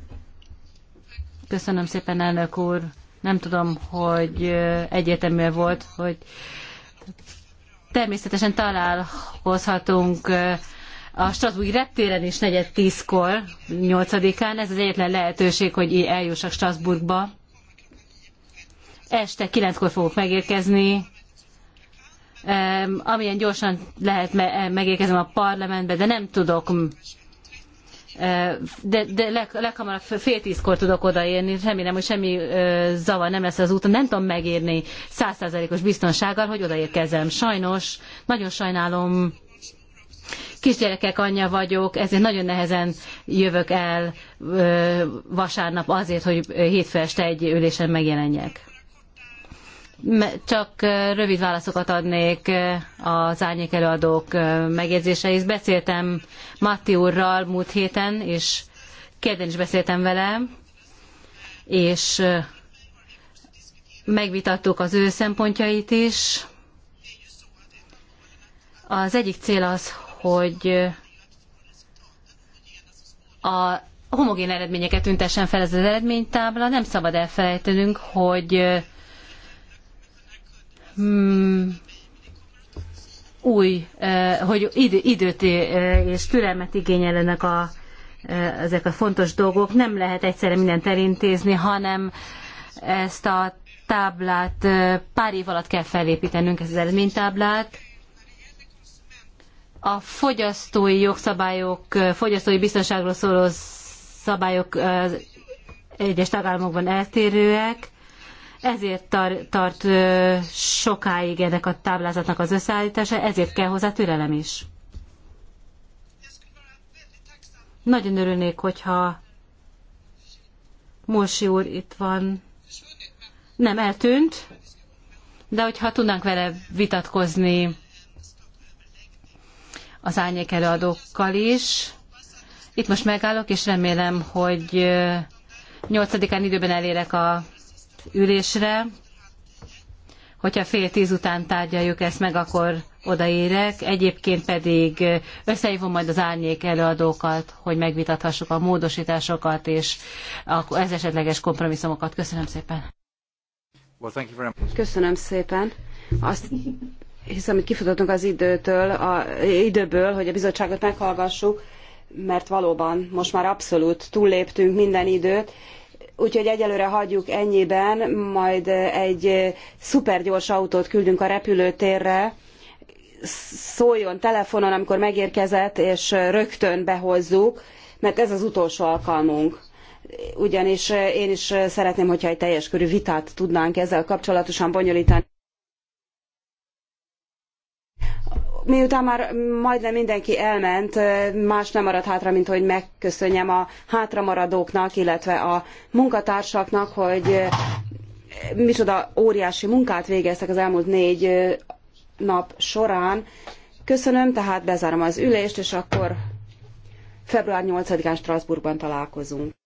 Köszönöm szépen, elnök úr. Nem tudom, hogy egyértelmű volt, hogy természetesen találkozhatunk a Strasbourg reptéren is negyed tízkor, nyolcadikán, ez az egyetlen lehetőség, hogy eljussak Strasbourgba. Este kilenckor fogok megérkezni, amilyen gyorsan lehet megérkezem a parlamentbe, de nem tudok e, de, de leg, leghamarabb fél tízkor tudok odaérni, remélem, hogy semmi ö, zavar nem lesz az úton, nem tudom megérni százszázalékos biztonsággal, hogy odaérkezem. Sajnos, nagyon sajnálom, kisgyerekek anyja vagyok, ezért nagyon nehezen jövök el vasárnap azért, hogy hétfő este egy ülésen megjelenjek. Csak rövid válaszokat adnék az árnyék előadók megjegyzéseihez. Beszéltem Matti úrral múlt héten, és kedden is beszéltem vele, és megvitattuk az ő szempontjait is. Az egyik cél az, hogy a homogén eredményeket tüntessen fel ez az eredménytábla, nem szabad elfelejtenünk, hogy mm, új, eh, hogy időt eh, és türelmet igényelnek a, eh, ezek a fontos dolgok. Nem lehet egyszerre mindent elintézni, hanem ezt a táblát pár év alatt kell felépítenünk, ezt az eredménytáblát a fogyasztói jogszabályok, fogyasztói biztonságról szóló szabályok egyes tagállamokban eltérőek, ezért tar- tart sokáig ennek a táblázatnak az összeállítása, ezért kell hozzá türelem is. Nagyon örülnék, hogyha Morsi úr itt van. Nem eltűnt, de hogyha tudnánk vele vitatkozni az árnyék előadókkal is. Itt most megállok, és remélem, hogy 8-án időben elérek a ülésre. Hogyha fél tíz után tárgyaljuk ezt meg, akkor odaérek. Egyébként pedig összehívom majd az árnyék előadókat, hogy megvitathassuk a módosításokat és az esetleges kompromisszumokat. Köszönöm szépen. Köszönöm szépen. Azt hiszem, hogy kifutottunk az időtől, a, időből, hogy a bizottságot meghallgassuk, mert valóban most már abszolút túlléptünk minden időt, úgyhogy egyelőre hagyjuk ennyiben, majd egy szupergyors autót küldünk a repülőtérre, szóljon telefonon, amikor megérkezett, és rögtön behozzuk, mert ez az utolsó alkalmunk. Ugyanis én is szeretném, hogyha egy teljes körű vitát tudnánk ezzel kapcsolatosan bonyolítani. Miután már majdnem mindenki elment, más nem maradt hátra, mint hogy megköszönjem a hátramaradóknak, illetve a munkatársaknak, hogy micsoda óriási munkát végeztek az elmúlt négy nap során. Köszönöm, tehát bezárom az ülést, és akkor február 8-án Strasbourgban találkozunk.